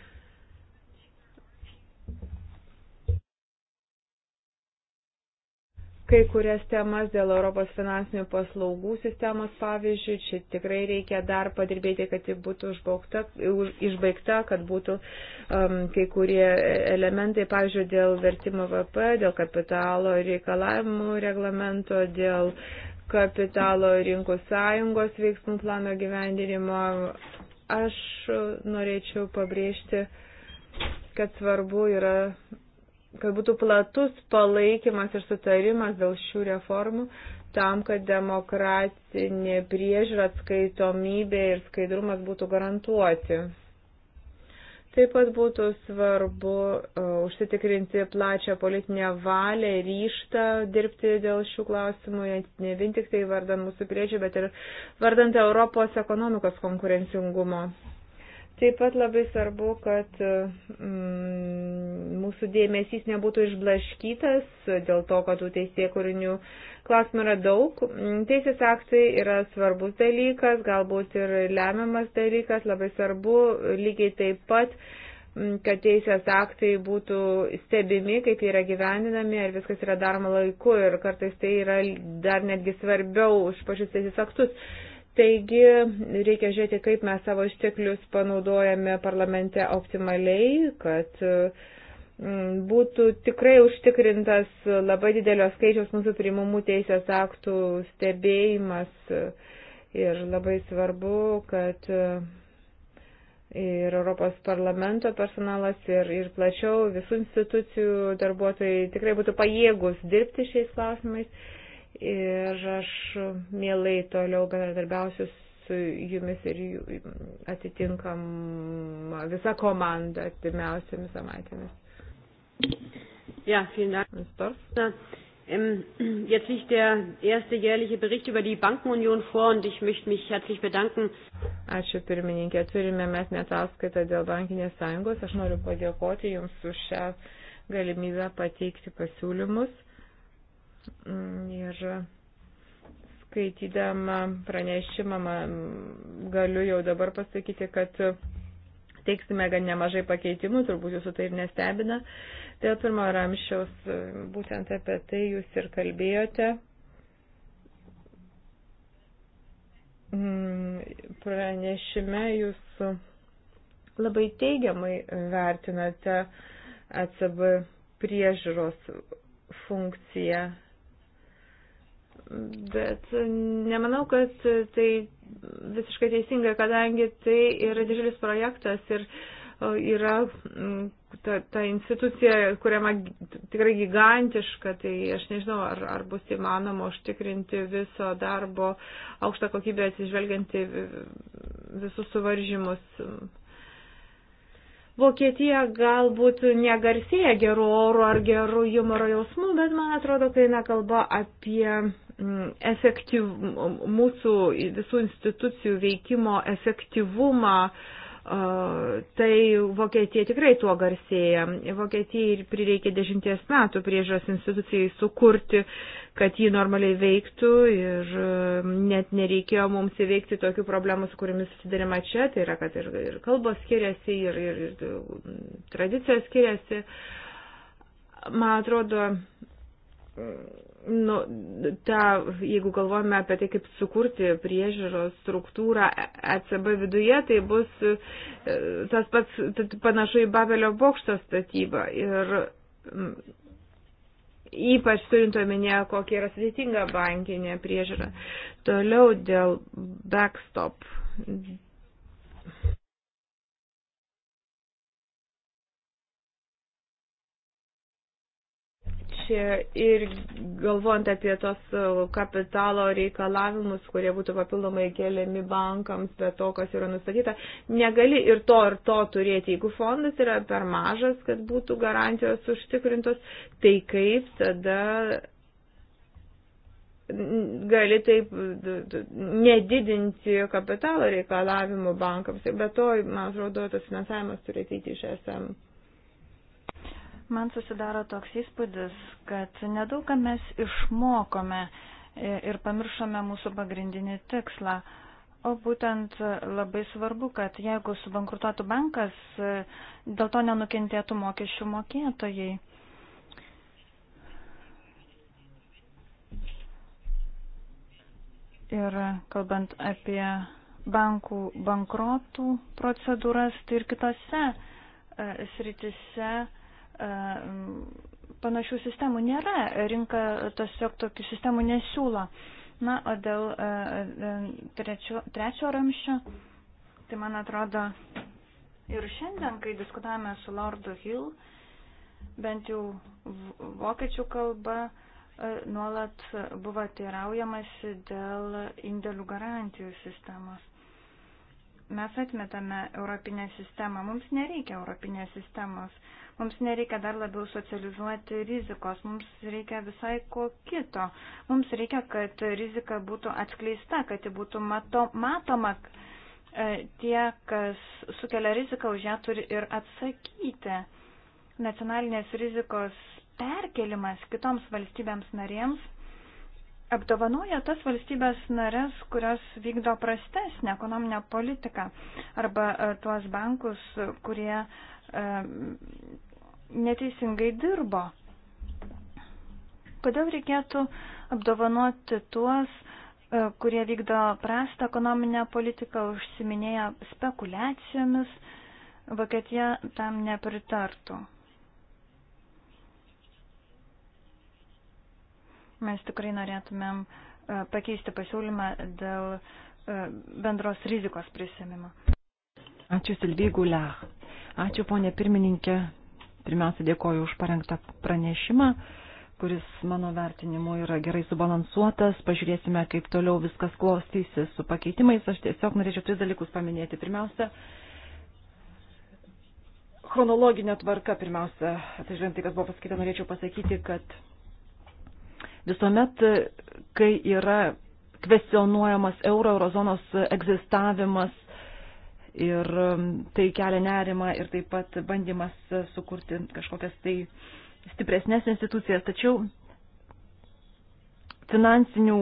kai kurias temas dėl Europos finansinių paslaugų sistemos, pavyzdžiui, čia tikrai reikia dar padirbėti, kad ji būtų užbaugta, už, išbaigta, kad būtų um, kai kurie elementai, pavyzdžiui, dėl vertimo VP, dėl kapitalo reikalavimų reglamento, dėl kapitalo rinkų sąjungos veiksmų plano gyvendinimo. Aš norėčiau pabrėžti, kad svarbu yra kad būtų platus palaikymas ir sutarimas dėl šių reformų, tam, kad demokratinė priežiūra, atskaitomybė ir skaidrumas būtų garantuoti. Taip pat būtų svarbu uh, užsitikrinti plačią politinę valią ir ryštą dirbti dėl šių klausimų, ne vien tik tai vardant mūsų priežiūrą, bet ir vardant Europos ekonomikos konkurencingumo. Taip pat labai svarbu, kad mm, mūsų dėmesys nebūtų išblaškytas dėl to, kad tų teisėkurinių klausimų yra daug. Teisės aktai yra svarbus dalykas, galbūt ir lemiamas dalykas, labai svarbu lygiai taip pat mm, kad teisės aktai būtų stebimi, kaip jie yra gyvendinami, ar viskas yra daroma laiku ir kartais tai yra dar netgi svarbiau už pačius teisės aktus Taigi reikia žiūrėti, kaip mes savo išteklius panaudojame parlamente optimaliai, kad mm, būtų tikrai užtikrintas labai didelio skaičiaus mūsų primamų teisės aktų stebėjimas ir labai svarbu, kad ir Europos parlamento personalas, ir, ir plačiau visų institucijų darbuotojai tikrai būtų pajėgus dirbti šiais klausimais ir aš mielai toliau bendradarbiausiu su jumis ir atitinkam visą komandą artimiausiamis savaitėmis. Ja, vielen Dank. Dorf. Ähm, jetzt liegt der erste jährliche Bericht über die Bankenunion vor und ich möchte mich herzlich bedanken. Ačiū pirmininkė, turime mes netaskaitą dėl bankinės sąjungos. Aš noriu padėkoti Jums už šią galimybę pateikti pasiūlymus Mm, ir skaitydama pranešimą galiu jau dabar pasakyti, kad teiksime gan nemažai pakeitimų, turbūt jūsų tai ir nestebina. Dėl pirmo ramščiaus būtent apie tai jūs ir kalbėjote. Mm, pranešime jūs labai teigiamai vertinate ACB priežiūros funkciją Bet nemanau, kad tai visiškai teisinga, kadangi tai yra didžiulis projektas ir yra ta, ta institucija, kuriama tikrai gigantiška, tai aš nežinau, ar, ar bus įmanoma užtikrinti viso darbo aukštą kokybę atsižvelgianti visus suvaržymus Vokietija galbūt negarsėja gerų oro ar gerų humoro jausmų, bet man atrodo, kai eina kalba apie mm, efektyv, mūsų visų institucijų veikimo efektyvumą, Tai Vokietija tikrai tuo garsėja. Vokietijai prireikė dešimties metų priežas institucijai sukurti, kad jį normaliai veiktų ir e, net nereikėjo mums įveikti tokių problemų, su kuriamis susidarima čia, tai yra, kad ir, ir kalbos skiriasi, ir, ir, ir tradicijos skiriasi. Man atrodo, nu, ta, jeigu galvojame apie tai, kaip sukurti priežiūros struktūrą ECB viduje, tai bus e, tas pats panašu į Babelio bokšto statybą. Ir ypač turint omenyje, kokia yra sudėtinga bankinė priežiūra. Toliau dėl backstop. situaciją ir galvojant apie tos e, kapitalo reikalavimus, kurie būtų papildomai keliami bankams, bet to, kas yra nustatyta, negali ir to, ir to turėti. Jeigu fondas yra per mažas, kad būtų garantijos užtikrintos, tai kaip tada gali taip nedidinti kapitalo reikalavimų bankams. Bet to, man atrodo, tas finansavimas turėtų įti iš esame. Man susidaro toks įspūdis, kad nedaugą mes išmokome ir pamiršome mūsų pagrindinį tikslą. O būtent labai svarbu, kad jeigu subankrutuotų bankas, dėl to nenukentėtų mokesčių mokėtojai. Ir kalbant apie bankų bankrotų procedūras, tai ir kitose e, sritise E, panašių sistemų nėra, rinka tiesiog tokių sistemų nesiūlo. Na, o dėl e, e, trečio, trečio ramščio, tai man atrodo ir šiandien, kai diskutavome su Lordu Hill, bent jau vokiečių kalba nuolat buvo teiraujamasi dėl indėlių garantijų sistemos mes atmetame Europinę sistemą. Mums nereikia Europinės sistemos. Mums nereikia dar labiau socializuoti rizikos, mums reikia visai ko kito. Mums reikia, kad rizika būtų atskleista, kad ji būtų mato, matoma. E, tie, kas sukelia riziką, už ją turi ir atsakyti. Nacionalinės rizikos perkelimas kitoms valstybėms narėms apdovanoja tas valstybės narės, kurios vykdo prastesnę ekonominę politiką arba e, tuos bankus, kurie e, neteisingai dirbo. Kodėl reikėtų apdovanoti tuos, e, kurie vykdo prastą ekonominę politiką, užsiminėja spekulacijomis, Vokietija tam nepritartų. Mes tikrai norėtumėm e, pakeisti pasiūlymą dėl e, bendros rizikos prisėmimo. Ačiū Silvijai Guliach. Ačiū ponė pirmininkė. Pirmiausia, dėkoju už parengtą pranešimą, kuris mano vertinimu yra gerai subalansuotas. Pažiūrėsime, kaip toliau viskas klostysis su pakeitimais. Aš tiesiog norėčiau tris dalykus paminėti. Pirmiausia, chronologinė tvarka. Pirmiausia, atsižiūrint tai, kas buvo pasakyta, norėčiau pasakyti, kad visuomet, kai yra kvestionuojamas euro, eurozonos egzistavimas, ir um, tai kelia nerimą ir taip pat bandymas uh, sukurti kažkokias tai stipresnės institucijas. Tačiau finansinių,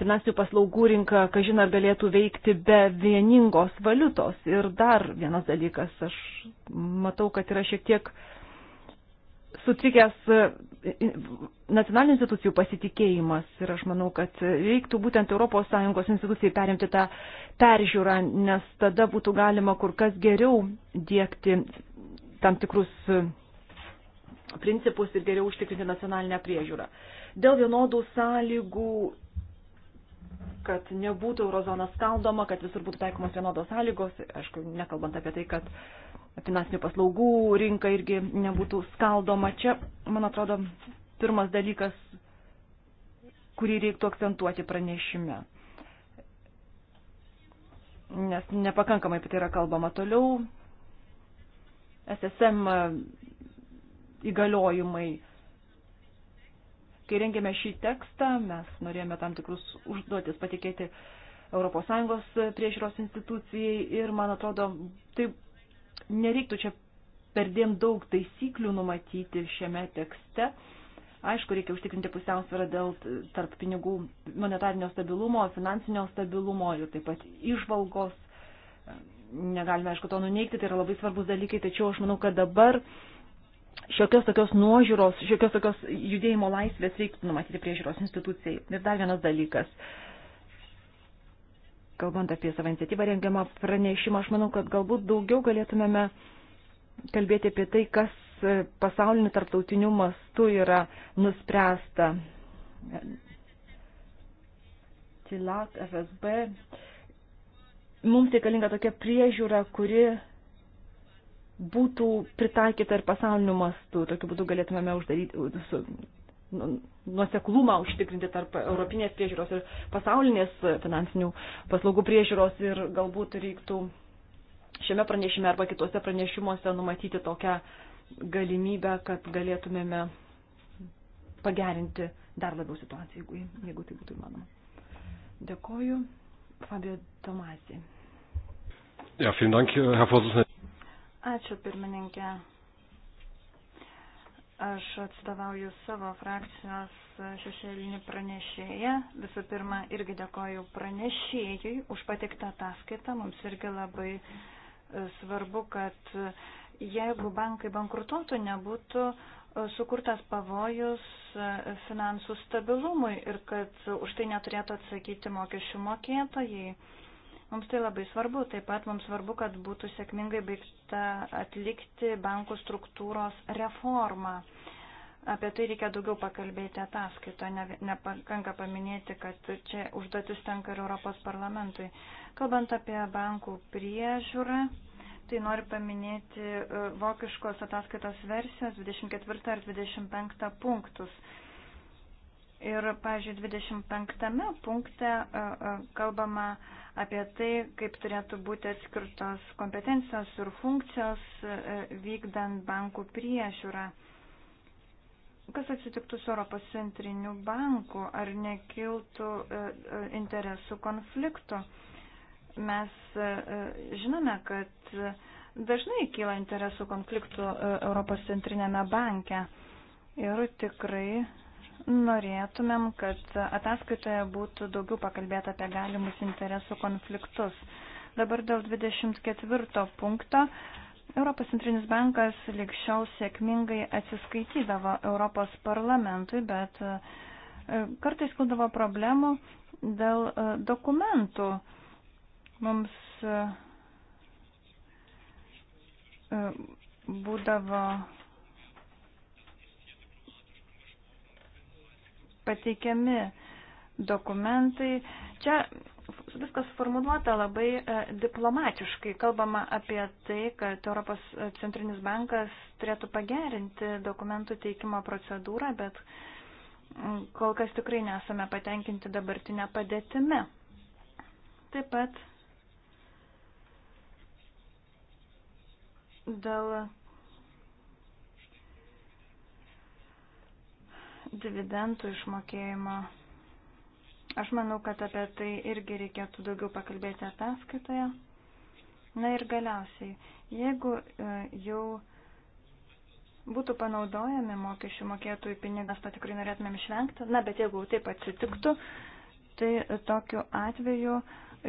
finansinių paslaugų rinka, kažin ar galėtų veikti be vieningos valiutos. Ir dar vienas dalykas, aš matau, kad yra šiek tiek uh, sutrikęs e, nacionalinių institucijų pasitikėjimas ir aš manau, kad reiktų būtent ES institucijai perimti tą peržiūrą, nes tada būtų galima kur kas geriau dėkti tam tikrus e, principus ir geriau užtikrinti nacionalinę priežiūrą. Dėl vienodų sąlygų kad nebūtų eurozona skaldoma, kad visur būtų taikomos vienodos sąlygos, aišku, nekalbant apie tai, kad uh, finansinių paslaugų rinka irgi nebūtų skaldoma. Čia, man atrodo, pirmas dalykas, kurį reiktų akcentuoti pranešime. Nes nepakankamai apie tai yra kalbama toliau. SSM įgaliojimai. Kai rengėme šį tekstą, mes norėjome tam tikrus užduotis patikėti ES priežiūros institucijai ir, man atrodo, taip nereiktų čia perdėm daug taisyklių numatyti šiame tekste. Aišku, reikia užtikrinti pusiausvyrą dėl tarp pinigų monetarinio stabilumo, finansinio stabilumo ir taip pat išvalgos. Negalime, aišku, to nuneikti, tai yra labai svarbus dalykai, tačiau aš manau, kad dabar šiokios tokios nuožiūros, šiokios tokios judėjimo laisvės reiktų numatyti priežiūros institucijai. Ir dar vienas dalykas. Uh, kalbant apie savo iniciatyvą rengiamą pranešimą, aš manau, kad galbūt daugiau galėtumėme kalbėti apie tai, kas pasauliniu tarptautiniu mastu yra nuspręsta. TILAT, FSB. Mums reikalinga tokia priežiūra, kuri būtų pritaikyta ir pasauliniu mastu. Tokiu būdu galėtumėme uždaryti, Nu, nuoseklumą užtikrinti tarp europinės priežiūros ir pasaulinės finansinių paslaugų priežiūros ir galbūt reiktų šiame pranešime arba kitose pranešimuose numatyti tokią galimybę, kad galėtumėme pagerinti dar labiau situaciją, jeigu, jeigu tai būtų įmanoma. Dėkoju. Fabio Tomasi. Ja, vielen Dank, Herr Vorsitzender. Ačiū, pirmininkė. Aš atstovauju savo frakcijos šešėlinį pranešėją. Visų pirma, irgi dėkoju pranešėjui už patiktą ataskaitą. Mums irgi labai e, svarbu, kad jeigu bankai bankrutuotų, nebūtų e, sukurtas pavojus e, finansų stabilumui ir kad už tai neturėtų atsakyti mokesčių mokėtojai. Mums tai labai svarbu. Taip pat mums svarbu, kad būtų sėkmingai baigta atlikti bankų struktūros reformą. Apie tai reikia daugiau pakalbėti ataskaitą, nepakanka paminėti, kad čia užduotis tenka ir Europos parlamentui. Kalbant apie bankų priežiūrą, tai noriu paminėti e, vokiškos ataskaitos versijos 24 ar 25 punktus Ir, pažiūrėjau, 25 punkte kalbama apie tai, kaip turėtų būti atskirtos kompetencijos ir funkcijos vykdant bankų priežiūrą. Kas atsitiktų su Europos centriniu banku? Ar nekiltų interesų konfliktų? Mes žinome, kad dažnai kyla interesų konfliktų Europos centrinėme banke. Ir tikrai norėtumėm, kad ataskaitoje būtų daugiau pakalbėta apie galimus interesų konfliktus. Dabar dėl 24 punkto. Europos centrinis bankas likščiau sėkmingai atsiskaitydavo Europos parlamentui, bet e, kartais kildavo problemų dėl e, dokumentų. Mums e, būdavo pateikiami dokumentai. Čia viskas formuluota labai e, diplomatiškai. Kalbama apie tai, kad Europos centrinis bankas turėtų pagerinti dokumentų teikimo procedūrą, bet kol kas tikrai nesame patenkinti dabartinę padėtimi. Taip pat dėl dividendų išmokėjimo. Aš manau, kad apie tai irgi reikėtų daugiau pakalbėti ataskaitoje. Na ir galiausiai, jeigu e, jau būtų panaudojami mokesčių mokėtojų pinigas, to tikrai norėtumėm išvengti, na bet jeigu taip atsitiktų, tai tokiu atveju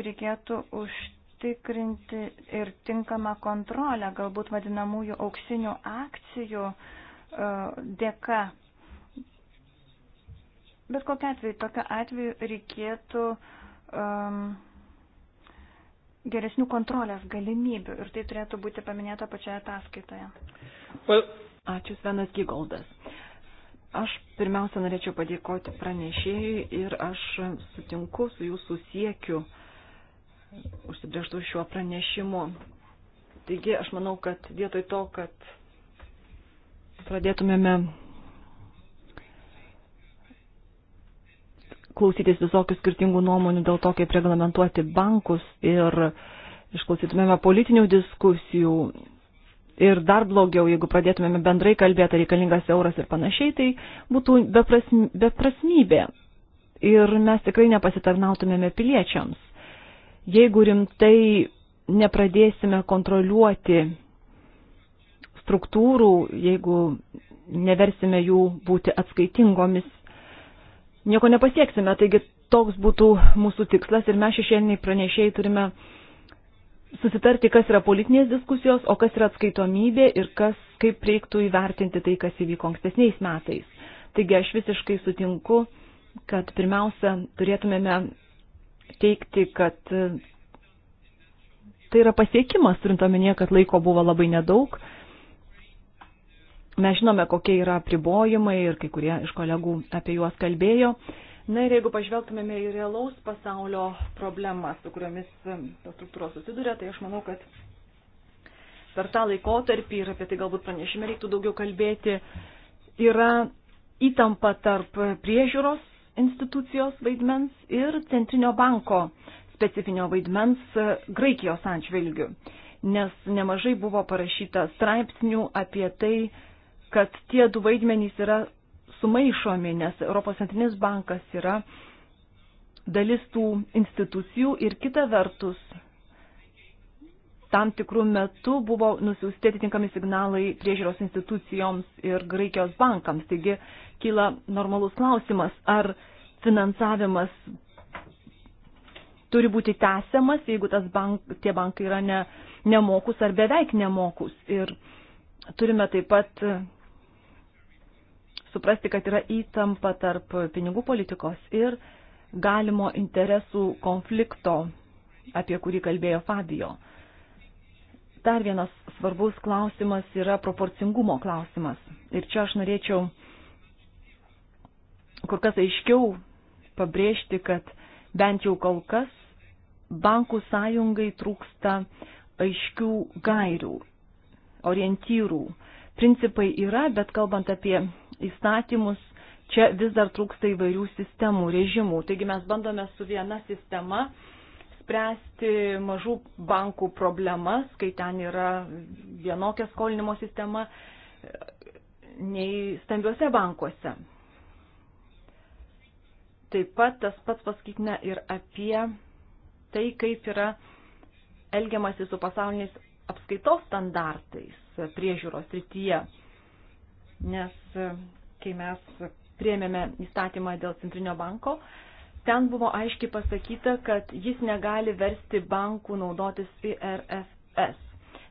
reikėtų užtikrinti ir tinkamą kontrolę, galbūt vadinamųjų auksinių akcijų e, dėka Bet kokia atveju, tokia atveju reikėtų um, geresnių kontrolės galimybių ir tai turėtų būti paminėta pačioje ataskaitoje. Well. Ačiū Svenas Gygoldas. Aš pirmiausia norėčiau padėkoti pranešėjui ir aš sutinku su jūsų siekiu užsibrieštų šiuo pranešimu. Taigi aš manau, kad vietoj to, kad pradėtumėme klausytis visokių skirtingų nuomonių dėl to, kaip reglamentuoti bankus ir išklausytumėme politinių diskusijų. Ir dar blogiau, jeigu pradėtumėme bendrai kalbėti, reikalingas euras ir panašiai, tai būtų beprasmy, beprasmybė. Ir mes tikrai nepasitarnautumėme piliečiams. Jeigu rimtai nepradėsime kontroliuoti struktūrų, jeigu neversime jų būti atskaitingomis nieko nepasieksime. Taigi toks būtų mūsų tikslas ir mes šešėliniai pranešėjai turime susitarti, kas yra politinės diskusijos, o kas yra atskaitomybė ir kas, kaip reiktų įvertinti tai, kas įvyko ankstesniais metais. Taigi aš visiškai sutinku, kad pirmiausia turėtumėme teikti, kad e, tai yra pasiekimas, turint omenyje, kad laiko buvo labai nedaug Mes žinome, kokie yra pribojimai ir kai kurie iš kolegų apie juos kalbėjo. Na ir jeigu pažvelgtumėme į realaus pasaulio problemas, su kuriomis e, tos struktūros susiduria, tai aš manau, kad per tą laikotarpį ir apie tai galbūt pranešime reiktų daugiau kalbėti, yra įtampa tarp priežiūros institucijos vaidmens ir centrinio banko specifinio vaidmens e, Graikijos atžvilgių, nes nemažai buvo parašyta straipsnių apie tai, kad tie du vaidmenys yra sumaišomi, nes Europos centrinis bankas yra dalis tų institucijų ir kita vertus tam tikrų metų buvo nusiųsti atitinkami signalai priežiūros institucijoms ir Graikijos bankams. Taigi kyla normalus klausimas, ar finansavimas turi būti tęsiamas, jeigu tas bank, tie bankai yra ne, nemokus ar beveik nemokus. Ir turime taip pat suprasti, kad yra įtampa tarp pinigų politikos ir galimo interesų konflikto, apie kurį kalbėjo Fabio. Dar vienas svarbus klausimas yra proporcingumo klausimas. Ir čia aš norėčiau kur kas aiškiau pabrėžti, kad bent jau kol kas bankų sąjungai trūksta aiškių gairių, orientyrų. Principai yra, bet kalbant apie įstatymus, čia vis dar trūksta įvairių sistemų, režimų. Taigi mes bandome su viena sistema spręsti mažų bankų problemas, kai ten yra vienokia skolinimo sistema, nei stambiuose bankuose. Taip pat tas pats pasakytina ir apie tai, kaip yra elgiamasi su pasauliniais apskaitos standartais priežiūros rytyje nes e, kai mes priemėme įstatymą dėl Centrinio banko, ten buvo aiškiai pasakyta, kad jis negali versti bankų naudotis IRFS,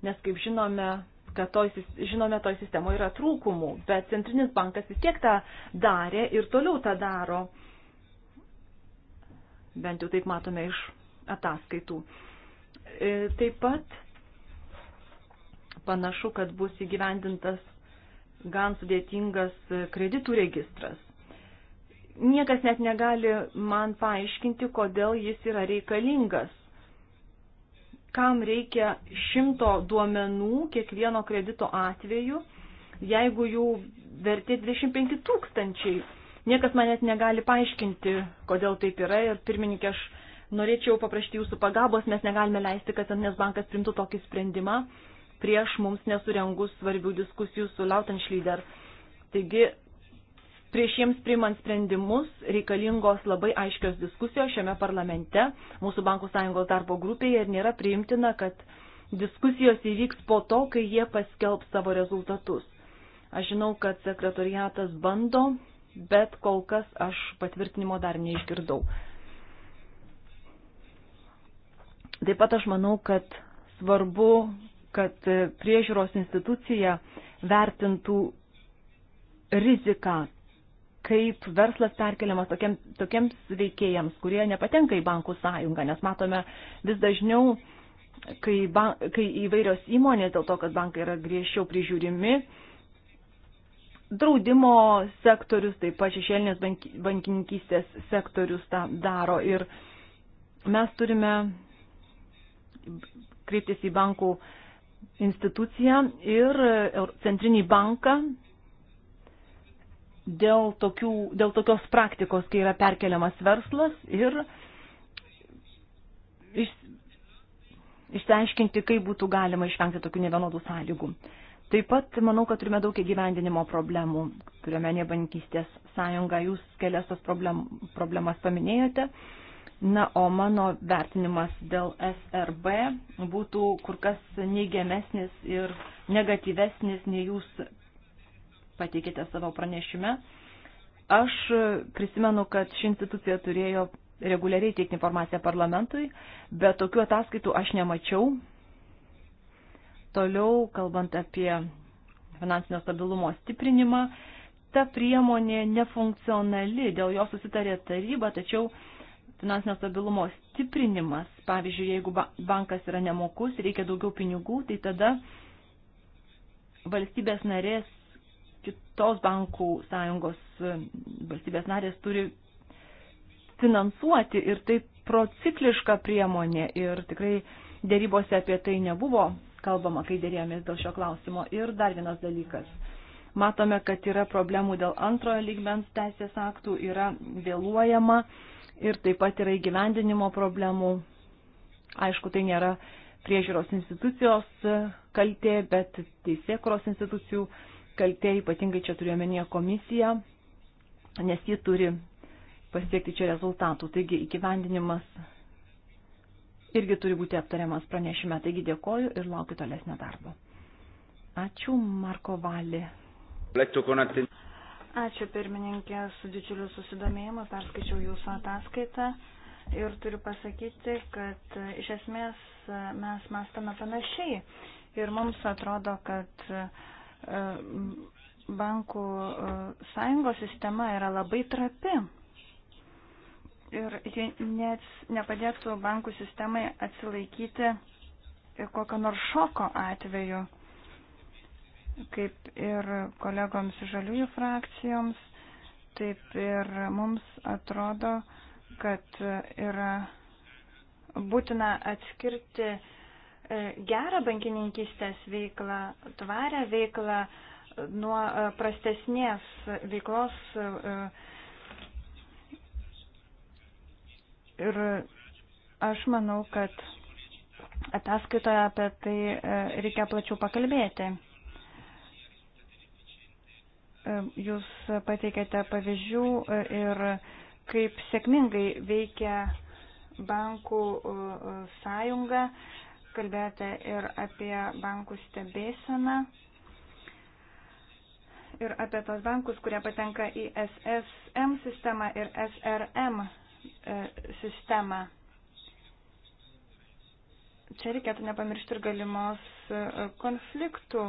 nes kaip žinome, kad toj, žinome, toj sistemoje yra trūkumų, bet Centrinis bankas vis tiek tą darė ir toliau tą daro. Bent jau taip matome iš ataskaitų. E, taip pat panašu, kad bus įgyvendintas gan sudėtingas kreditų registras. Niekas net negali man paaiškinti, kodėl jis yra reikalingas. Kam reikia šimto duomenų kiekvieno kredito atveju, jeigu jų vertė 25 tūkstančiai. Niekas man net negali paaiškinti, kodėl taip yra ir pirmininkė, aš norėčiau paprašyti jūsų pagalbos, mes negalime leisti, kad Anės bankas primtų tokį sprendimą prieš mums nesurengus svarbių diskusijų su Lautenschlyder. Taigi, prieš jiems priimant sprendimus reikalingos labai aiškios diskusijos šiame parlamente, mūsų bankų sąjungos darbo grupėje ir nėra priimtina, kad diskusijos įvyks po to, kai jie paskelb savo rezultatus. Aš žinau, kad sekretoriatas bando, bet kol kas aš patvirtinimo dar neišgirdau. Taip pat aš manau, kad svarbu kad priežiūros institucija vertintų riziką, kaip verslas perkeliamas tokiam, tokiems veikėjams, kurie nepatenka į bankų sąjungą, nes matome vis dažniau, kai, ban, kai įvairios įmonės dėl to, kad bankai yra griežčiau prižiūrimi, draudimo sektorius, taip pat šešėlinės bank, bankininkystės sektorius tą daro ir mes turime kreiptis į bankų uh, instituciją ir e, centrinį banką dėl, tokių, dėl tokios praktikos, kai yra perkeliamas verslas ir iš, išsiaiškinti, kaip būtų galima išvengti tokių nevienodų sąlygų. Taip pat manau, kad turime daug įgyvendinimo problemų. Turime nebankystės sąjungą, jūs kelias tos problem, problemas paminėjote. Uh, Na, o mano vertinimas dėl SRB būtų kur kas neigiamesnis ir negatyvesnis, nei jūs pateikėte savo pranešime. Aš prisimenu, kad ši institucija turėjo reguliariai teikti informaciją parlamentui, bet tokių ataskaitų aš nemačiau. Toliau, kalbant apie finansinio stabilumo stiprinimą, ta priemonė nefunkcionali, dėl jo susitarė taryba, tačiau finansinio stabilumo stiprinimas, pavyzdžiui, jeigu bankas yra nemokus, reikia daugiau pinigų, tai tada valstybės narės, kitos bankų sąjungos valstybės narės turi finansuoti ir tai procikliška priemonė ir tikrai dėrybose apie tai nebuvo kalbama, kai dėrėjomės dėl šio klausimo. Ir dar vienas dalykas. Matome, kad yra problemų dėl antrojo lygmens teisės aktų, yra vėluojama ir taip pat yra įgyvendinimo problemų. Aišku, tai nėra priežiūros institucijos e, kaltė, bet teisėkros institucijų kaltė, ypatingai čia turiuomenėje komisiją, nes ji turi pasiekti čia rezultatų. Taigi įgyvendinimas irgi turi būti aptariamas pranešime. Taigi dėkoju ir laukiu tolesnio darbo. Ačiū, Marko Valė. Ačiū pirmininkė, su didžiuliu susidomėjimu perskaičiau jūsų ataskaitą ir turiu pasakyti, kad e, iš esmės e, mes mąstame panašiai ir mums atrodo, kad e, bankų sąjungos sistema yra labai trapi ir ji net nepadėtų bankų sistemai atsilaikyti kokio nors šoko atveju kaip ir kolegoms žaliųjų frakcijoms, taip ir mums atrodo, kad yra būtina atskirti e, gerą bankininkystės veiklą, tvarę veiklą nuo e, prastesnės veiklos e, ir aš manau, kad ataskaitoje apie tai reikia plačiau pakalbėti. Jūs pateikėte pavyzdžių e, ir kaip sėkmingai veikia bankų e, e, sąjunga, kalbėjote ir apie bankų stebėseną ir apie tos bankus, kurie patenka į SSM sistemą ir SRM sistemą. Čia reikėtų nepamiršti ir galimos konfliktų,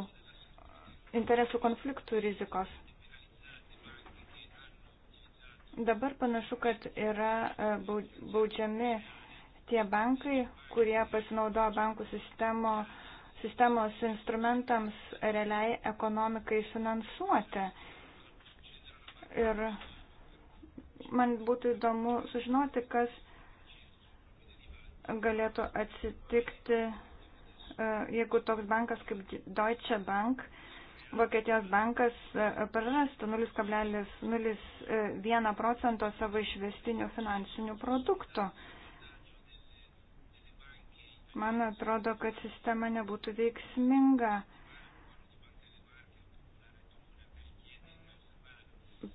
interesų konfliktų rizikos. Dabar panašu, kad yra e, baudžiami tie bankai, kurie pasinaudoja bankų sistemo, sistemos instrumentams realiai ekonomikai finansuoti. Ir man būtų įdomu sužinoti, kas galėtų atsitikti, e, jeigu toks bankas kaip Deutsche Bank uh, Vokietijos bankas e, prarastų 0,01 procento savo išvestinių finansinių produktų. Man atrodo, kad sistema nebūtų veiksminga.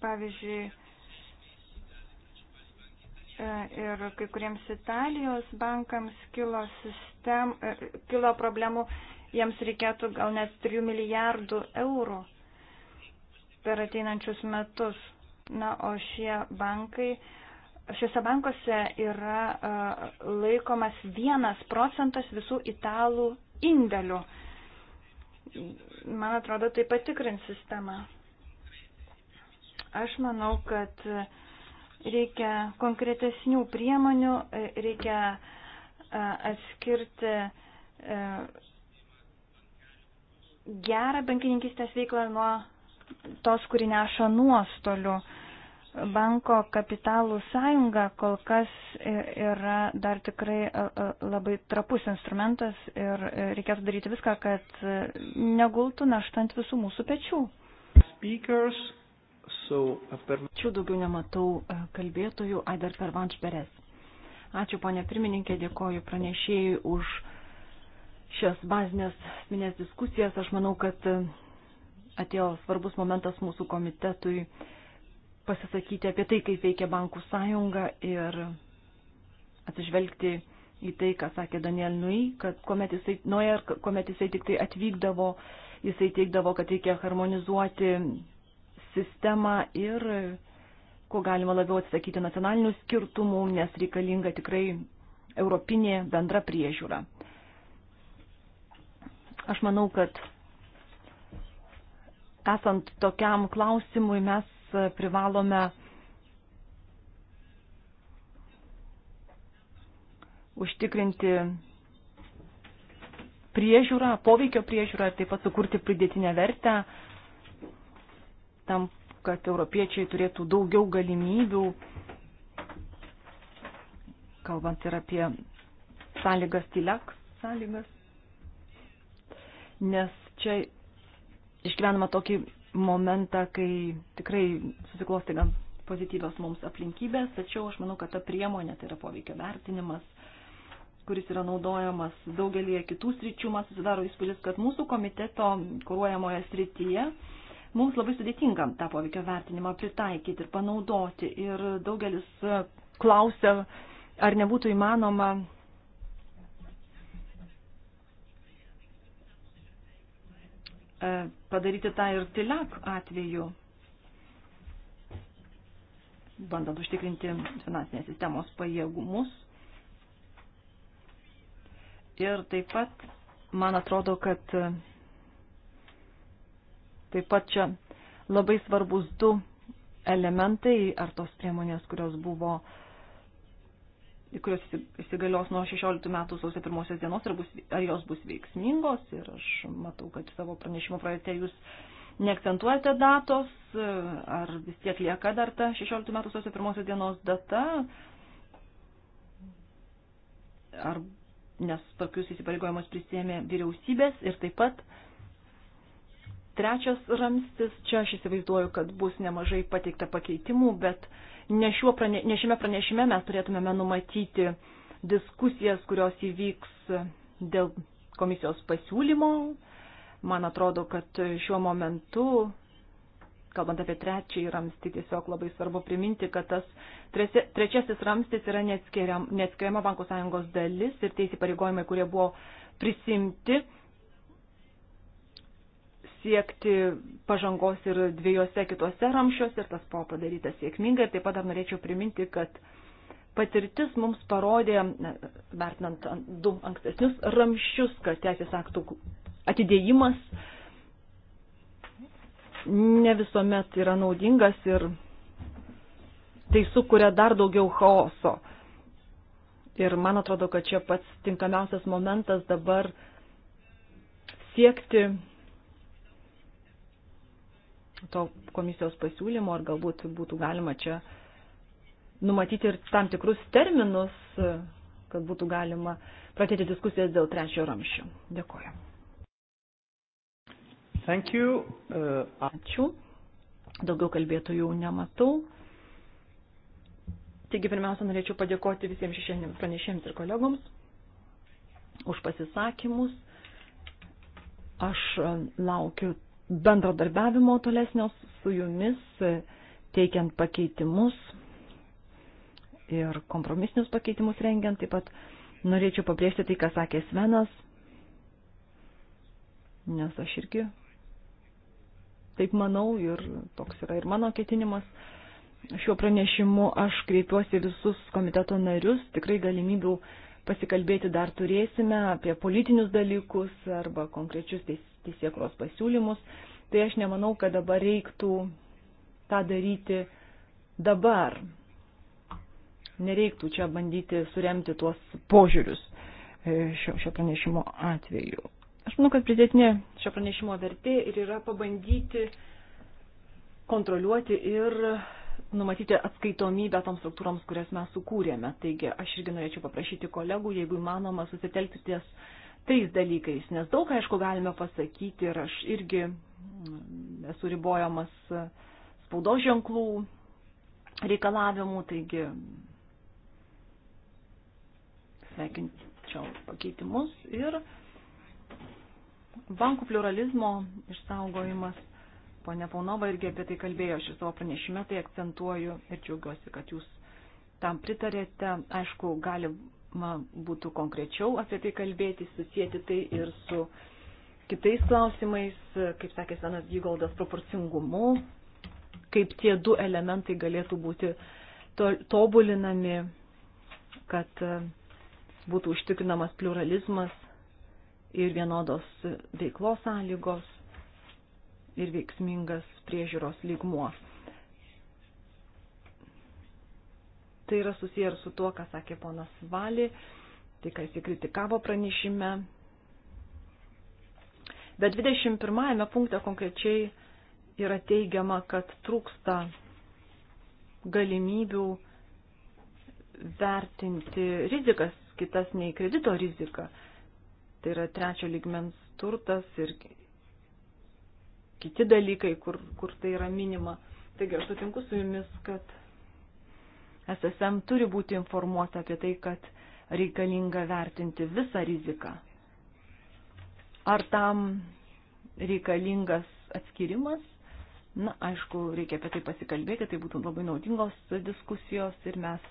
Pavyzdžiui, e, ir kai kuriems Italijos bankams kilo, sistem, e, kilo problemų jiems reikėtų gal net 3 milijardų eurų per ateinančius metus. Na, o šie bankai, šiuose bankuose yra laikomas vienas procentas visų italų indėlių. Man atrodo, tai patikrins sistemą. Aš manau, kad reikia konkretesnių priemonių, reikia atskirti gerą bankininkistės veiklą nuo tos, kuri neša nuostolių. Banko kapitalų sąjunga kol kas yra dar tikrai e, e, labai trapus instrumentas ir e, reikėtų daryti viską, kad negultų naštant visų mūsų pečių. Speakers, so per... Čia daugiau nematau kalbėtojų, ai dar per Vanšberes. Ačiū, ponė pirmininkė, dėkoju pranešėjai už šias bazinės minės diskusijas. Aš manau, kad e, atėjo svarbus momentas mūsų komitetui pasisakyti apie tai, kaip veikia bankų sąjunga ir atsižvelgti į tai, ką sakė Daniel Nui, kad kuomet jisai, Noer, kuomet jisai tik tai atvykdavo, jisai teikdavo, kad reikia harmonizuoti sistemą ir kuo galima labiau atsakyti nacionalinių skirtumų, nes reikalinga tikrai europinė bendra priežiūra. Aš manau, kad esant tokiam klausimui mes privalome užtikrinti priežiūrą, poveikio priežiūrą ir taip pat sukurti pridėtinę vertę tam, kad europiečiai turėtų daugiau galimybių, kalbant ir apie sąlygas tilek, sąlygas nes čia išgyvenama tokį momentą, kai tikrai susiklosti gan pozityvios mums aplinkybės, tačiau aš manau, kad ta priemonė, tai yra poveikio vertinimas, kuris yra naudojamas daugelie kitų sričių, man susidaro įspūdis, kad mūsų komiteto kūruojamoje srityje mums labai sudėtinga tą poveikio vertinimą pritaikyti ir panaudoti. Ir daugelis klausia, ar nebūtų įmanoma E, padaryti tą ir TILAK atveju, bandant užtikrinti finansinės sistemos pajėgumus. Ir taip pat, man atrodo, kad e, taip pat čia labai svarbus du elementai, ar tos priemonės, kurios buvo uh, kurios įsigalios nuo 16 metų sausio pirmosios dienos, ar, bus, ar jos bus veiksmingos. Ir aš matau, kad savo pranešimo projekte jūs neakcentuojate datos, ar vis tiek lieka dar ta 16 metų sausio pirmosios dienos data, ar, nes tokius įsipareigojimus prisėmė vyriausybės ir taip pat trečias ramstis, čia aš įsivaizduoju, kad bus nemažai pateikta pakeitimų, bet uh, ne, prane, ne šiame pranešime mes turėtumėme numatyti diskusijas, kurios įvyks dėl komisijos pasiūlymo. Man atrodo, kad šiuo momentu, kalbant apie trečiąjį ramstį, tiesiog labai svarbu priminti, kad tas trečiasis ramstis yra neatskiriama bankų sąjungos dalis ir tie įsipareigojimai, kurie buvo prisimti siekti pažangos ir dviejose kitose ramšiuose ir tas buvo padaryta sėkmingai. Ir taip pat dar norėčiau priminti, kad patirtis mums parodė, vertinant du ankstesnius ramščius, kad teisės aktų atidėjimas ne visuomet yra naudingas ir tai sukuria dar daugiau chaoso. Ir man atrodo, kad čia pats tinkamiausias momentas dabar siekti to komisijos pasiūlymo, ar galbūt būtų galima čia numatyti ir tam tikrus terminus, kad būtų galima pradėti diskusijas dėl trečiojo ramščio. Dėkuoju. Thank you. Uh, Ačiū. Daugiau kalbėtojų nematau. Taigi pirmiausia, norėčiau padėkoti visiems šiandien pranešėjams ir kolegoms už pasisakymus. Aš uh, laukiu bendradarbiavimo tolesnio su jumis, teikiant pakeitimus ir kompromisinius pakeitimus rengiant. Taip pat norėčiau pabrėžti tai, ką sakė Svenas, nes aš irgi taip manau ir toks yra ir mano ketinimas. Šiuo pranešimu aš kreipiuosi visus komiteto narius, tikrai galimybių pasikalbėti dar turėsime apie politinius dalykus arba konkrečius teis, teisėkros pasiūlymus, tai aš nemanau, kad dabar reiktų tą daryti dabar. Nereiktų čia bandyti suremti tuos požiūrius e, šio, šio pranešimo atveju. Aš manau, kad pridėtinė šio pranešimo vertė ir yra pabandyti kontroliuoti ir numatyti atskaitomybę toms struktūroms, kurias mes sukūrėme. Taigi aš irgi norėčiau paprašyti kolegų, jeigu įmanoma, susitelkti ties tais dalykais, nes daug, aišku, galime pasakyti ir aš irgi mm, esu ribojamas spaudos ženklų reikalavimų, taigi sveikinčiau pakeitimus ir bankų pluralizmo išsaugojimas. Pone Paunova irgi apie tai kalbėjo, aš ir savo pranešime tai akcentuoju ir džiaugiuosi, kad jūs tam pritarėte. Aišku, gali galima būtų konkrečiau apie tai kalbėti, susijęti tai ir su kitais klausimais, kaip sakė senas Gygoldas, proporcingumu, kaip tie du elementai galėtų būti tobulinami, kad e, būtų užtikrinamas pluralizmas ir vienodos veiklos sąlygos ir veiksmingas priežiūros lygmuo. tai yra susiję ir su tuo, ką sakė ponas Valį, tai ką jis kritikavo pranešime. Bet 21 punkte konkrečiai yra teigiama, kad trūksta galimybių vertinti rizikas kitas nei kredito rizika. Tai yra trečio lygmens turtas ir kiti dalykai, kur, kur tai yra minima. Taigi aš sutinku su jumis, kad SSM turi būti informuota apie tai, kad reikalinga vertinti visą riziką. Ar tam reikalingas atskirimas? Na, aišku, reikia apie tai pasikalbėti, tai būtų labai naudingos diskusijos ir mes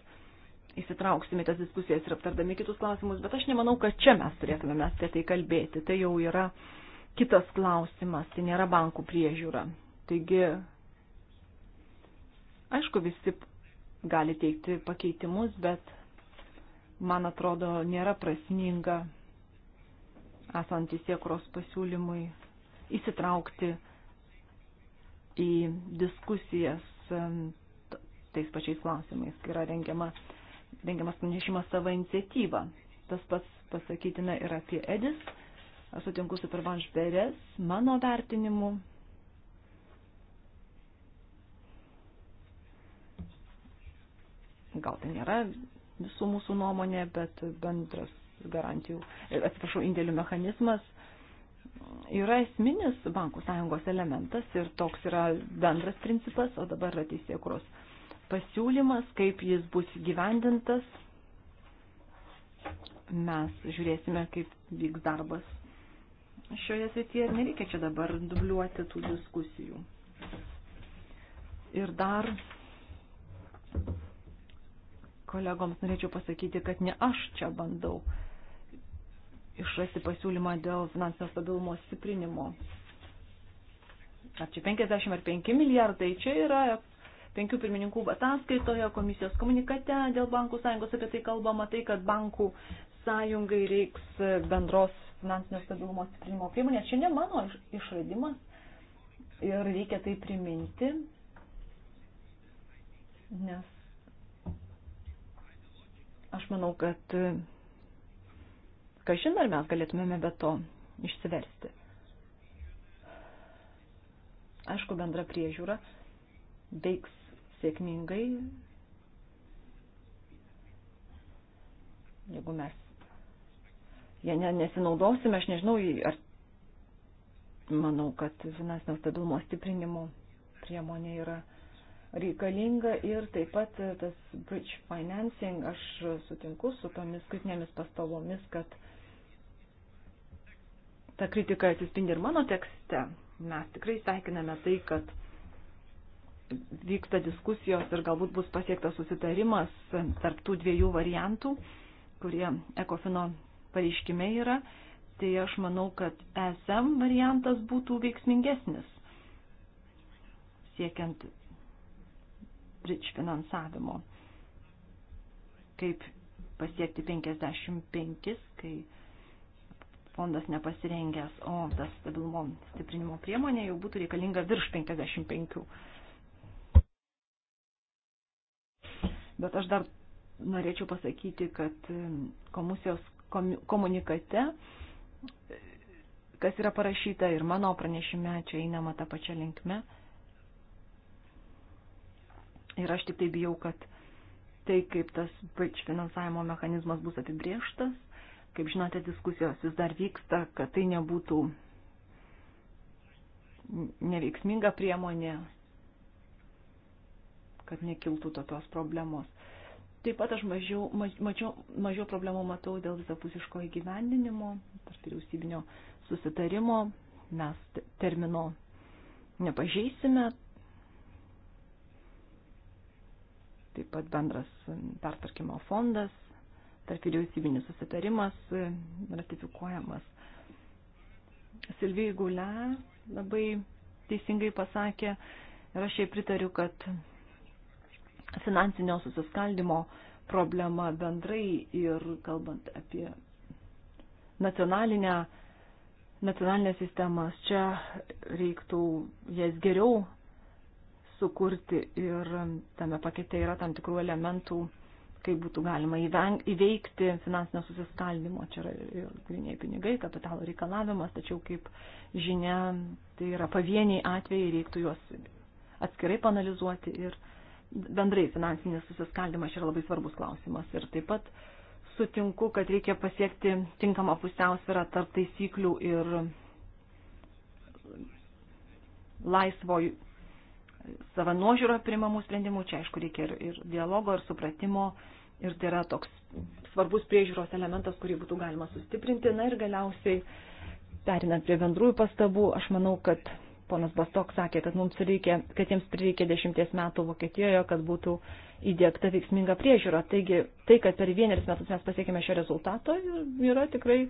įsitrauksime tas diskusijas ir aptardami kitus klausimus, bet aš nemanau, kad čia mes turėtume mes apie tai kalbėti. Tai jau yra kitas klausimas, tai nėra bankų priežiūra. Taigi, aišku, visi gali teikti pakeitimus, bet man atrodo nėra prasminga esant įsiekros pasiūlymui įsitraukti į diskusijas tais pačiais klausimais, kai yra rengiama, rengiamas pranešimas savo iniciatyvą. Tas pats pasakytina ir apie Edis. Aš sutinku su Pervanš Beres, mano vertinimu, Gal tai nėra visų mūsų nuomonė, bet bendras garantijų, e, atsiprašau, indėlių mechanizmas yra esminis bankų sąjungos elementas ir toks yra bendras principas, o dabar yra teisėkuros pasiūlymas, kaip jis bus gyvendintas. Mes žiūrėsime, kaip vyks darbas šioje srityje ir nereikia čia dabar dubliuoti tų diskusijų. Ir dar kolegoms norėčiau pasakyti, kad ne aš čia bandau išrasti pasiūlymą dėl finansinio stabilumo stiprinimo. Ar čia 50 ar 5 milijardai, čia yra penkių pirmininkų ataskaitoje, komisijos komunikate dėl bankų sąjungos apie tai kalbama, tai kad bankų sąjungai reiks bendros finansinio stabilumo stiprinimo priemonės. Čia ne mano išradimas ir reikia tai priminti, nes Aš manau, kad kažin ar mes galėtumėme be to išsiversti. Aišku, bendra priežiūra veiks sėkmingai, jeigu mes ją ja, nesinaudosime, aš nežinau, ar manau, kad finansinio stabilumo stiprinimo priemonė yra reikalinga ir taip pat tas bridge financing, aš sutinku su tomis kritinėmis pastabomis, kad ta kritika atsispindi ir mano tekste. Mes tikrai sveikiname tai, kad vyksta diskusijos ir galbūt bus pasiektas susitarimas tarp tų dviejų variantų, kurie ekofino pareiškime yra. Tai aš manau, kad e SM variantas būtų veiksmingesnis siekiant bridge finansavimo. Kaip pasiekti 55, kai fondas nepasirengęs, o tas stabilumo stiprinimo priemonė jau būtų reikalinga virš 55. Bet aš dar norėčiau pasakyti, kad um, komisijos komunikate, kas yra parašyta ir mano pranešime, čia einama tą pačią linkmę, Ir aš tik tai bijau, kad tai, kaip tas bridge finansavimo mechanizmas bus apibrieštas, kaip žinote, diskusijos vis dar vyksta, kad tai nebūtų neveiksminga priemonė, kad nekiltų tokios problemos. Taip pat aš mažiau, mažiau, mažiau problemų matau dėl visapusiško įgyvendinimo, tarp vyriausybinio susitarimo, mes termino nepažeisime, taip pat bendras pertvarkymo fondas, tarp vyriausybinis susitarimas ratifikuojamas. Silvija Gulė labai teisingai pasakė ir aš jai pritariu, kad finansinio susiskaldimo problema bendrai ir kalbant apie nacionalinę, nacionalinės sistemas, čia reiktų jas geriau sukurti ir tame pakete yra tam tikrų elementų, kaip būtų galima įveng, įveikti finansinio susiskaldimo. Čia yra ir griniai pinigai, kapitalo reikalavimas, tačiau kaip žinia, tai yra pavieniai atvejai, reiktų juos atskirai panalizuoti ir bendrai finansinis susiskaldimas yra labai svarbus klausimas. Ir taip pat sutinku, kad reikia pasiekti tinkamą pusiausvyrą tarp taisyklių ir laisvo savanuožiūro primamų sprendimų, čia aišku reikia ir, ir dialogo, ir supratimo, ir tai yra toks svarbus priežiūros elementas, kurį būtų galima sustiprinti. Na ir galiausiai, perinant prie bendrųjų pastabų, aš manau, kad ponas Bastok sakė, kad, mums reikia, kad jiems prireikė dešimties metų Vokietijoje, kad būtų įdėkta veiksminga priežiūra. Taigi tai, kad per vienerius metus mes pasiekėme šio rezultato, yra tikrai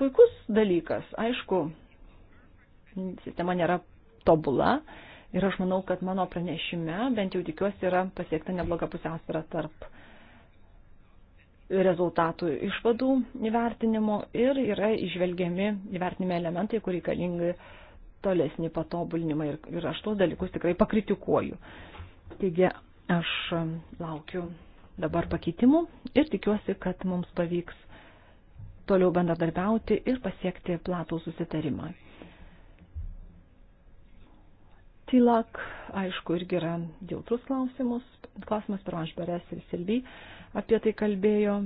puikus dalykas. Aišku, sistema nėra tobula, Ir aš manau, kad mano pranešime, bent jau tikiuosi, yra pasiekta nebloga pusiausvėra tarp rezultatų išvadų įvertinimo ir yra išvelgiami įvertinimo elementai, kur reikalingi tolesnį patobulinimą ir, ir aš tuos dalykus tikrai pakritikuoju. Taigi aš um, laukiu dabar pakeitimų ir tikiuosi, kad mums pavyks toliau bendradarbiauti ir pasiekti platų susitarimą. Tilak, aišku, irgi yra jautrus klausimus. Klausimas per Mažberes ir Silvy apie tai kalbėjo.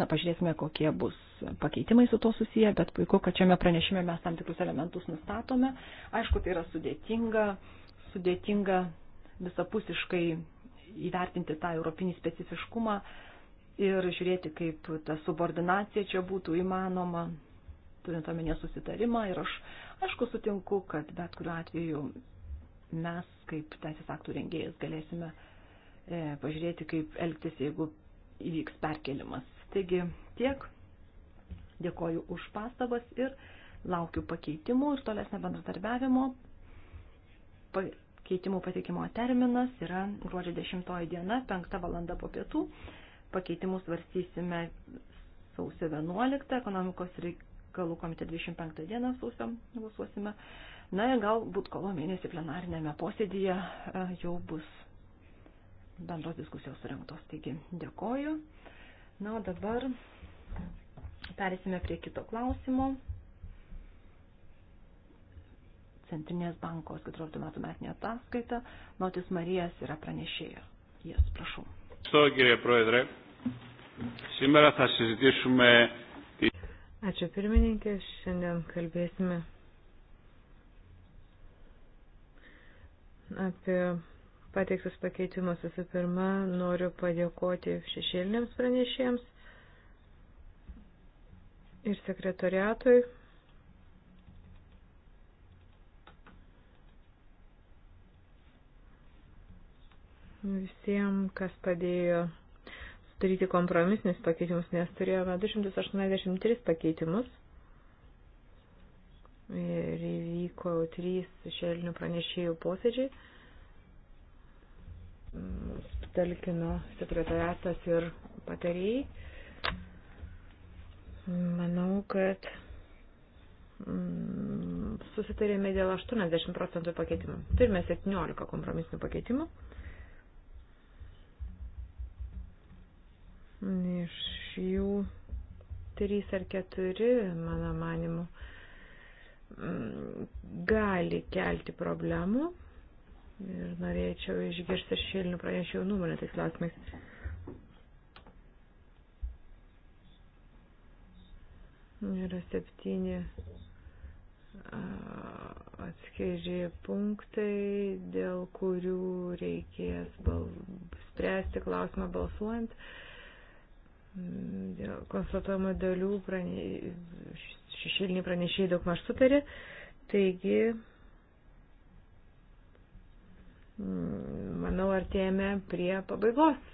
Na, pažiūrėsime, kokie bus pakeitimai su to susiję, bet puiku, kad šiame pranešime mes tam tikrus elementus nustatome. Aišku, tai yra sudėtinga, sudėtinga visapusiškai įvertinti tą europinį specifiškumą ir žiūrėti, kaip ta subordinacija čia būtų įmanoma turint omenyje susitarimą ir aš, aišku, sutinku, kad bet kuriuo atveju mes, kaip teisės aktų rengėjas, galėsime e, pažiūrėti, kaip elgtis, jeigu įvyks perkelimas. Taigi tiek, dėkoju už pastabas ir laukiu pakeitimų ir tolesnio bendradarbiavimo. Pakeitimų patikimo terminas yra gruodžio 10 diena, 5 valanda po pietų. Pakeitimus varstysime sausio 11 ekonomikos reikalų reikalų komitete 25 dieną sausio balsuosime. Na ir galbūt kovo mėnesį plenarinėme posėdėje e, jau bus bendros diskusijos surinktos. Taigi dėkoju. Na, o dabar perėsime prie kito klausimo. Centrinės bankos 14 metų metinė ataskaita. Notis Marijas yra pranešėjo. Jas, prašau. Ευχαριστώ κύριε Πρόεδρε. Σήμερα θα συζητήσουμε Ačiū pirmininkė, šiandien kalbėsime apie pateiktus pakeitimus. Visų pirma, noriu padėkoti šešėliniams pranešėjams ir sekretoriatui. Visiems, kas padėjo daryti kompromisinius pakeitimus, nes turėjome 283 pakeitimus ir įvyko trys šešėlinių pranešėjų posėdžiai. Talkino sekretariatas ir patarėjai. Manau, kad mm, susitarėme dėl 80 procentų pakeitimų. Turime 17 kompromisinių pakeitimų. Iš jų trys ar keturi, mano manimu, mm, gali kelti problemų. Ir norėčiau išgirsti šilinių pranešėjų nuomonę tais klausimais. Yra septyni atskiri punktai, dėl kurių reikės bal... spręsti klausimą balsuojant. Uh, Mm, dėl konstatuojamų dalių prane... šešėliniai pranešėjai daug maž sutarė, taigi mm, manau artėjame prie pabaigos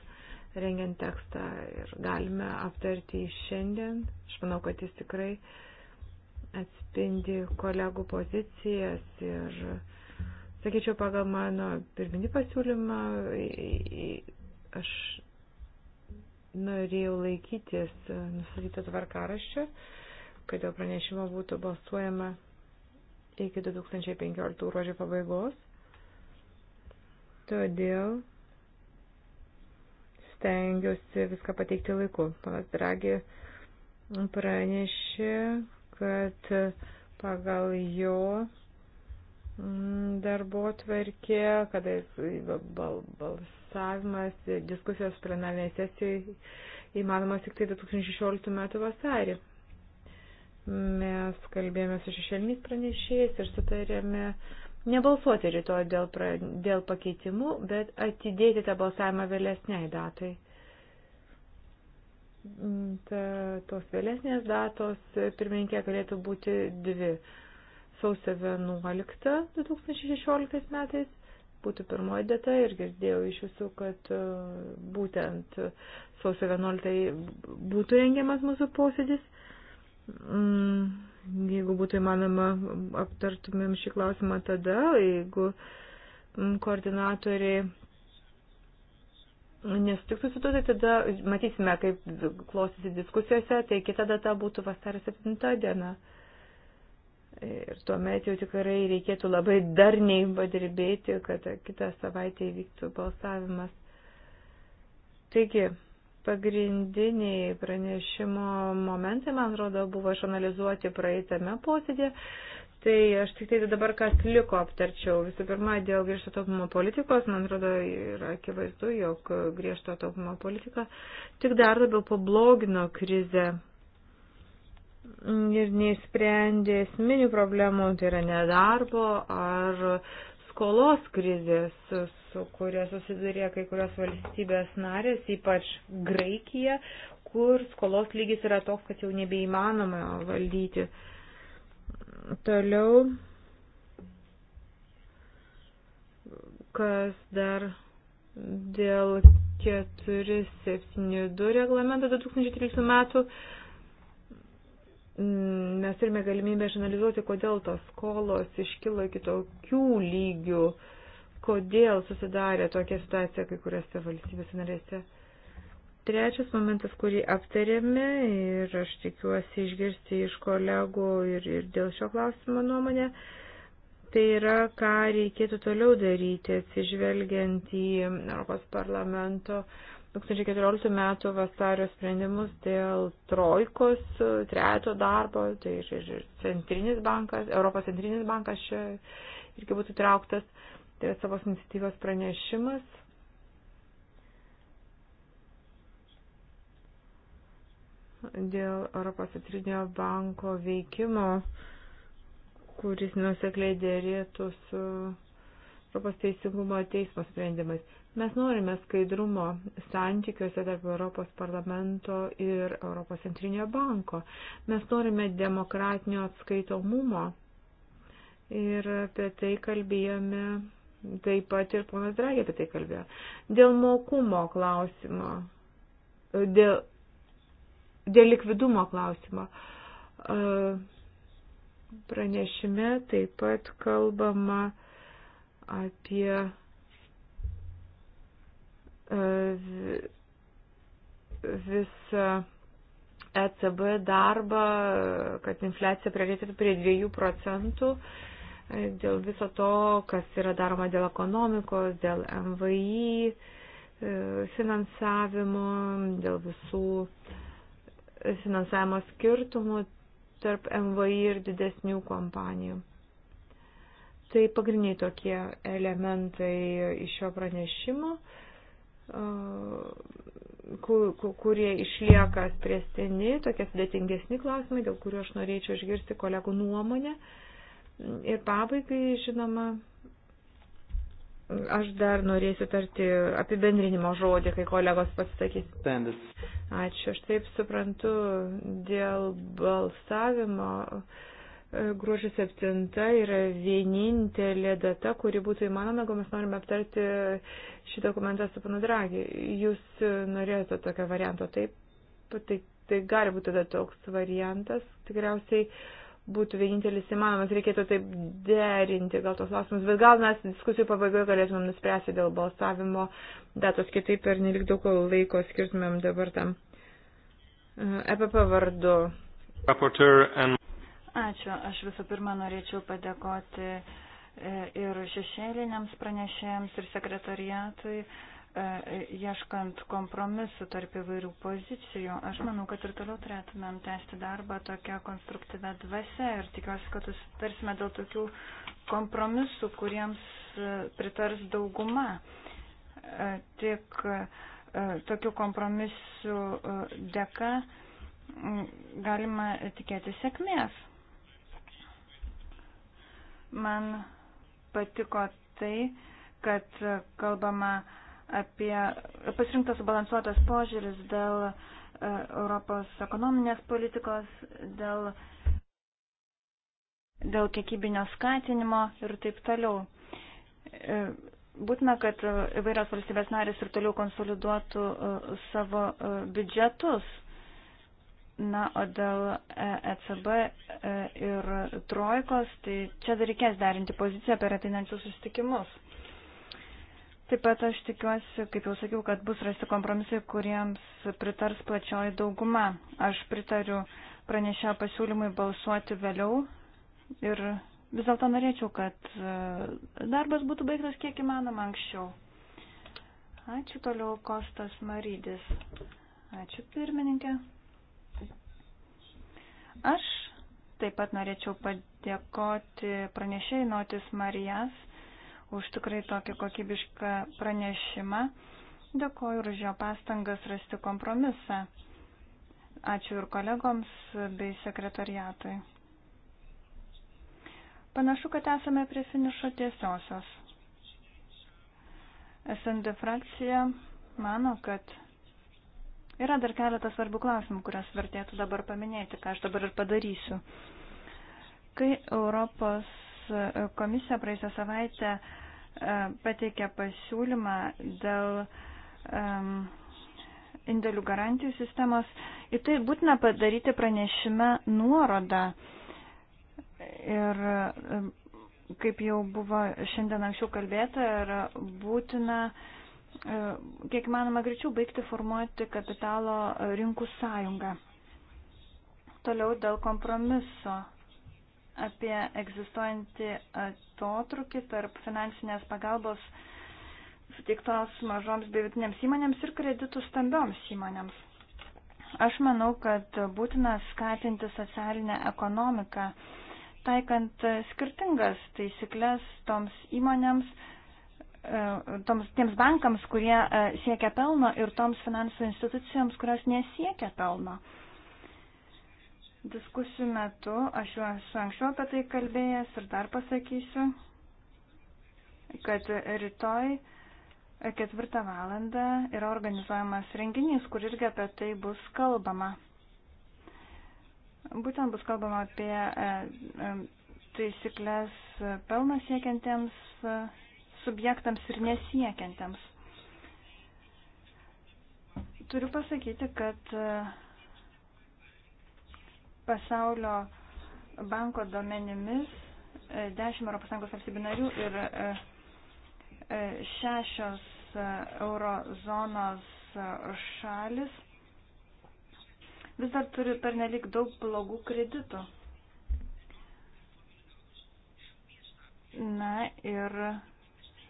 rengiant tekstą ir galime aptarti jį šiandien. Aš manau, kad jis tikrai atspindi kolegų pozicijas ir, sakyčiau, pagal mano pirminį pasiūlymą aš norėjau laikytis nusakyto tvarkaraščio, kad dėl pranešimo būtų balsuojama iki 2015 gruodžio pabaigos. Todėl stengiuosi viską pateikti laiku. Panas Dragi pranešė, kad pagal jo darbo tvarkė, kada jis bal, bal, balsavimas, diskusijos plenarinėje sesijoje įmanomas tik tai 2016 metų vasarį. Mes kalbėjome su šešėliniais pranešėjais ir sutarėme nebalsuoti rytoj dėl, pra, dėl pakeitimų, bet atidėti tą balsavimą vėlesniai datai. Ta, tos vėlesnės datos pirmininkė galėtų būti dvi. Sausio 11 2016 metais būtų pirmoji data ir girdėjau iš jūsų, kad e, būtent sausio 11 būtų rengiamas mūsų posėdis. Mm, jeigu būtų įmanoma, aptartumėm šį klausimą tada, jeigu mm, koordinatoriai nesutiktų su to, tai tada matysime, kaip klostysi diskusijose, tai kita data būtų vasario 7 diena. Ir tuomet jau tikrai reikėtų labai darniai padirbėti, kad kitą savaitę įvyktų balsavimas. Taigi, pagrindiniai pranešimo momentai, man atrodo, buvo išanalizuoti praeitame posėdėje. Tai aš tik tai dabar, kas liko, aptarčiau. Visų pirma, dėl griežto taupimo politikos, man atrodo, yra akivaizdu, jog griežto taupimo politika tik dar labiau pablogino krizę ir neįsprendė esminių problemų, tai yra nedarbo ar skolos krizės, su kuria susidurė kai kurios valstybės narės, ypač Graikija, kur skolos lygis yra toks, kad jau nebeįmanoma valdyti. Toliau, kas dar dėl 472 reglamento 2013 metų Mm, mes turime galimybę išanalizuoti, kodėl tos skolos iškilo iki tokių lygių, kodėl susidarė tokia situacija kai kuriuose valstybėse narėse. Trečias momentas, kurį aptarėme ir aš tikiuosi išgirsti iš kolegų ir, ir dėl šio klausimo nuomonę, tai yra, ką reikėtų toliau daryti, atsižvelgiant į Europos parlamento uh, 2014 metų vasario sprendimus dėl trojkos, e, trejato darbo, tai ir, ir, ir centrinis bankas, Europos centrinis bankas čia irgi būtų trauktas, tai yra savo iniciatyvos pranešimas. Dėl Europos centrinio banko veikimo, kuris nusekliai dėrėtų su Europos teisingumo teismo sprendimais. Mes norime skaidrumo santykiuose tarp Europos parlamento ir Europos centrinio banko. Mes norime demokratinio atskaitomumo. Ir apie tai kalbėjome, taip pat ir ponas Dragė apie tai kalbėjo. Dėl mokumo klausimo, dėl, dėl likvidumo klausimo. E, pranešime taip pat kalbama apie E, visą ECB darbą, kad infliacija prieartėtų prie 2 procentų e, dėl viso to, kas yra daroma dėl ekonomikos, dėl MVI e, finansavimo, dėl visų finansavimo skirtumų tarp MVI ir didesnių kompanijų. Tai pagrindiniai tokie elementai iš šio pranešimo kurie išlieka spręstini, tokie sudėtingesni klausimai, dėl kurių aš norėčiau išgirsti kolegų nuomonę. Ir pabaigai, žinoma, aš dar norėsiu tarti apibendrinimo žodį, kai kolegos pasisakys. Ačiū, aš taip suprantu, dėl balsavimo. Uh, E, gruodžio 7 yra vienintelė data, kuri būtų įmanoma, jeigu mes norime aptarti šį dokumentą su panu Dragi. Jūs norėjote tokio varianto, taip? Tai, tai gali būti tada toks variantas. Tikriausiai būtų vienintelis įmanomas, reikėtų taip derinti gal tos klausimus, bet gal mes diskusijų pabaigoje galėtumėm nuspręsti dėl balsavimo datos kitaip ir nelik daug laiko skirtumėm dabar tam EPP e vardu. Rapporteur and Ačiū. Aš visų pirma norėčiau padėkoti e, ir šešėliniams pranešėjams, ir sekretariatui, e, ieškant kompromisu tarp įvairių pozicijų. Aš manau, kad ir toliau turėtumėm tęsti darbą tokią konstruktyvę dvasę ir tikiuosi, kad susitarsime dėl tokių kompromisų, kuriems e, pritars dauguma. Tik tokių kompromisų dėka galima tikėti sėkmės. Man patiko tai, kad kalbama apie pasirinktas subalansuotas požiūris dėl e, Europos ekonominės politikos, dėl, dėl kiekybinio skatinimo ir taip toliau. E, būtina, kad įvairios valstybės narės ir toliau konsoliduotų e, savo biudžetus Na, o dėl ECB e e, ir trojkos, tai čia dar reikės derinti poziciją per ateinančius susitikimus. Taip pat aš tikiuosi, kaip jau sakiau, kad bus rasti kompromisai, kuriems pritars plačioji dauguma. Aš pritariu pranešę pasiūlymui balsuoti vėliau ir vis dėlto norėčiau, kad e, darbas būtų baigtas kiek įmanoma anksčiau. Ačiū toliau Kostas Marydis. Ačiū pirmininkė. Aš taip pat norėčiau padėkoti pranešėjai Notis Marijas už tikrai tokį kokybišką pranešimą. Dėkoju už jo pastangas rasti kompromisą. Ačiū ir kolegoms bei sekretariatui. Panašu, kad esame prie finišo tiesiosios. SND frakcija mano, kad Yra dar keletas svarbių klausimų, kurias vertėtų dabar paminėti, ką aš dabar ir padarysiu. Kai Europos e, komisija praeisę savaitę e, pateikė pasiūlymą dėl um, indėlių garantijų sistemos, į tai būtina padaryti pranešime nuorodą. Ir e, kaip jau buvo šiandien anksčiau kalbėta, yra būtina uh, E, kiek manoma greičiau baigti formuoti kapitalo rinkų sąjungą. Toliau dėl kompromiso apie egzistuojantį atotrukį tarp finansinės pagalbos suteiktos mažoms bei vidutinėms įmonėms ir kreditų stambioms įmonėms. Aš manau, kad būtina skatinti socialinę ekonomiką, taikant skirtingas taisyklės toms įmonėms, E, toms, tiems bankams, kurie e, siekia pelno ir toms finansų institucijoms, kurios nesiekia pelno. Diskusijų metu aš jau esu anksčiau apie tai kalbėjęs ir dar pasakysiu, kad rytoj ketvirtą valandą yra organizuojamas renginys, kur irgi apie tai bus kalbama. Būtent bus kalbama apie e, taisyklės pelno siekiantiems subjektams ir nesiekiantiems. Turiu pasakyti, kad e, pasaulio banko domenimis 10 ES valstybių narių ir e, e, šešios eurozonos šalis vis dar turi pernelik daug blogų kreditų. Na ir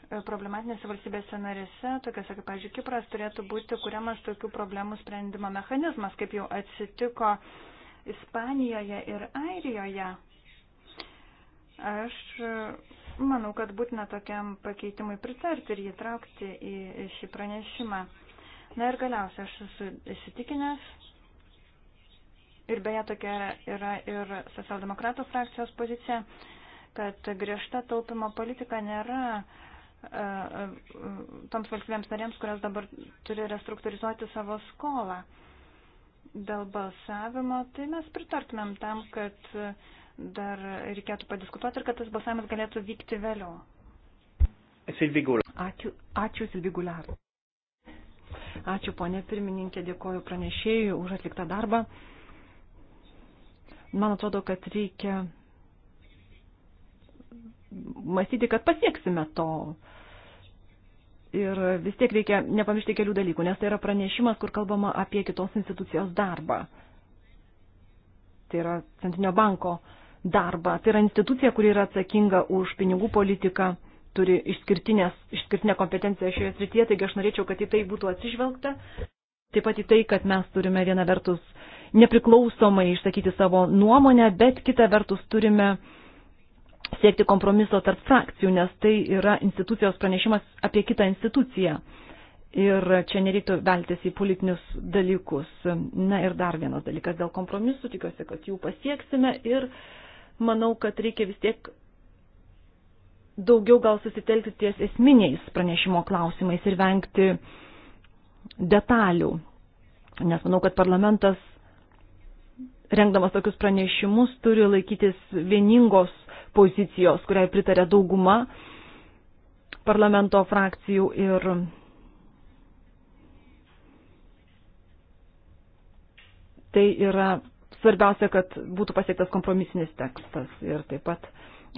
problematinėse valstybėse narėse, tokiuose kaip, pavyzdžiui, Kipras, turėtų būti kuriamas tokių problemų sprendimo mechanizmas, kaip jau atsitiko Ispanijoje ir Airijoje. Aš e, manau, kad būtina tokiam pakeitimui pritarti ir jį traukti į šį pranešimą. Na ir galiausiai aš esu įsitikinęs, ir beje tokia yra ir socialdemokratų frakcijos pozicija, kad griežta taupimo politika nėra uh, E, e, toms valstybėms narėms, kurios dabar turi restruktūrizuoti savo skolą. Dėl balsavimo, tai mes pritartumėm tam, kad dar reikėtų padiskutuoti ir kad tas balsavimas galėtų vykti vėliau. Ačiū, ačiū Silvigular. Ačiū, ponė pirmininkė, dėkoju pranešėjui už atliktą darbą. Man atrodo, kad reikia mąstyti, kad pasieksime to. Ir vis tiek reikia nepamiršti kelių dalykų, nes tai yra pranešimas, kur kalbama apie kitos institucijos darbą. Tai yra Centrinio banko darbą. Tai yra institucija, kuri yra atsakinga už pinigų politiką, turi išskirtinę kompetenciją šioje srityje, taigi aš norėčiau, kad į tai būtų atsižvelgta. Taip pat į tai, kad mes turime viena vertus nepriklausomai išsakyti savo nuomonę, bet kita vertus turime uh, siekti kompromiso tarp frakcijų, nes tai yra institucijos pranešimas apie kitą instituciją. Ir čia nereiktų veltis į politinius dalykus. Na ir dar vienas dalykas dėl kompromisų, tikiuosi, kad jų pasieksime ir manau, kad reikia vis tiek daugiau gal susitelkti ties esminiais pranešimo klausimais ir vengti detalių. Nes manau, kad parlamentas, rengdamas tokius pranešimus, turi laikytis vieningos pozicijos, kuriai pritarė dauguma parlamento frakcijų ir tai yra svarbiausia, kad būtų pasiektas kompromisinis tekstas ir taip pat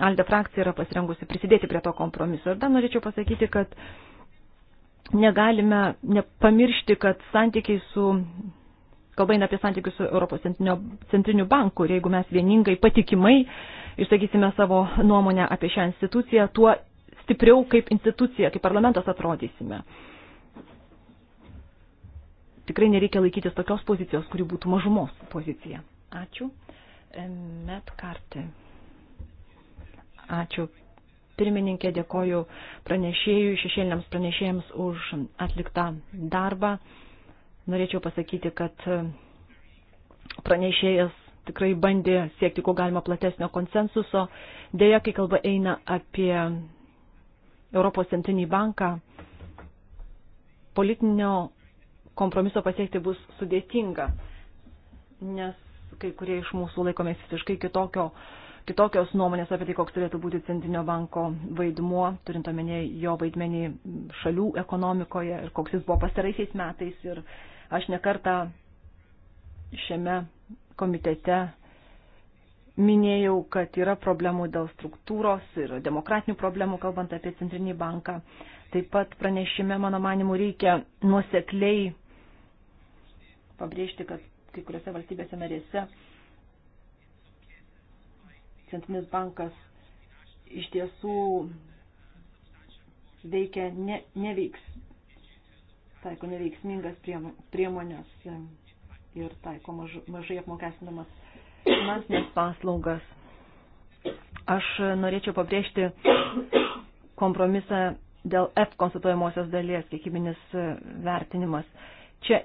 Alde frakcija yra pasirengusi prisidėti prie to kompromiso. Ir dar norėčiau pasakyti, kad negalime nepamiršti, kad santykiai su kalba eina apie santykius su Europos centriniu banku ir jeigu mes vieningai patikimai išsakysime savo nuomonę apie šią instituciją, tuo stipriau kaip institucija, kaip parlamentas atrodysime. Tikrai nereikia laikytis tokios pozicijos, kuri būtų mažumos pozicija. Ačiū. E, Met kartė. Ačiū pirmininkė, dėkoju pranešėjui, šešėliniams pranešėjams už atliktą darbą norėčiau pasakyti, kad pranešėjas tikrai bandė siekti kuo galima platesnio konsensuso. Deja, kai kalba eina apie Europos centrinį banką, politinio kompromiso pasiekti bus sudėtinga, nes kai kurie iš mūsų laikomės visiškai kitokio, kitokios nuomonės apie tai, koks turėtų būti centrinio banko vaidmuo, turint omenyje jo vaidmenį šalių ekonomikoje ir koks jis buvo pastaraisiais metais ir Aš nekartą šiame komitete minėjau, kad yra problemų dėl struktūros ir demokratinių problemų, kalbant apie centrinį banką. Taip pat pranešime, mano manimu, reikia nuosekliai pabrėžti, kad kai kuriuose valstybėse narėse centrinis bankas iš tiesų veikia ne, neveiks, taiko neveiksmingas priemonės ir taiko mažai apmokestinamas finansinės paslaugas. Aš norėčiau pabrėžti kompromisą dėl F konstatuojamosios dalies, kiekybinis vertinimas. Čia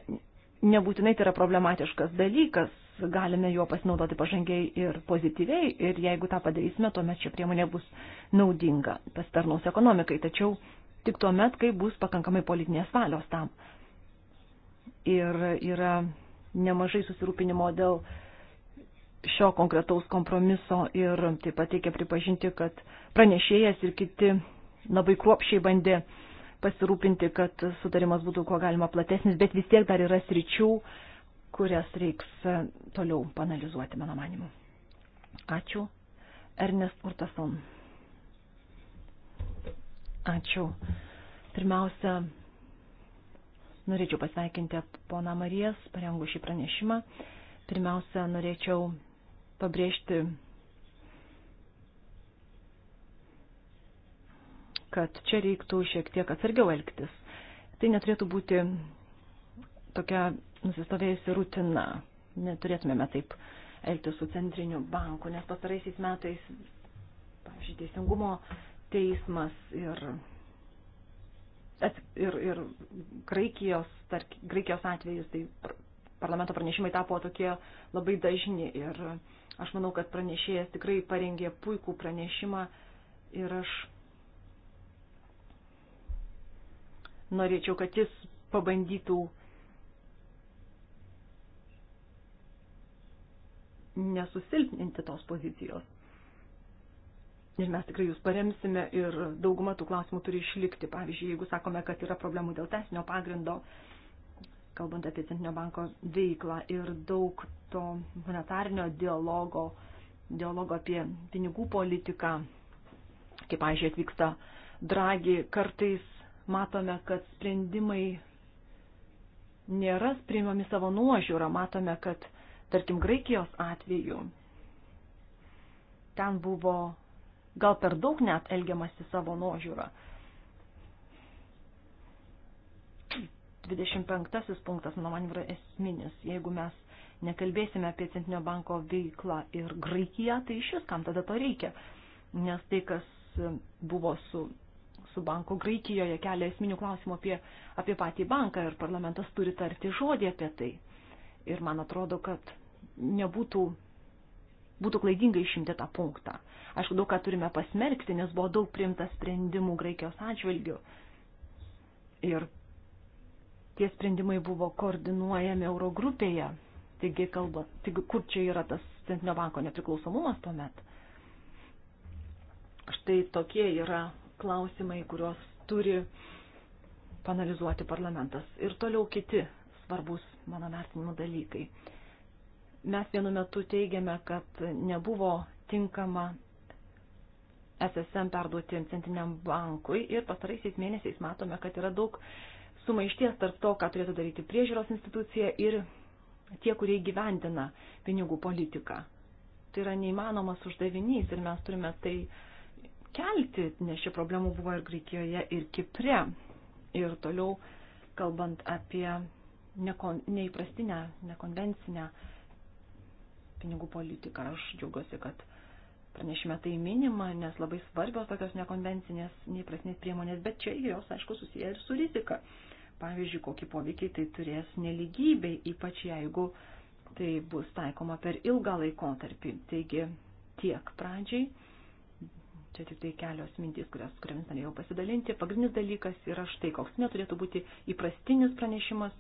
nebūtinai tai yra problematiškas dalykas, galime juo pasinaudoti pažangiai ir pozityviai ir jeigu tą padarysime, tuomet ši priemonė bus naudinga, pasitarnaus ekonomikai. Tačiau tik tuo met, kai bus pakankamai politinės valios tam. Ir yra nemažai susirūpinimo dėl šio konkretaus kompromiso ir taip pat reikia pripažinti, kad pranešėjas ir kiti labai kruopšiai bandė pasirūpinti, kad sutarimas būtų kuo galima platesnis, bet vis tiek dar yra sričių, kurias reiks toliau panalizuoti, mano manimu. Ačiū. Ernest Urtason. Ačiū. Pirmiausia, norėčiau pasveikinti poną Marijas, parengu šį pranešimą. Pirmiausia, norėčiau pabrėžti, kad čia reiktų šiek tiek atsargiau elgtis. Tai neturėtų būti tokia nusistovėjusi rutina. Neturėtumėme taip elgtis su centriniu banku, nes pastaraisiais metais, pavyzdžiui, teisingumo teismas ir, ir, ir Graikijos, tark, Graikijos atvejus, tai parlamento pranešimai tapo tokie labai dažni ir aš manau, kad pranešėjas tikrai parengė puikų pranešimą ir aš norėčiau, kad jis pabandytų nesusilpninti tos pozicijos. Ir mes tikrai jūs paremsime ir dauguma tų klausimų turi išlikti. Pavyzdžiui, jeigu sakome, kad yra problemų dėl teisinio pagrindo, kalbant apie Centrinio banko veiklą ir daug to monetarinio dialogo, dialogo apie pinigų politiką, kaip, pavyzdžiui, atvyksta Dragi, kartais matome, kad sprendimai nėra priimami savo nuožiūrą, matome, kad, tarkim, Graikijos atveju ten buvo gal per daug net elgiamasi savo nuožiūrą. 25 punktas, mano manim, yra esminis. Jeigu mes nekalbėsime apie Centrinio banko veiklą ir Graikiją, tai iš vis kam tada to reikia. Nes tai, kas buvo su, su banku Graikijoje, kelia esminių klausimų apie, apie patį banką ir parlamentas turi tarti žodį apie tai. Ir man atrodo, kad nebūtų būtų klaidinga išimti tą punktą. Aišku, daug ką turime pasmerkti, nes buvo daug priimta sprendimų Graikijos atžvilgių. Ir tie sprendimai buvo koordinuojami Eurogrupėje. Taigi, kalba, taigi kur čia yra tas Centrinio banko nepriklausomumas tuomet? Štai tokie yra klausimai, kuriuos turi panalizuoti parlamentas. Ir toliau kiti svarbus mano vertinimo dalykai mes vienu metu teigiame, kad nebuvo tinkama SSM perduoti centriniam bankui ir pastaraisiais mėnesiais matome, kad yra daug sumaišties tarp to, ką turėtų daryti priežiūros institucija ir tie, kurie gyvendina pinigų politiką. Tai yra neįmanomas uždavinys ir mes turime tai kelti, nes šių problemų buvo ir Graikijoje, ir Kipre. Ir toliau, kalbant apie nekon, neįprastinę, nekonvencinę pinigų politiką. Aš džiaugiuosi, kad pranešime tai minima, nes labai svarbios tokios nekonvencinės, neįprasnės priemonės, bet čia jos, aišku, susiję ir su rizika. Pavyzdžiui, kokį poveikį tai turės neligybei, ypač jeigu tai bus taikoma per ilgą laikotarpį. Taigi tiek pradžiai. Čia tik tai kelios mintys, kurias, kuriamis norėjau pasidalinti. Pagrindinis dalykas yra štai, koks neturėtų būti įprastinis pranešimas,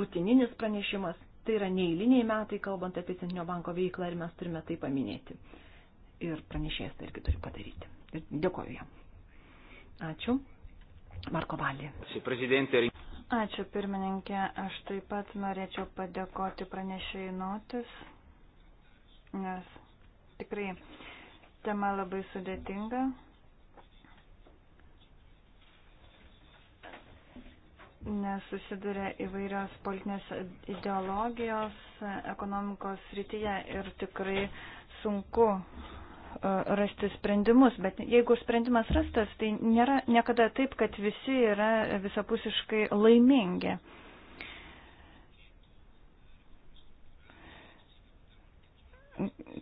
rutininis pranešimas, tai yra neįliniai metai, kalbant apie Centrinio banko veiklą ir mes turime tai paminėti. Ir pranešėjas tai irgi turi padaryti. Ir dėkoju jam. Ačiū. Marko Valė. Ačiū pirmininkė. Aš taip pat norėčiau padėkoti pranešėjai Notis, nes tikrai tema labai sudėtinga. nes susiduria įvairios politinės ideologijos ekonomikos rytyje ir tikrai sunku e, rasti sprendimus, bet jeigu sprendimas rastas, tai nėra niekada taip, kad visi yra visapusiškai laimingi.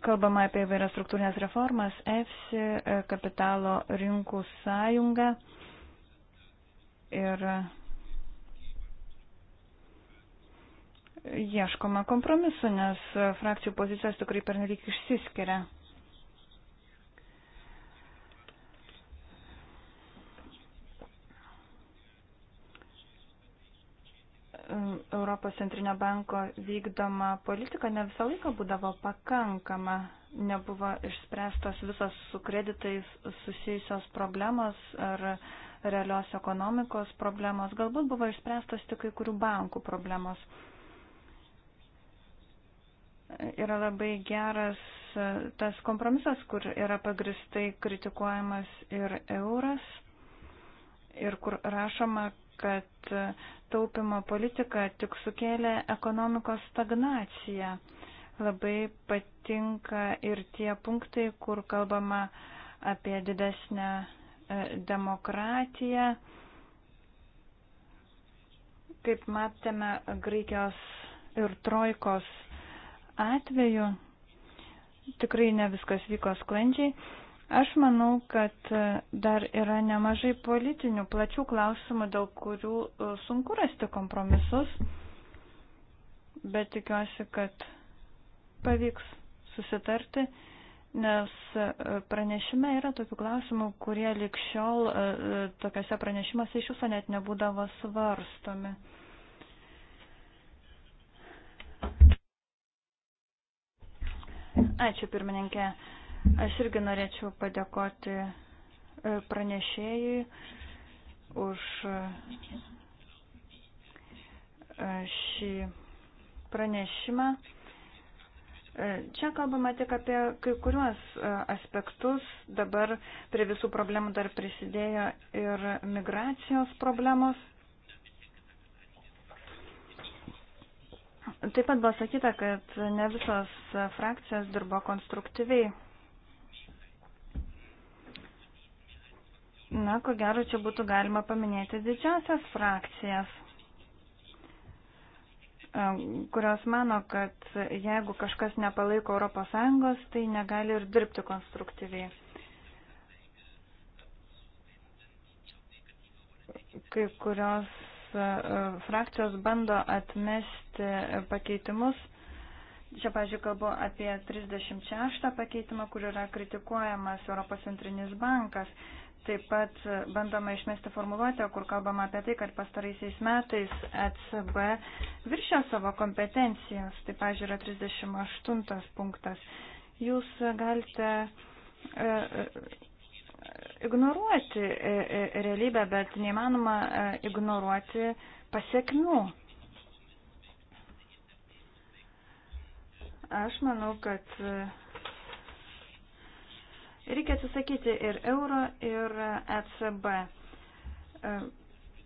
Kalbama apie įvairias struktūrinės reformas, EFSI, e, kapitalo rinkų sąjungą ir ieškoma kompromisu, nes frakcijų pozicijos tikrai pernelyg išsiskiria. Europos centrinio banko vykdoma politika ne visą laiką būdavo pakankama, nebuvo išspręstos visos su kreditais susijusios problemos ar realios ekonomikos problemos, galbūt buvo išspręstos tik kai kurių bankų problemos yra labai geras e, tas kompromisas, kur yra pagristai kritikuojamas ir euras ir kur rašoma, kad e, taupimo politika tik sukėlė ekonomikos stagnaciją. Labai patinka ir tie punktai, kur kalbama apie didesnę e, demokratiją. Kaip matėme, Graikijos ir Trojkos atveju tikrai ne viskas vyko sklandžiai. Aš manau, kad dar yra nemažai politinių plačių klausimų, dėl kurių e, sunku rasti kompromisus, bet tikiuosi, kad pavyks susitarti, nes e, pranešime yra tokių klausimų, kurie likščiol e, tokiuose pranešimuose iš viso net nebūdavo svarstomi. Ačiū pirmininkė. Aš irgi norėčiau padėkoti e, pranešėjui už e, šį pranešimą. E, čia kalbama tik apie kai kuriuos aspektus. Dabar prie visų problemų dar prisidėjo ir migracijos problemos. Taip pat buvo sakyta, kad ne visos frakcijos dirbo konstruktyviai. Na, ko gero, čia būtų galima paminėti didžiasias frakcijas, e, kurios mano, kad jeigu kažkas nepalaiko ES, tai negali ir dirbti konstruktyviai. Kai kurios E, frakcijos bando atmesti pakeitimus. Čia, pažiūrėjau, kalbu apie 36 pakeitimą, kur yra kritikuojamas Europos centrinis bankas. Taip pat bandoma išmesti formuluotę, kur kalbama apie tai, kad pastaraisiais metais ECB viršė savo kompetencijas. Tai, pažiūrėjau, yra 38 punktas. Jūs galite e, e, ignoruoti e, e, realybę, bet neįmanoma e, ignoruoti pasiekmių. Aš manau, kad reikia atsisakyti ir euro, ir ECB.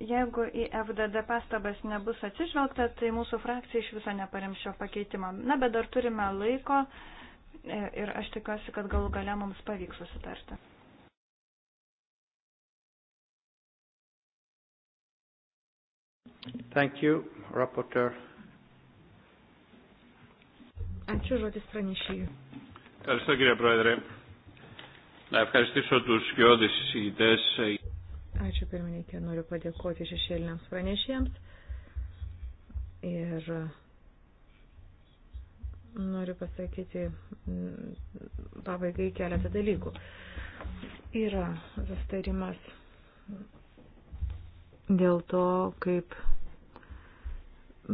Jeigu į FDD pastabas nebus atsižvelgta, tai mūsų frakcija iš viso neparim šio pakeitimo. Na, bet dar turime laiko ir aš tikiuosi, kad galų gale mums pavyks susitarti. Thank you, rapporteur. Ačiū žodis pranešėjų. Ευχαριστώ κύριε Πρόεδρε. Να ευχαριστήσω τους σκιώδεις συζητητές. Ačiū pirmininkė, noriu padėkoti šešėliniams pranešėjams ir mm, noriu pasakyti mm, pabaigai keletą dalykų. Yra zastarimas dėl to, kaip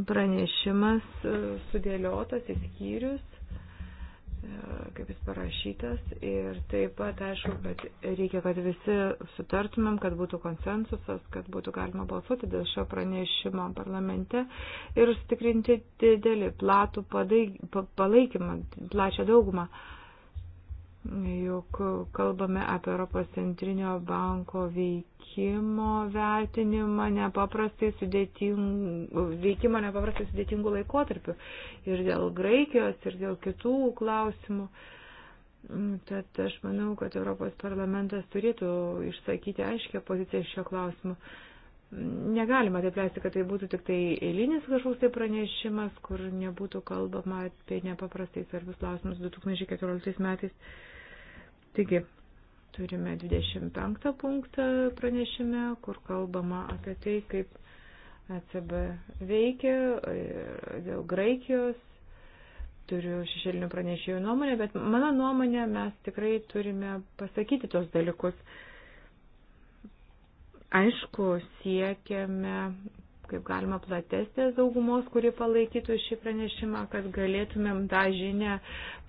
pranešimas e, sudėliotas į skyrius, e, kaip jis parašytas. Ir taip pat aišku, kad reikia, kad visi sutartumėm, kad būtų konsensusas, kad būtų galima balsuoti dėl šio pranešimo parlamente ir užtikrinti didelį platų palaikymą, plačią daugumą. Uh, juk kalbame apie Europos centrinio banko veikimo vertinimą nepaprastai sudėtingų, veikimo nepaprastai sudėtingų laikotarpių ir dėl Graikijos, ir dėl kitų klausimų. Tad aš manau, kad Europos parlamentas turėtų išsakyti aiškę poziciją šio klausimu. Negalima taip leisti, kad tai būtų tik tai eilinis kažkoks tai pranešimas, kur nebūtų kalbama apie nepaprastai svarbius klausimus 2014 metais. Taigi, turime 25 punktą pranešime, kur kalbama apie tai, kaip ECB veikia e, dėl Graikijos. Turiu šešėlinių pranešėjų nuomonę, bet mano nuomonė mes tikrai turime pasakyti tos dalykus. Aišku, siekiame kaip galima platesnės daugumos, kuri palaikytų šį pranešimą, kad galėtumėm tą žinę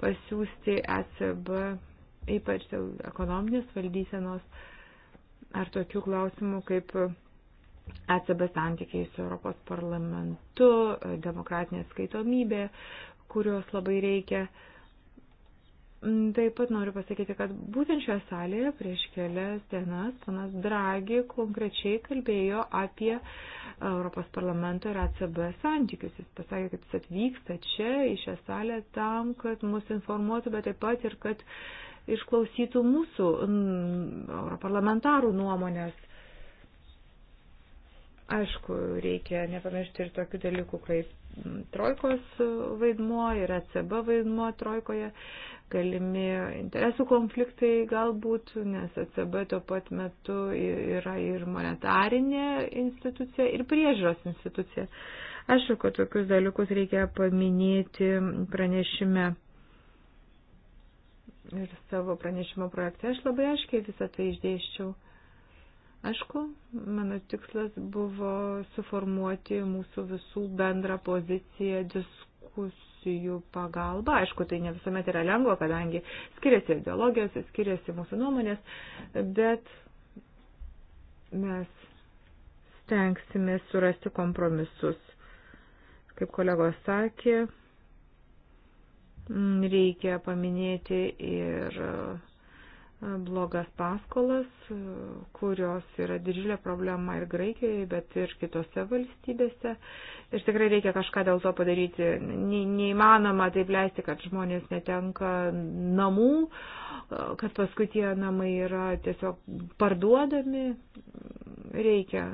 pasiūsti ECB ypač dėl ekonominės valdysenos ar tokių klausimų kaip ECB santykiai su Europos parlamentu, demokratinė skaitomybė, kurios labai reikia. Mm, taip pat noriu pasakyti, kad būtent šioje salėje prieš kelias dienas panas Dragi konkrečiai kalbėjo apie Europos parlamento ir ACB santykius. Jis pasakė, kad jis atvyksta čia į šią salę tam, kad mus informuotų, bet taip pat ir kad uh, išklausytų mūsų mm, europarlamentarų nuomonės. Aišku, reikia nepamiršti ir tokių dalykų kaip mm, trojkos vaidmuo ir ECB vaidmuo trojkoje, galimi interesų konfliktai galbūt, nes ECB tuo pat metu yra ir monetarinė institucija, ir priežiūros institucija. Aišku, kad tokius dalykus reikia paminėti pranešime ir savo pranešimo projekte aš labai aiškiai visą tai išdėščiau. Aišku, mano tikslas buvo suformuoti mūsų visų bendrą poziciją diskusijų pagalba. Aišku, tai ne visuomet yra lengva, kadangi skiriasi ideologijos, skiriasi mūsų nuomonės, bet mes stengsime surasti kompromisus. Kaip kolegos sakė, Mm, reikia paminėti ir e, blogas paskolas, e, kurios yra didžiulė problema ir Graikijoje, bet ir kitose valstybėse. Ir tikrai reikia kažką dėl to padaryti. Neįmanoma taip leisti, kad žmonės netenka namų, e, kad paskui tie namai yra tiesiog parduodami. Reikia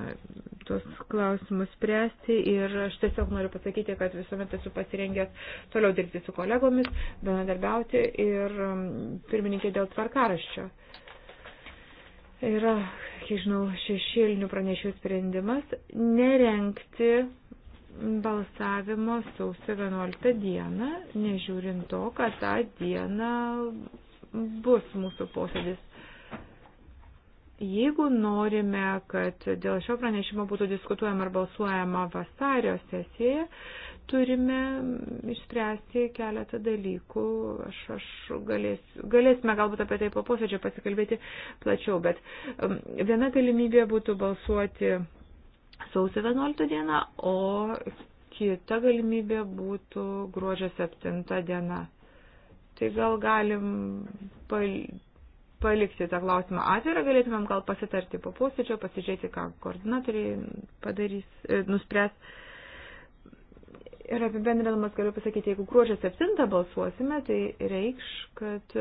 tuos klausimus spręsti ir aš tiesiog noriu pasakyti, kad visuomet esu pasirengęs toliau dirbti su kolegomis, bendradarbiauti ir um, pirmininkė dėl tvarkaraščio. Yra, kiek žinau, šešėlinių pranešėjų sprendimas nerenkti balsavimo sausio 11 dieną, nežiūrint to, kad tą dieną bus mūsų posėdis. Jeigu norime, kad dėl šio pranešimo būtų diskutuojama ar balsuojama vasario sesijoje, turime išspręsti keletą dalykų. Aš, aš galės, galėsime galbūt apie tai po posėdžio pasikalbėti plačiau, bet um, viena galimybė būtų balsuoti sausio 11 dieną, o kita galimybė būtų gruodžio 7 diena. Tai gal galim pal palikti tą klausimą atvirą, galėtumėm gal pasitarti po posėdžio, pasižiūrėti, ką koordinatoriai padarys, e, nuspręs. Ir apibendrinamas galiu pasakyti, jeigu gruodžio 7 balsuosime, tai reikš, kad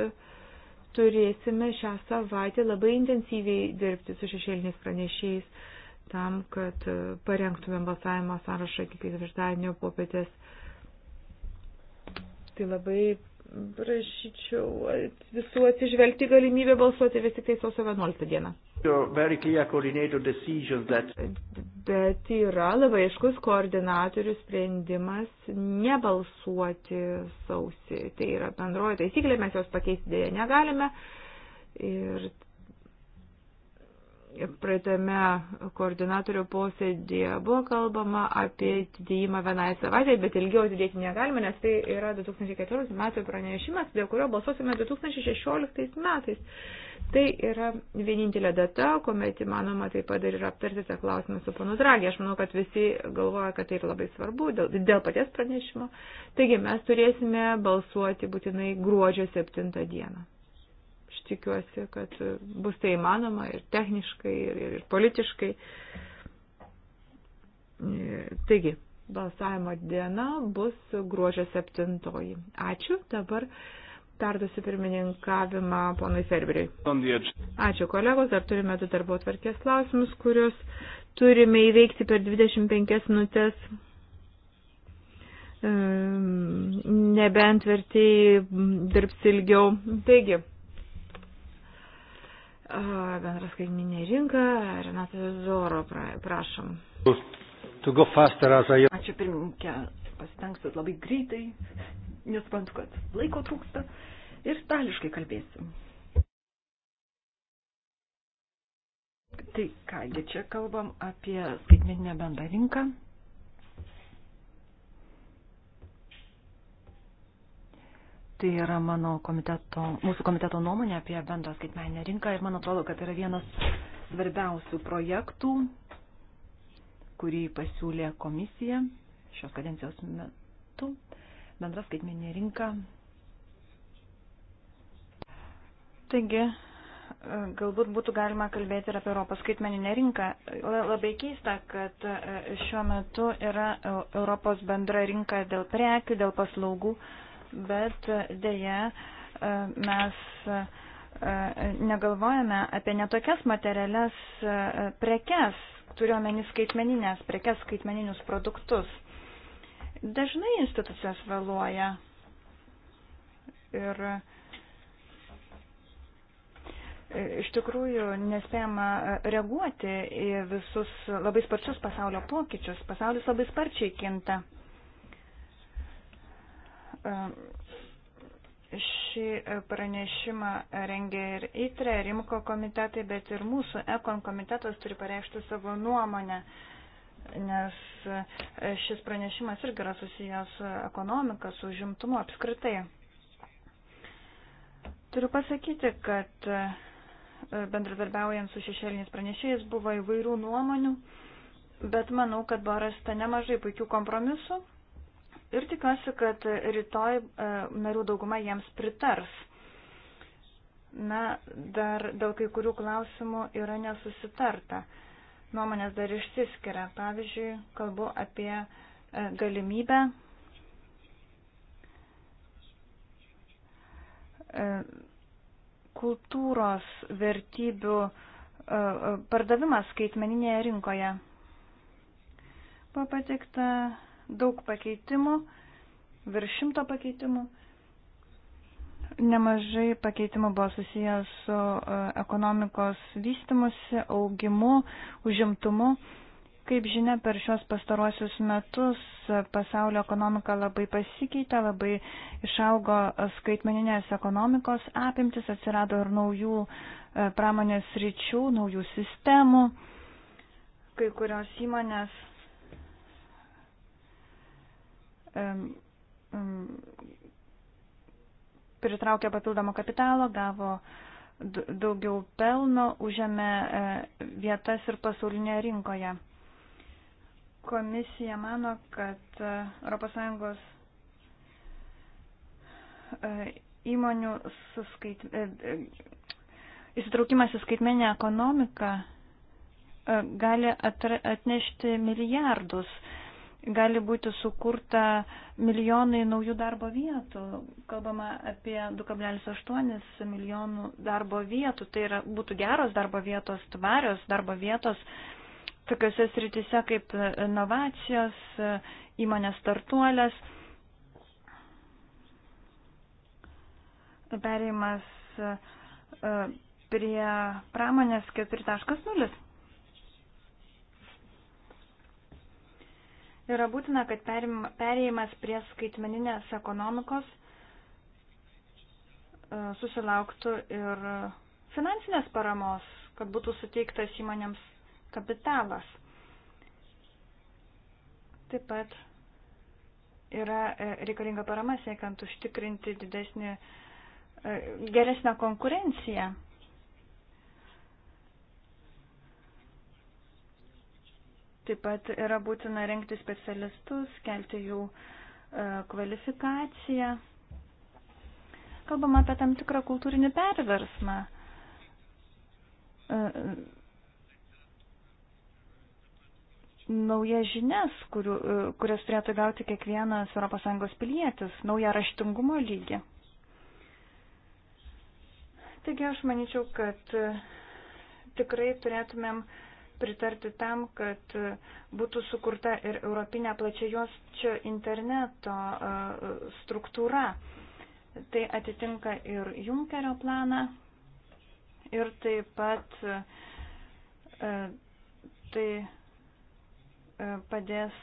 turėsime šią savaitę labai intensyviai dirbti su šešėliniais pranešėjais tam, kad parengtumėm balsavimo sąrašą iki ketvirtadienio popietės. Tai labai prašyčiau visų atsižvelgti galimybę balsuoti vis tik tai sausio 11 dieną. Bet yra labai aiškus koordinatorių sprendimas nebalsuoti sausį. Tai yra bendroji taisyklė, mes jos pakeisti dėja negalime. Ir praeitame koordinatorių posėdėje buvo kalbama apie atidėjimą vienai savaitę, bet ilgiau atidėti negalime, nes tai yra 2014 metų pranešimas, dėl kurio balsuosime 2016 metais. Tai yra vienintelė data, kuomet įmanoma taip pat ir aptarti tą klausimą su panu Dragi. Aš manau, kad visi galvoja, kad tai yra labai svarbu dėl, dėl paties pranešimo. Taigi mes turėsime balsuoti būtinai gruodžio 7 dieną. Aš tikiuosi, kad bus tai įmanoma ir techniškai, ir, ir politiškai. Taigi, balsavimo diena bus gruodžio 7. Ačiū. Dabar perduosiu pirmininkavimą ponui Ferberiui. Ačiū kolegos, dar turime du darbo tvarkės klausimus, kuriuos turime įveikti per 25 minutės. Ehm, nebent vertėjai dirbs ilgiau. Taigi bendras kaiminė rinka. Renatas Zoro, prašom. Faster, I... Ačiū pirmininkė, pasitengsiu labai greitai, nesuprantu, kad laiko trūksta ir stališkai kalbėsiu. Tai kągi čia kalbam apie skaitmeninę bendrą rinką, Tai yra mano komiteto, mūsų komiteto nuomonė apie bendrą skaitmeninę rinką ir man atrodo, kad yra vienas svarbiausių projektų, kurį pasiūlė komisija šios kadencijos metu. Bendra skaitmeninė rinka. Taigi, galbūt būtų galima kalbėti ir apie Europos skaitmeninę rinką. Labai keista, kad e, šiuo metu yra e, Europos bendra rinka dėl prekių, dėl paslaugų bet dėja e, mes e, negalvojame apie netokias materialias e, prekes, turiuomenį skaitmeninės prekes, skaitmeninius produktus. Dažnai institucijos vėluoja ir iš tikrųjų nespėjama reaguoti į visus labai sparčius pasaulio pokyčius. Pasaulis labai sparčiai kinta. Ehm, šį e, pranešimą rengia ir ITRE, ir IMKO komitetai, bet ir mūsų EKON komitetas turi pareikšti savo nuomonę, nes e, šis pranešimas irgi yra susijęs su ekonomika, su žimtumu apskritai. Turiu pasakyti, kad e, bendradarbiaujant su šešėliniais pranešėjais buvo įvairių nuomonių, bet manau, kad buvo rasta nemažai puikių kompromisų ir tikiuosi, kad rytoj e, narių dauguma jiems pritars. Na, dar dėl kai kurių klausimų yra nesusitarta. Nuomonės dar išsiskiria. Pavyzdžiui, kalbu apie e, galimybę e, kultūros vertybių pardavimas skaitmeninėje rinkoje. Buvo pateikta daug pakeitimų, virš šimto pakeitimų. Nemažai pakeitimų buvo susijęs su e, ekonomikos vystimusi, augimu, užimtumu. Kaip žinia, per šios pastaruosius metus e, pasaulio ekonomika labai pasikeitė, labai išaugo e, skaitmeninės ekonomikos apimtis, atsirado ir naujų pramonės ryčių, naujų sistemų. Kai kurios įmonės pritraukė papildomo kapitalo, gavo daugiau pelno, užėmė e, vietas ir pasaulinėje rinkoje. Komisija mano, kad ES e, įmonių suskait... E, įsitraukimas į skaitmenę ekonomiką gali atnešti milijardus gali būti sukurta milijonai naujų darbo vietų. Kalbama apie 2,8 milijonų darbo vietų. Tai yra, būtų geros darbo vietos, tvarios darbo vietos tokiuose sritise kaip inovacijos, įmonės startuolės, perėjimas e, prie pramonės 4.0. Yra būtina, kad perėjimas prie skaitmeninės ekonomikos e, susilauktų ir finansinės paramos, kad būtų suteiktas įmonėms kapitalas. Taip pat yra e, reikalinga parama siekiant užtikrinti didesnį, e, geresnę konkurenciją. Taip pat yra būtina renkti specialistus, kelti jų e, kvalifikaciją. Kalbam apie tam tikrą kultūrinį perversmą. E, e, nauja žinias, kurių, kurias turėtų gauti kiekvienas ES pilietis, nauja raštingumo lygi. Taigi aš manyčiau, kad tikrai turėtumėm uh, pritarti tam, kad būtų sukurta ir Europinė plačiajosčio interneto e, struktūra. Tai atitinka ir Junkerio planą ir taip pat e, tai e, padės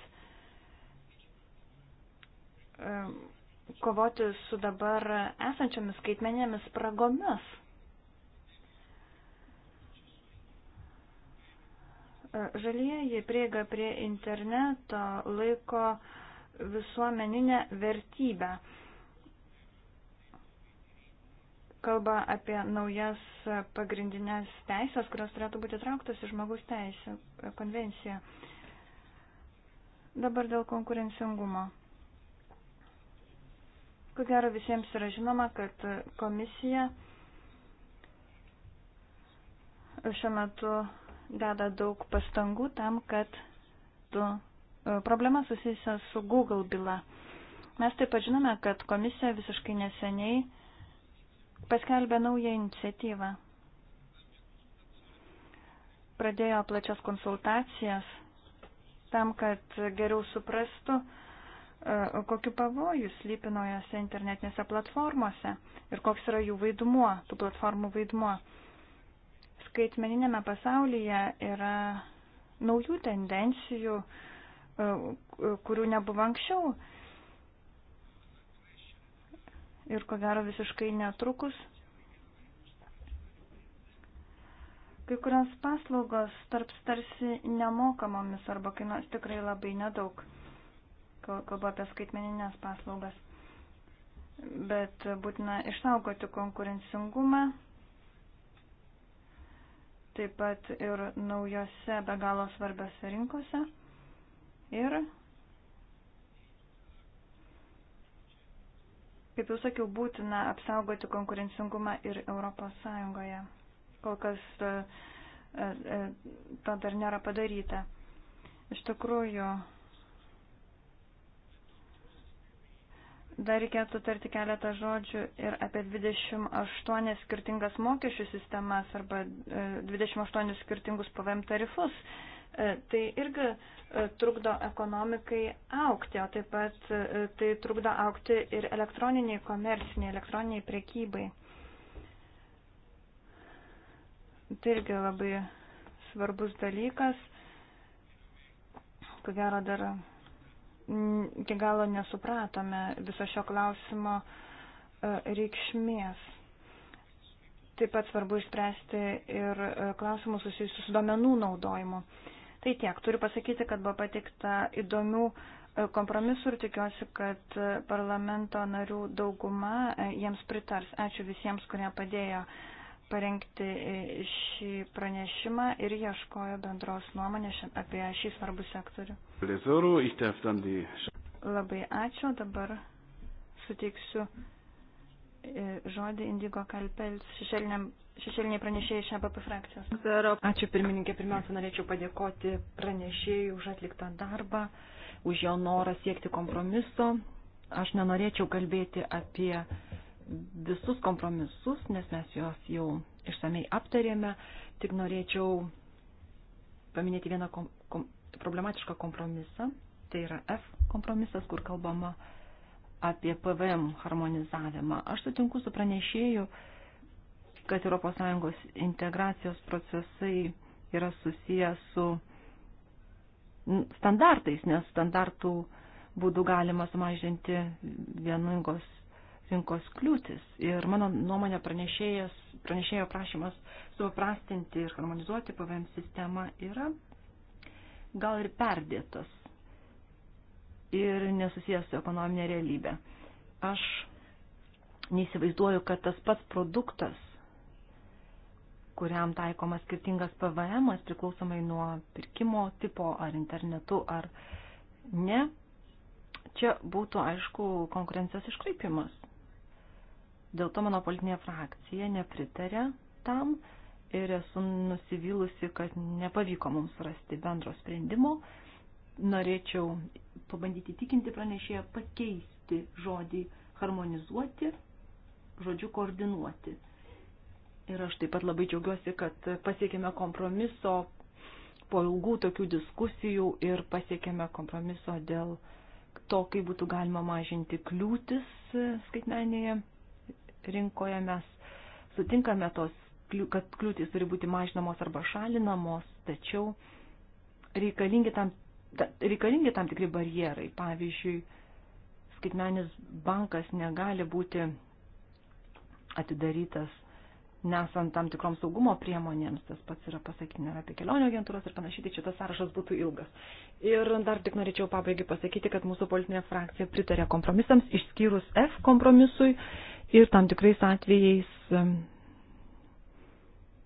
kovoti su dabar esančiomis skaitmenėmis spragomis. Žalieji prieiga prie interneto laiko visuomeninę vertybę. Kalba apie naujas pagrindinės teisės, kurios turėtų būti trauktos į žmogus teisę konvenciją. Dabar dėl konkurencingumo. Ko gero visiems yra žinoma, kad komisija šiuo metu deda daug pastangų tam, kad tu, e, problema susijusia su Google byla. Mes taip pat žinome, kad komisija visiškai neseniai paskelbė naują iniciatyvą. Pradėjo plačias konsultacijas tam, kad geriau suprastų, e, kokiu pavojus slypi naujose internetinėse platformose ir koks yra jų vaidmuo, tų platformų vaidmuo skaitmeninėme pasaulyje yra naujų tendencijų, e, kurių nebuvo anksčiau. Ir ko gero visiškai netrukus. Kai kurios paslaugos tarps tarsi nemokamomis arba kainuos tikrai labai nedaug. Kalbu apie skaitmeninės paslaugas. Bet būtina išsaugoti konkurencingumą taip pat ir naujose be galo svarbiose rinkose. Ir, kaip jau sakiau, būtina apsaugoti konkurencingumą ir Europos Sąjungoje. Kol kas e, e, e, to dar nėra padaryta. Iš tikrųjų, Dar reikėtų tarti keletą žodžių ir apie 28 skirtingas mokesčių sistemas arba 28 e, skirtingus PVM tarifus. E, tai irgi e, trukdo ekonomikai aukti, o taip pat tai trukdo aukti ir elektroniniai komerciniai, elektroniniai prekybai. Tai irgi labai svarbus dalykas. Ko gero dar iki galo nesupratome viso šio klausimo e, reikšmės. Taip pat svarbu išspręsti ir e, klausimus susijusius su domenų naudojimu. Tai tiek, turiu pasakyti, kad buvo patikta įdomių e, kompromisų ir tikiuosi, kad parlamento narių dauguma jiems pritars. Ačiū visiems, kurie padėjo parengti šį pranešimą ir ieškojo bendros nuomonės apie šį svarbų sektorių. Labai ačiū, dabar suteiksiu e, žodį Indigo Kalpels šešėliniai pranešėjai iš ABP frakcijos. Ačiū pirmininkė, pirmiausia norėčiau padėkoti pranešėjai už atliktą darbą, už jo norą siekti kompromiso. Aš nenorėčiau kalbėti apie visus kompromisus, nes mes juos jau išsamei aptarėme. Tik norėčiau paminėti vieną kom, kom, problematišką kompromisą. Tai yra F kompromisas, kur kalbama apie PVM harmonizavimą. Aš sutinku su pranešėju, kad ES integracijos procesai yra susijęs su standartais, nes standartų būdų galima sumažinti vieningos rinkos kliūtis. Ir mano nuomonė pranešėjo prašymas supaprastinti ir harmonizuoti PVM sistemą yra gal ir perdėtas ir nesusijęs su ekonominė realybė. Aš neįsivaizduoju, kad tas pats produktas, kuriam taikomas skirtingas PVM, priklausomai nuo pirkimo tipo ar internetu ar ne, čia būtų aišku konkurencijos iškraipimas. Dėl to mano politinė frakcija nepritarė tam ir esu nusivylusi, kad nepavyko mums rasti bendro sprendimo. Norėčiau pabandyti tikinti pranešėją pakeisti žodį harmonizuoti, žodžiu koordinuoti. Ir aš taip pat labai džiaugiuosi, kad pasiekėme kompromiso po ilgų tokių diskusijų ir pasiekėme kompromiso dėl to, kaip būtų galima mažinti kliūtis skaitmenėje rinkoje mes sutinkame tos, kad kliūtis turi būti mažinamos arba šalinamos, tačiau reikalingi tam, ta, reikalingi tam tikri barjerai. Pavyzdžiui, skaitmenis bankas negali būti atidarytas nesant tam tikroms saugumo priemonėms, tas pats yra pasakytina apie kelionių agentūros ir panašiai, tai čia tas sąrašas būtų ilgas. Ir dar tik norėčiau pabaigai pasakyti, kad mūsų politinė frakcija pritarė kompromisams, išskyrus F kompromisui ir tam tikrais atvejais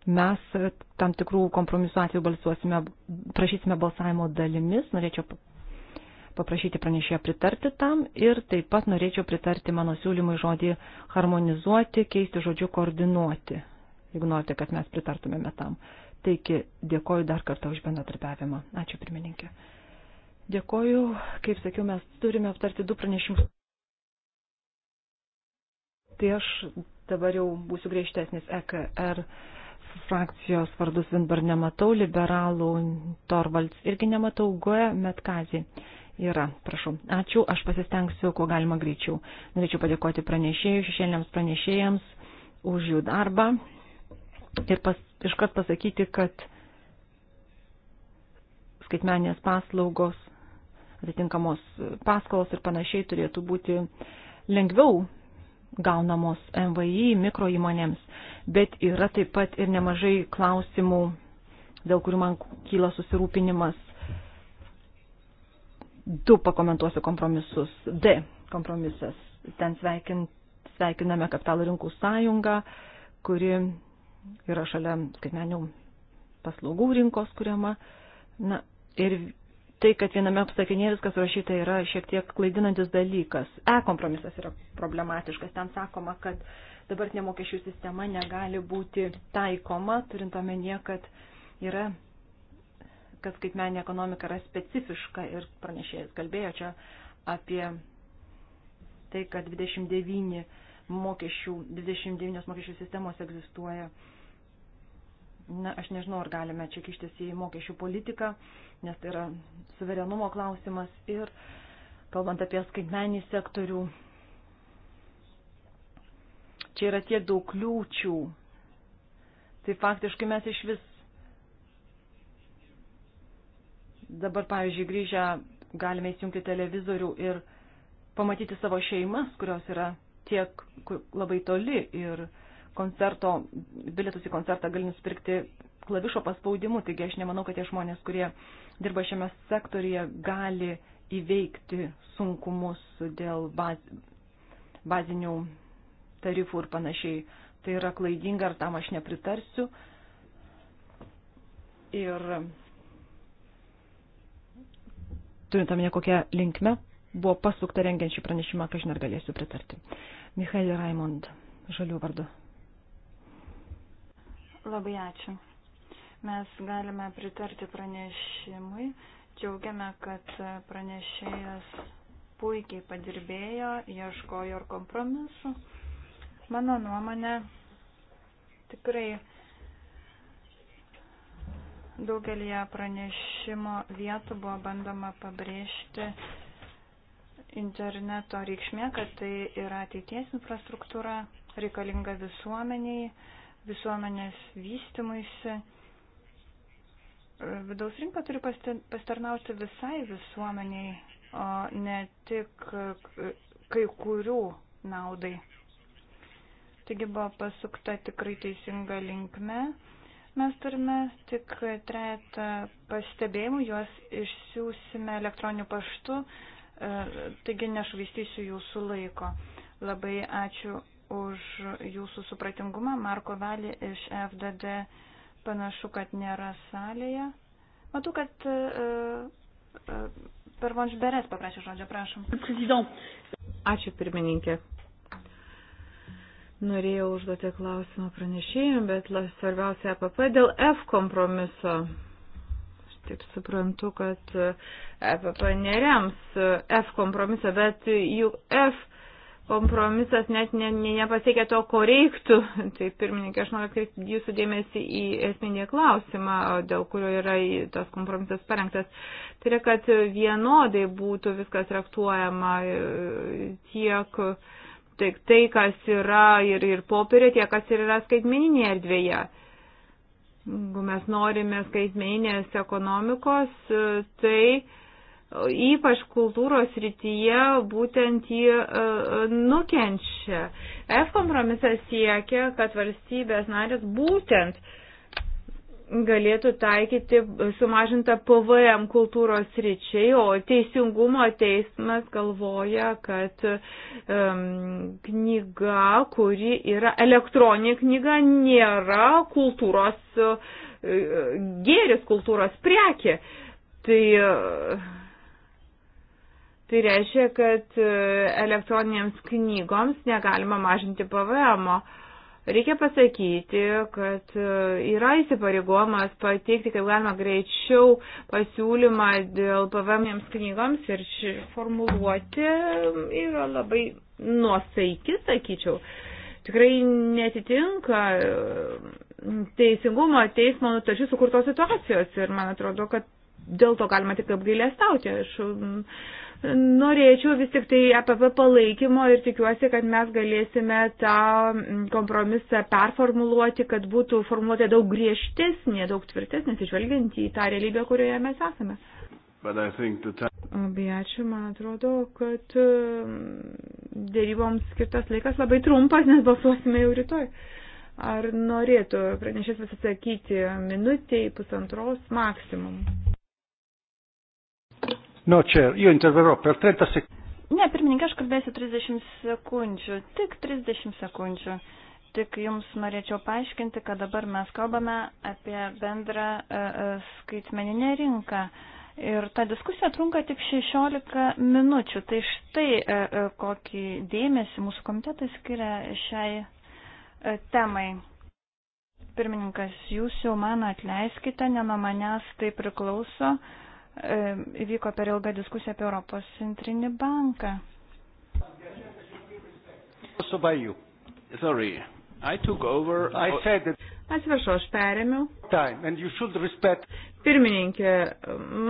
mes tam tikrų kompromisų atveju balsuosime, prašysime balsavimo dalimis. Norėčiau paprašyti pranešėją pritarti tam ir taip pat norėčiau pritarti mano siūlymui žodį harmonizuoti, keisti žodžiu koordinuoti, jeigu norite, kad mes pritartumėme tam. Taigi dėkoju dar kartą už bendradarbiavimą. Ačiū pirmininkė. Dėkoju, kaip sakiau, mes turime aptarti du pranešimus. Tai aš dabar jau būsiu griežtesnis EKR frakcijos vardus Vinbar nematau, liberalų Torvalds irgi nematau, Goe Metkazį yra. Prašau. Ačiū, aš pasistengsiu, kuo galima greičiau. Norėčiau padėkoti pranešėjų, šešėliams pranešėjams už jų darbą ir pas, iškart pasakyti, kad skaitmenės paslaugos, atitinkamos paskolos ir panašiai turėtų būti lengviau gaunamos MVI mikro įmonėms, bet yra taip pat ir nemažai klausimų, dėl kurių man kyla susirūpinimas du pakomentuosiu kompromisus. D kompromisas. Ten sveikin, sveikiname kapitalų rinkų sąjungą, kuri yra šalia skaitmenių paslaugų rinkos kuriama. Na, ir tai, kad viename apsakinėje viskas rašyta, yra šiek tiek klaidinantis dalykas. E kompromisas yra problematiškas. Ten sakoma, kad dabartinė mokesčių sistema negali būti taikoma, turint omenyje, kad yra kad skaitmeninė ekonomika yra specifiška ir pranešėjas kalbėjo čia apie tai, kad 29 mokesčių, 29 mokesčių sistemos egzistuoja. Na, aš nežinau, ar galime čia kištis į mokesčių politiką, nes tai yra suverenumo klausimas ir kalbant apie skaitmenį sektorių, čia yra tiek daug kliūčių. Tai faktiškai mes iš vis dabar, pavyzdžiui, grįžę galime įsijungti televizorių ir pamatyti savo šeimas, kurios yra tiek labai toli ir koncerto, bilietus į koncertą gali nusipirkti klavišo paspaudimu, taigi aš nemanau, kad tie žmonės, kurie dirba šiame sektorija, gali įveikti sunkumus dėl baz, bazinių tarifų ir panašiai. Tai yra klaidinga, ar tam aš nepritarsiu. Ir turint omenyje kokią linkmę buvo pasukta rengiant šį pranešimą, kažin tai ar galėsiu pritarti. Michaelė Raimond, žalių vardu. Labai ačiū. Mes galime pritarti pranešimui. Džiaugiame, kad pranešėjas puikiai padirbėjo, ieškojo ir kompromisu. Mano nuomonė tikrai Daugelie pranešimo vietų buvo bandoma pabrėžti interneto reikšmė, kad tai yra ateities infrastruktūra, reikalinga visuomeniai, visuomenės vystimuisi. Vidaus rinka turi pastarnauti visai visuomeniai, o ne tik kai kurių naudai. Taigi buvo pasukta tikrai teisinga linkme Mes turime tik trejata pastebėjimų, juos išsiųsime elektroniniu paštu, e, taigi nešvaistysiu jūsų laiko. Labai ačiū už jūsų supratingumą. Marko Valį iš FDD panašu, kad nėra salėje. Matau, kad e, e, per Vonžberes paprašė žodžio, prašom. Ačiū pirmininkė. Norėjau užduoti klausimą pranešėjim, bet svarbiausia APP dėl F kompromiso. Aš taip suprantu, kad e, APP nerems e, F kompromiso, bet juk F kompromisas net ne, ne, nepasiekė to, ko reiktų. Tai pirmininkė, aš noriu atkreipti jūsų dėmesį į esminį klausimą, dėl kurio yra tas kompromisas parengtas. Tai yra, kad vienodai būtų viskas traktuojama e, tiek tik tai, kas yra ir, ir popierė, tie, kas ir yra skaitmeninėje erdvėje. Jeigu mes norime skaitmeninės ekonomikos, tai ypač kultūros rytyje būtent jį e, e, nukenčia. F kompromisas siekia, kad valstybės narės būtent uh, galėtų taikyti sumažintą PVM kultūros ryčiai, o teisingumo teismas galvoja, kad um, knyga, kuri yra elektroninė knyga, nėra kultūros uh, gėris, kultūros prekė. Tai, uh, tai reiškia, kad uh, elektroninėms knygoms negalima mažinti PVM. -o. Reikia pasakyti, kad e, yra įsipareigomas pateikti, kaip galima greičiau, pasiūlymą dėl pavamiems knygoms ir ši formuluoti yra labai nuosaiki, sakyčiau. Tikrai netitinka e, teisingumo teismo nutačių sukurtos situacijos ir man atrodo, kad dėl to galima tik apgailę stauti. Aš Norėčiau vis tik tai APP e palaikymo ir tikiuosi, kad mes galėsime tą mm, kompromisą performuluoti, kad būtų formuluotė daug griežtesnė, daug tvirtesnė, atsižvelgiant į tą realybę, kurioje mes esame. Labai ačiū, man atrodo, kad mm, dėryboms skirtas laikas labai trumpas, nes balsuosime jau rytoj. Ar norėtų pranešės pasisakyti minutiai, pusantros maksimum? No, Chair, io interverrò per 30 sekundžių. Ne, pirmininkė, aš kalbėsiu 30 sekundžių, tik 30 sekundžių. Tik jums norėčiau paaiškinti, kad dabar mes kalbame apie bendrą uh, skaitmeninę rinką. Ir ta diskusija trunka tik 16 minučių. Tai štai uh, kokį dėmesį mūsų komitetai skiria šiai uh, temai. Pirmininkas, jūs jau man atleiskite, ne nuo manęs tai priklauso. Uh, E, įvyko per ilgą diskusiją apie Europos centrinį banką. Atsiprašau, aš perėmiau. Pirmininkė,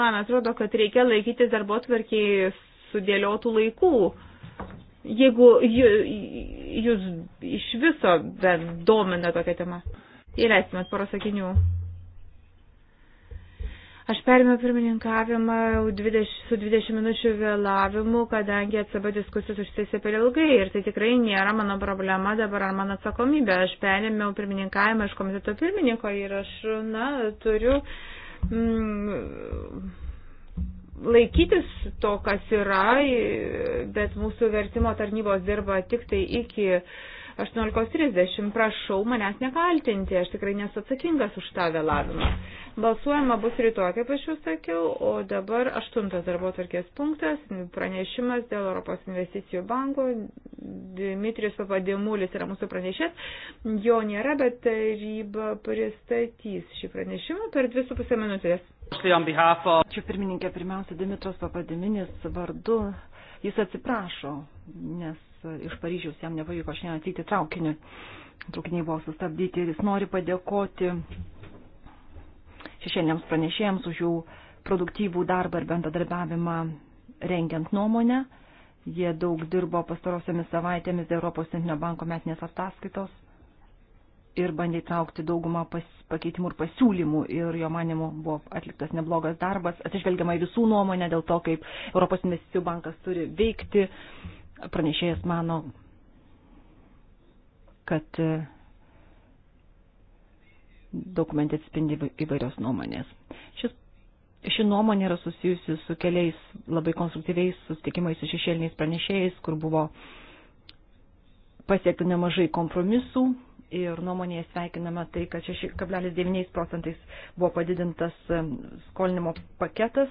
man atrodo, kad reikia laikytis darbo tvarkiai sudėliotų laikų. Jeigu jūs iš viso domina tokia tema, įleisimės porą sakinių. Aš perėmiau pirmininkavimą 20, su 20 minučių vėlavimu, kadangi atsaba diskusijos užsėsė per ilgai ir tai tikrai nėra mano problema dabar ar mano atsakomybė. Aš perėmiau pirmininkavimą iš komiteto pirmininko ir aš, na, turiu mm, laikytis to, kas yra, bet mūsų vertimo tarnybos dirba tik tai iki. Uh, 18.30. Prašau manęs nekaltinti, aš tikrai nesu atsakingas už tą vėlavimą. Balsuojama bus rytoj, kaip aš jau sakiau, o dabar aštuntas darbo tvarkės punktas, pranešimas dėl Europos investicijų banko. Dimitris Papadimulis yra mūsų pranešės, jo nėra, bet taryba pristatys šį pranešimą per dvi su pusę minutės. Čia pirmininkė, pirmiausia, Dimitros Papadiminis vardu, jis atsiprašo, nes iš Paryžiaus jam nepavyko šiandien atvykti traukiniu. Traukiniai buvo sustabdyti ir jis nori padėkoti šešėliams pranešėjams už jų produktyvų darbą ir bendradarbiavimą rengiant nuomonę. Jie daug dirbo pastarosiamis savaitėmis Europos Centrinio banko metinės ataskaitos ir bandė įtraukti daugumą pas, pakeitimų ir pasiūlymų ir jo manimu buvo atliktas neblogas darbas, atsižvelgiama į visų nuomonę dėl to, kaip Europos investicijų bankas turi veikti, pranešėjas mano, kad e, dokumentė atspindi įvairios nuomonės. Šis, ši nuomonė yra susijusi su keliais labai konstruktyviais sustikimais su šešėliniais pranešėjais, kur buvo pasiekti nemažai kompromisų ir nuomonėje sveikiname tai, kad 6,9 procentais buvo padidintas e, skolinimo paketas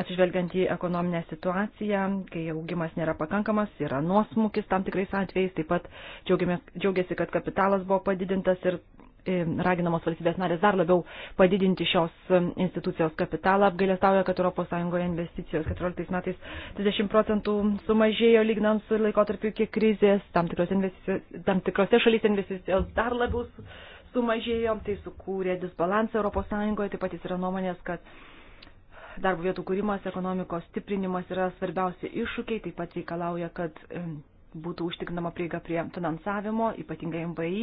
atsižvelgiant į ekonominę situaciją, kai augimas nėra pakankamas, yra nuosmukis tam tikrais atvejais, taip pat džiaugiasi, kad kapitalas buvo padidintas ir e, raginamos valstybės narės dar labiau padidinti šios e, institucijos kapitalą. Apgailestauja, kad ES investicijos 14 metais 30 procentų sumažėjo lygnant su laikotarpiu iki krizės, tam, tam tikrose šalyse investicijos dar labiau sumažėjo, tai sukūrė disbalansą ES, taip pat jis yra nuomonės, kad darbo vietų kūrimas, ekonomikos stiprinimas yra svarbiausi iššūkiai, taip pat reikalauja, kad būtų užtikrinama prieiga prie finansavimo, ypatingai MPI,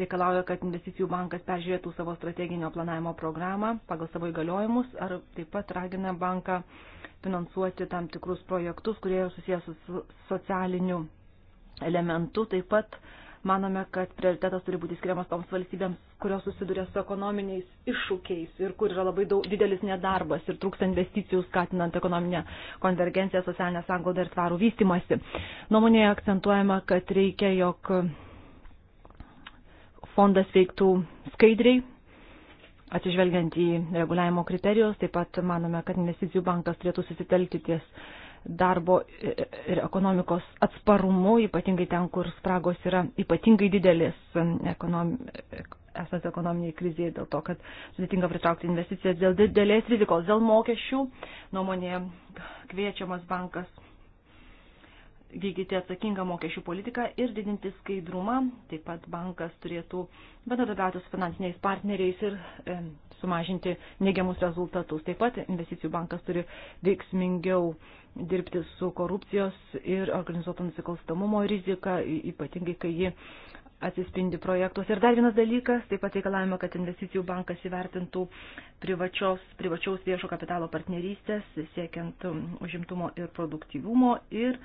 reikalauja, kad investicijų bankas peržiūrėtų savo strateginio planavimo programą pagal savo įgaliojimus, ar taip pat ragina banką finansuoti tam tikrus projektus, kurie yra susijęs su socialiniu elementu, taip pat uh, manome, kad prioritetas turi būti skiriamas toms valstybėms, kurios susiduria su ekonominiais iššūkiais ir kur yra labai daug, didelis nedarbas ir trūksta investicijų skatinant ekonominę konvergenciją, socialinę sąnglaudą ir tvarų vystimasi. Nuomonėje akcentuojama, kad reikia, jog fondas veiktų skaidriai. Atsižvelgiant į reguliavimo kriterijus, taip pat manome, kad investicijų bankas turėtų susitelkti ties darbo e, e, ir ekonomikos atsparumu, ypatingai ten, kur spragos yra ypatingai didelis ekonom... esant ekonominiai kriziai, dėl to, kad sudėtinga pritraukti investicijas dėl didelės rizikos, dėl mokesčių. Nuomonė kviečiamas bankas vykdyti atsakingą mokesčių politiką ir didinti skaidrumą. Taip pat bankas turėtų bendradarbiauti su finansiniais partneriais ir e, sumažinti neigiamus rezultatus. Taip pat investicijų bankas turi veiksmingiau dirbti su korupcijos ir organizuoto nusikalstamumo rizika, ypatingai kai ji atsispindi projektuose. Ir dar vienas dalykas, taip pat reikalavimo, kad investicijų bankas įvertintų privačios, privačiaus viešo kapitalo partnerystės, siekiant užimtumo ir produktyvumo ir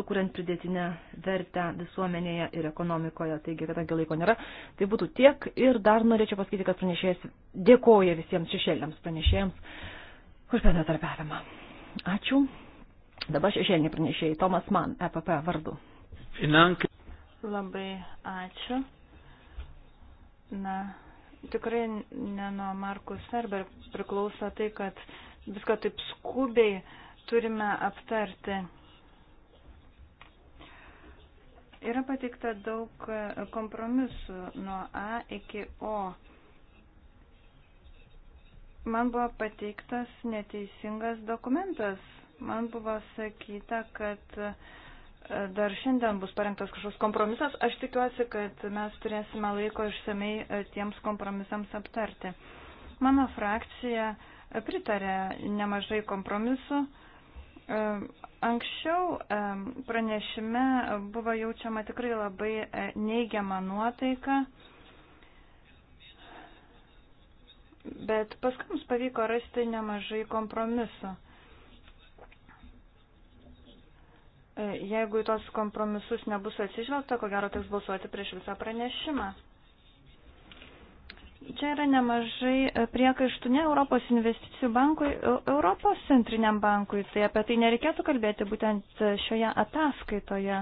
sukuriant pridėtinę vertę visuomenėje ir ekonomikoje. Taigi, kadangi laiko nėra, tai būtų tiek. Ir dar norėčiau pasakyti, kad pranešėjas dėkoja visiems šešėliams pranešėjams už bendradarbiavimą. Ačiū. Dabar šešėlinė pranešėjai Tomas Man, EPP vardu. Finank. Labai ačiū. Na, tikrai ne nuo Markus Ferber priklauso tai, kad viską taip skubiai turime aptarti Yra patikta daug e, kompromisų nuo A iki O. Man buvo pateiktas neteisingas dokumentas. Man buvo sakyta, kad e, dar šiandien bus parengtas kažkoks kompromisas. Aš tikiuosi, kad mes turėsime laiko išsamei e, tiems kompromisams aptarti. Mano frakcija pritarė nemažai kompromisų. Anksčiau pranešime buvo jaučiama tikrai labai e, neigiama nuotaika, bet paskui mums pavyko rasti nemažai kompromisų. E, jeigu į tos kompromisus nebus atsižvelgta, ko gero teks balsuoti prieš visą pranešimą. Čia yra nemažai e, priekaištų ne Europos investicijų bankui, e, Europos centriniam bankui. Tai apie tai nereikėtų kalbėti būtent e, šioje ataskaitoje.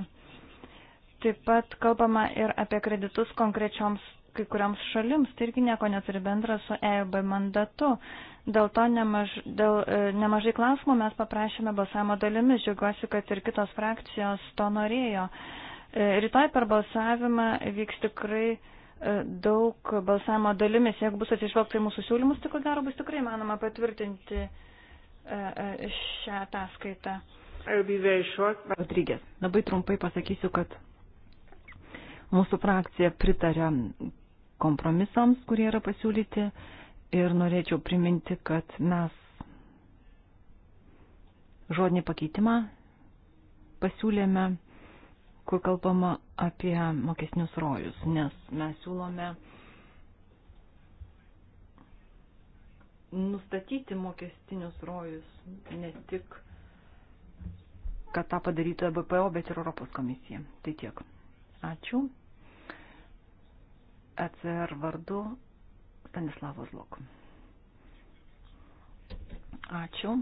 Taip pat kalbama ir apie kreditus konkrečioms kai kurioms šalims, tai irgi nieko neturi bendra su EIB mandatu. Dėl to nemaž, dėl, nemažai klausimų mes paprašėme balsavimo dalimis, džiaugiuosi, kad ir kitos frakcijos to norėjo. Rytoj per balsavimą vyks tikrai E, daug balsavimo dalimis. Jeigu bus atsižvelgta į mūsų siūlymus, tai ko gero bus tikrai manoma patvirtinti e, e, šią ataskaitą. Rodrygės, labai trumpai pasakysiu, kad mūsų frakcija pritarė kompromisams, kurie yra pasiūlyti ir norėčiau priminti, kad mes žodinį pakeitimą pasiūlėme kur kalbama apie mokesnius rojus, nes mes siūlome nustatyti mokestinius rojus ne tik, kad tą padarytų EBPO, bet ir Europos komisija. Tai tiek. Ačiū. ECR vardu Stanislavos Lok. Ačiū.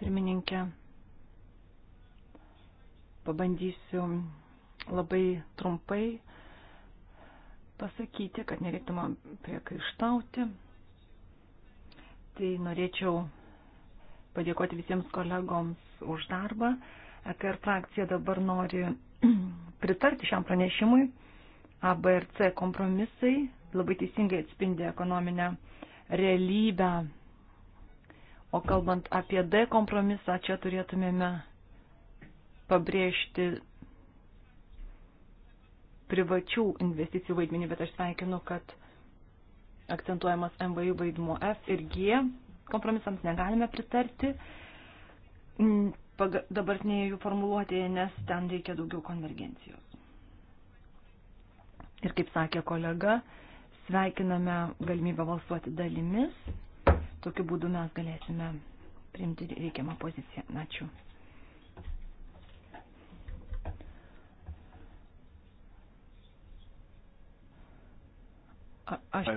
Pirmininkė. Pabandysiu labai trumpai pasakyti, kad nereiktų man priekaištauti. Tai norėčiau padėkoti visiems kolegoms už darbą. EKR frakcija dabar nori pritarti šiam pranešimui. A, B ir C kompromisai labai teisingai atspindi ekonominę realybę. O kalbant apie D kompromisą, čia turėtumėme pabrėžti privačių investicijų vaidmenį, bet aš sveikinu, kad akcentuojamas MVI vaidmuo F ir G kompromisams negalime pritarti mm, dabartinėje jų formuluotėje, nes ten reikia daugiau konvergencijos. Ir kaip sakė kolega, sveikiname galimybę balsuoti dalimis. Tokiu būdu mes galėsime priimti reikiamą poziciją. Ačiū. Aš,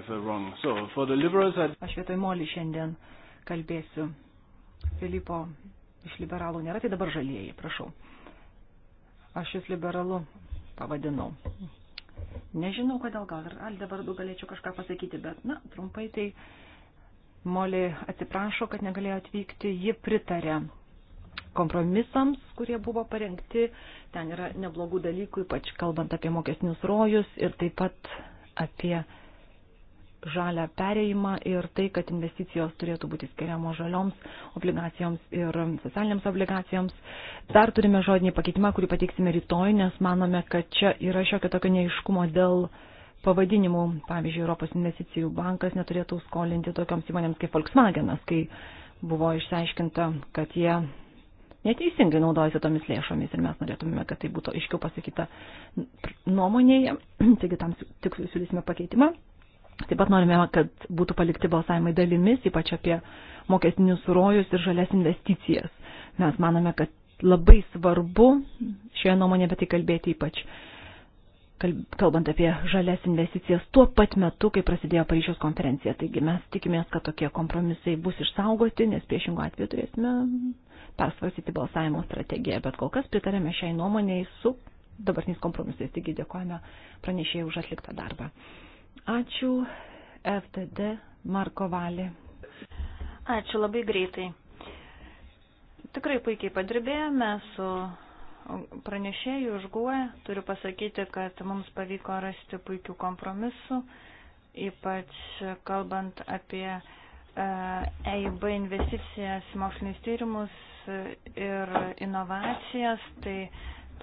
aš vietoj molį šiandien kalbėsiu. Filipo iš liberalų nėra, tai dabar žalieji, prašau. Aš jūs liberalu pavadinau. Nežinau, kodėl gal ir Alde vardu galėčiau kažką pasakyti, bet, na, trumpai tai Molė atsiprašo, kad negalėjo atvykti, ji pritarė kompromisams, kurie buvo parengti, ten yra neblogų dalykų, ypač kalbant apie mokesnius rojus ir taip pat apie žalę perėjimą ir tai, kad investicijos turėtų būti skiriamos žalioms obligacijoms ir socialinėms obligacijoms. Dar turime žodinį pakeitimą, kurį pateiksime rytoj, nes manome, kad čia yra šiokio tokio neiškumo dėl pavadinimų. Pavyzdžiui, Europos investicijų bankas neturėtų skolinti tokioms įmonėms kaip Volkswagenas, kai buvo išsiaiškinta, kad jie neteisingai naudojasi tomis lėšomis ir mes norėtumėme, kad tai būtų aiškiau pasakyta nuomonėje. Taigi tam tik siūlysime pakeitimą. Taip pat norime, kad būtų palikti balsavimai dalimis, ypač apie mokestinius rojus ir žalias investicijas. Mes manome, kad labai svarbu šioje nuomonėje apie tai kalbėti ypač kalbant apie žalias investicijas tuo pat metu, kai prasidėjo Paryžiaus konferencija. Taigi mes tikimės, kad tokie kompromisai bus išsaugoti, nes priešingų atveju turėsime persvarsyti balsavimo strategiją. Bet kol kas pritarėme šiai nuomonėjai su dabartiniais kompromisais. Taigi dėkojame pranešėjai už atliktą darbą. Ačiū FTD Marko Valė. Ačiū labai greitai. Tikrai puikiai padirbėjome su pranešėjų užguoja. E. Turiu pasakyti, kad mums pavyko rasti puikių kompromisų, ypač kalbant apie EIB e investicijas, mokslinis tyrimus ir inovacijas. Tai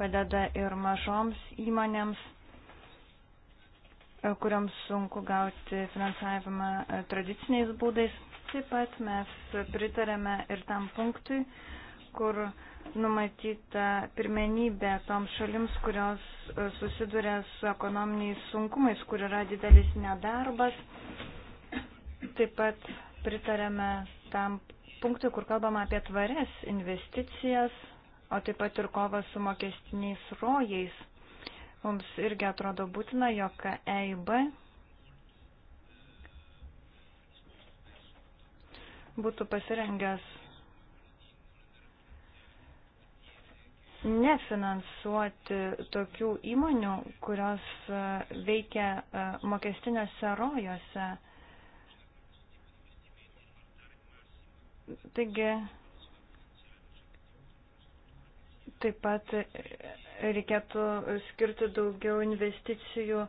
padeda ir mažoms įmonėms. E, kuriams sunku gauti finansavimą e, tradiciniais būdais. Taip pat mes pritarėme ir tam punktui, kur numatyta pirmenybė toms šalims, kurios e, susiduria su ekonominiais sunkumais, kur yra didelis nedarbas. Taip pat pritarėme tam punktui, kur kalbama apie tvarias investicijas, o taip pat ir kovą su mokestiniais rojais. Mums irgi atrodo būtina, jog EIB būtų pasirengęs nefinansuoti tokių įmonių, kurios e, veikia e, mokestinėse rojose. Taigi, taip pat reikėtų skirti daugiau investicijų e,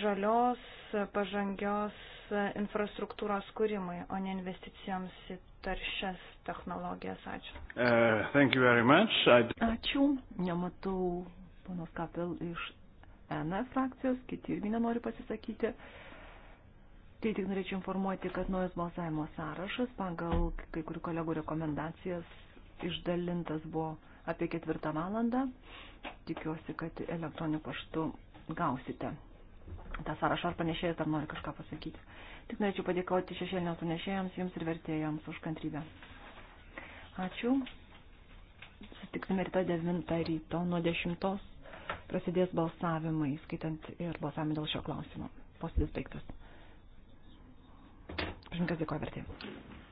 žalios, pažangios infrastruktūros kūrimui, o ne investicijoms į taršias technologijas. Ačiū. Uh, I... Ačiū. Nematau ponos Kapel iš NF frakcijos, kiti irgi nenori pasisakyti. Tai tik norėčiau informuoti, kad naujas balsavimo sąrašas pagal kai kurių kolegų rekomendacijas išdalintas buvo apie ketvirtą valandą. Tikiuosi, kad elektroniniu paštu gausite tą sąrašą ar panešėjas dar nori kažką pasakyti. Tik norėčiau padėkoti šešėlinio panešėjams, jums ir vertėjams už kantrybę. Ačiū. Sutiksime rytoj 9 ryto nuo 10 prasidės balsavimai, skaitant ir balsavimai dėl šio klausimo. Posėdis baigtas. Žinkas dėkoja vertėjams.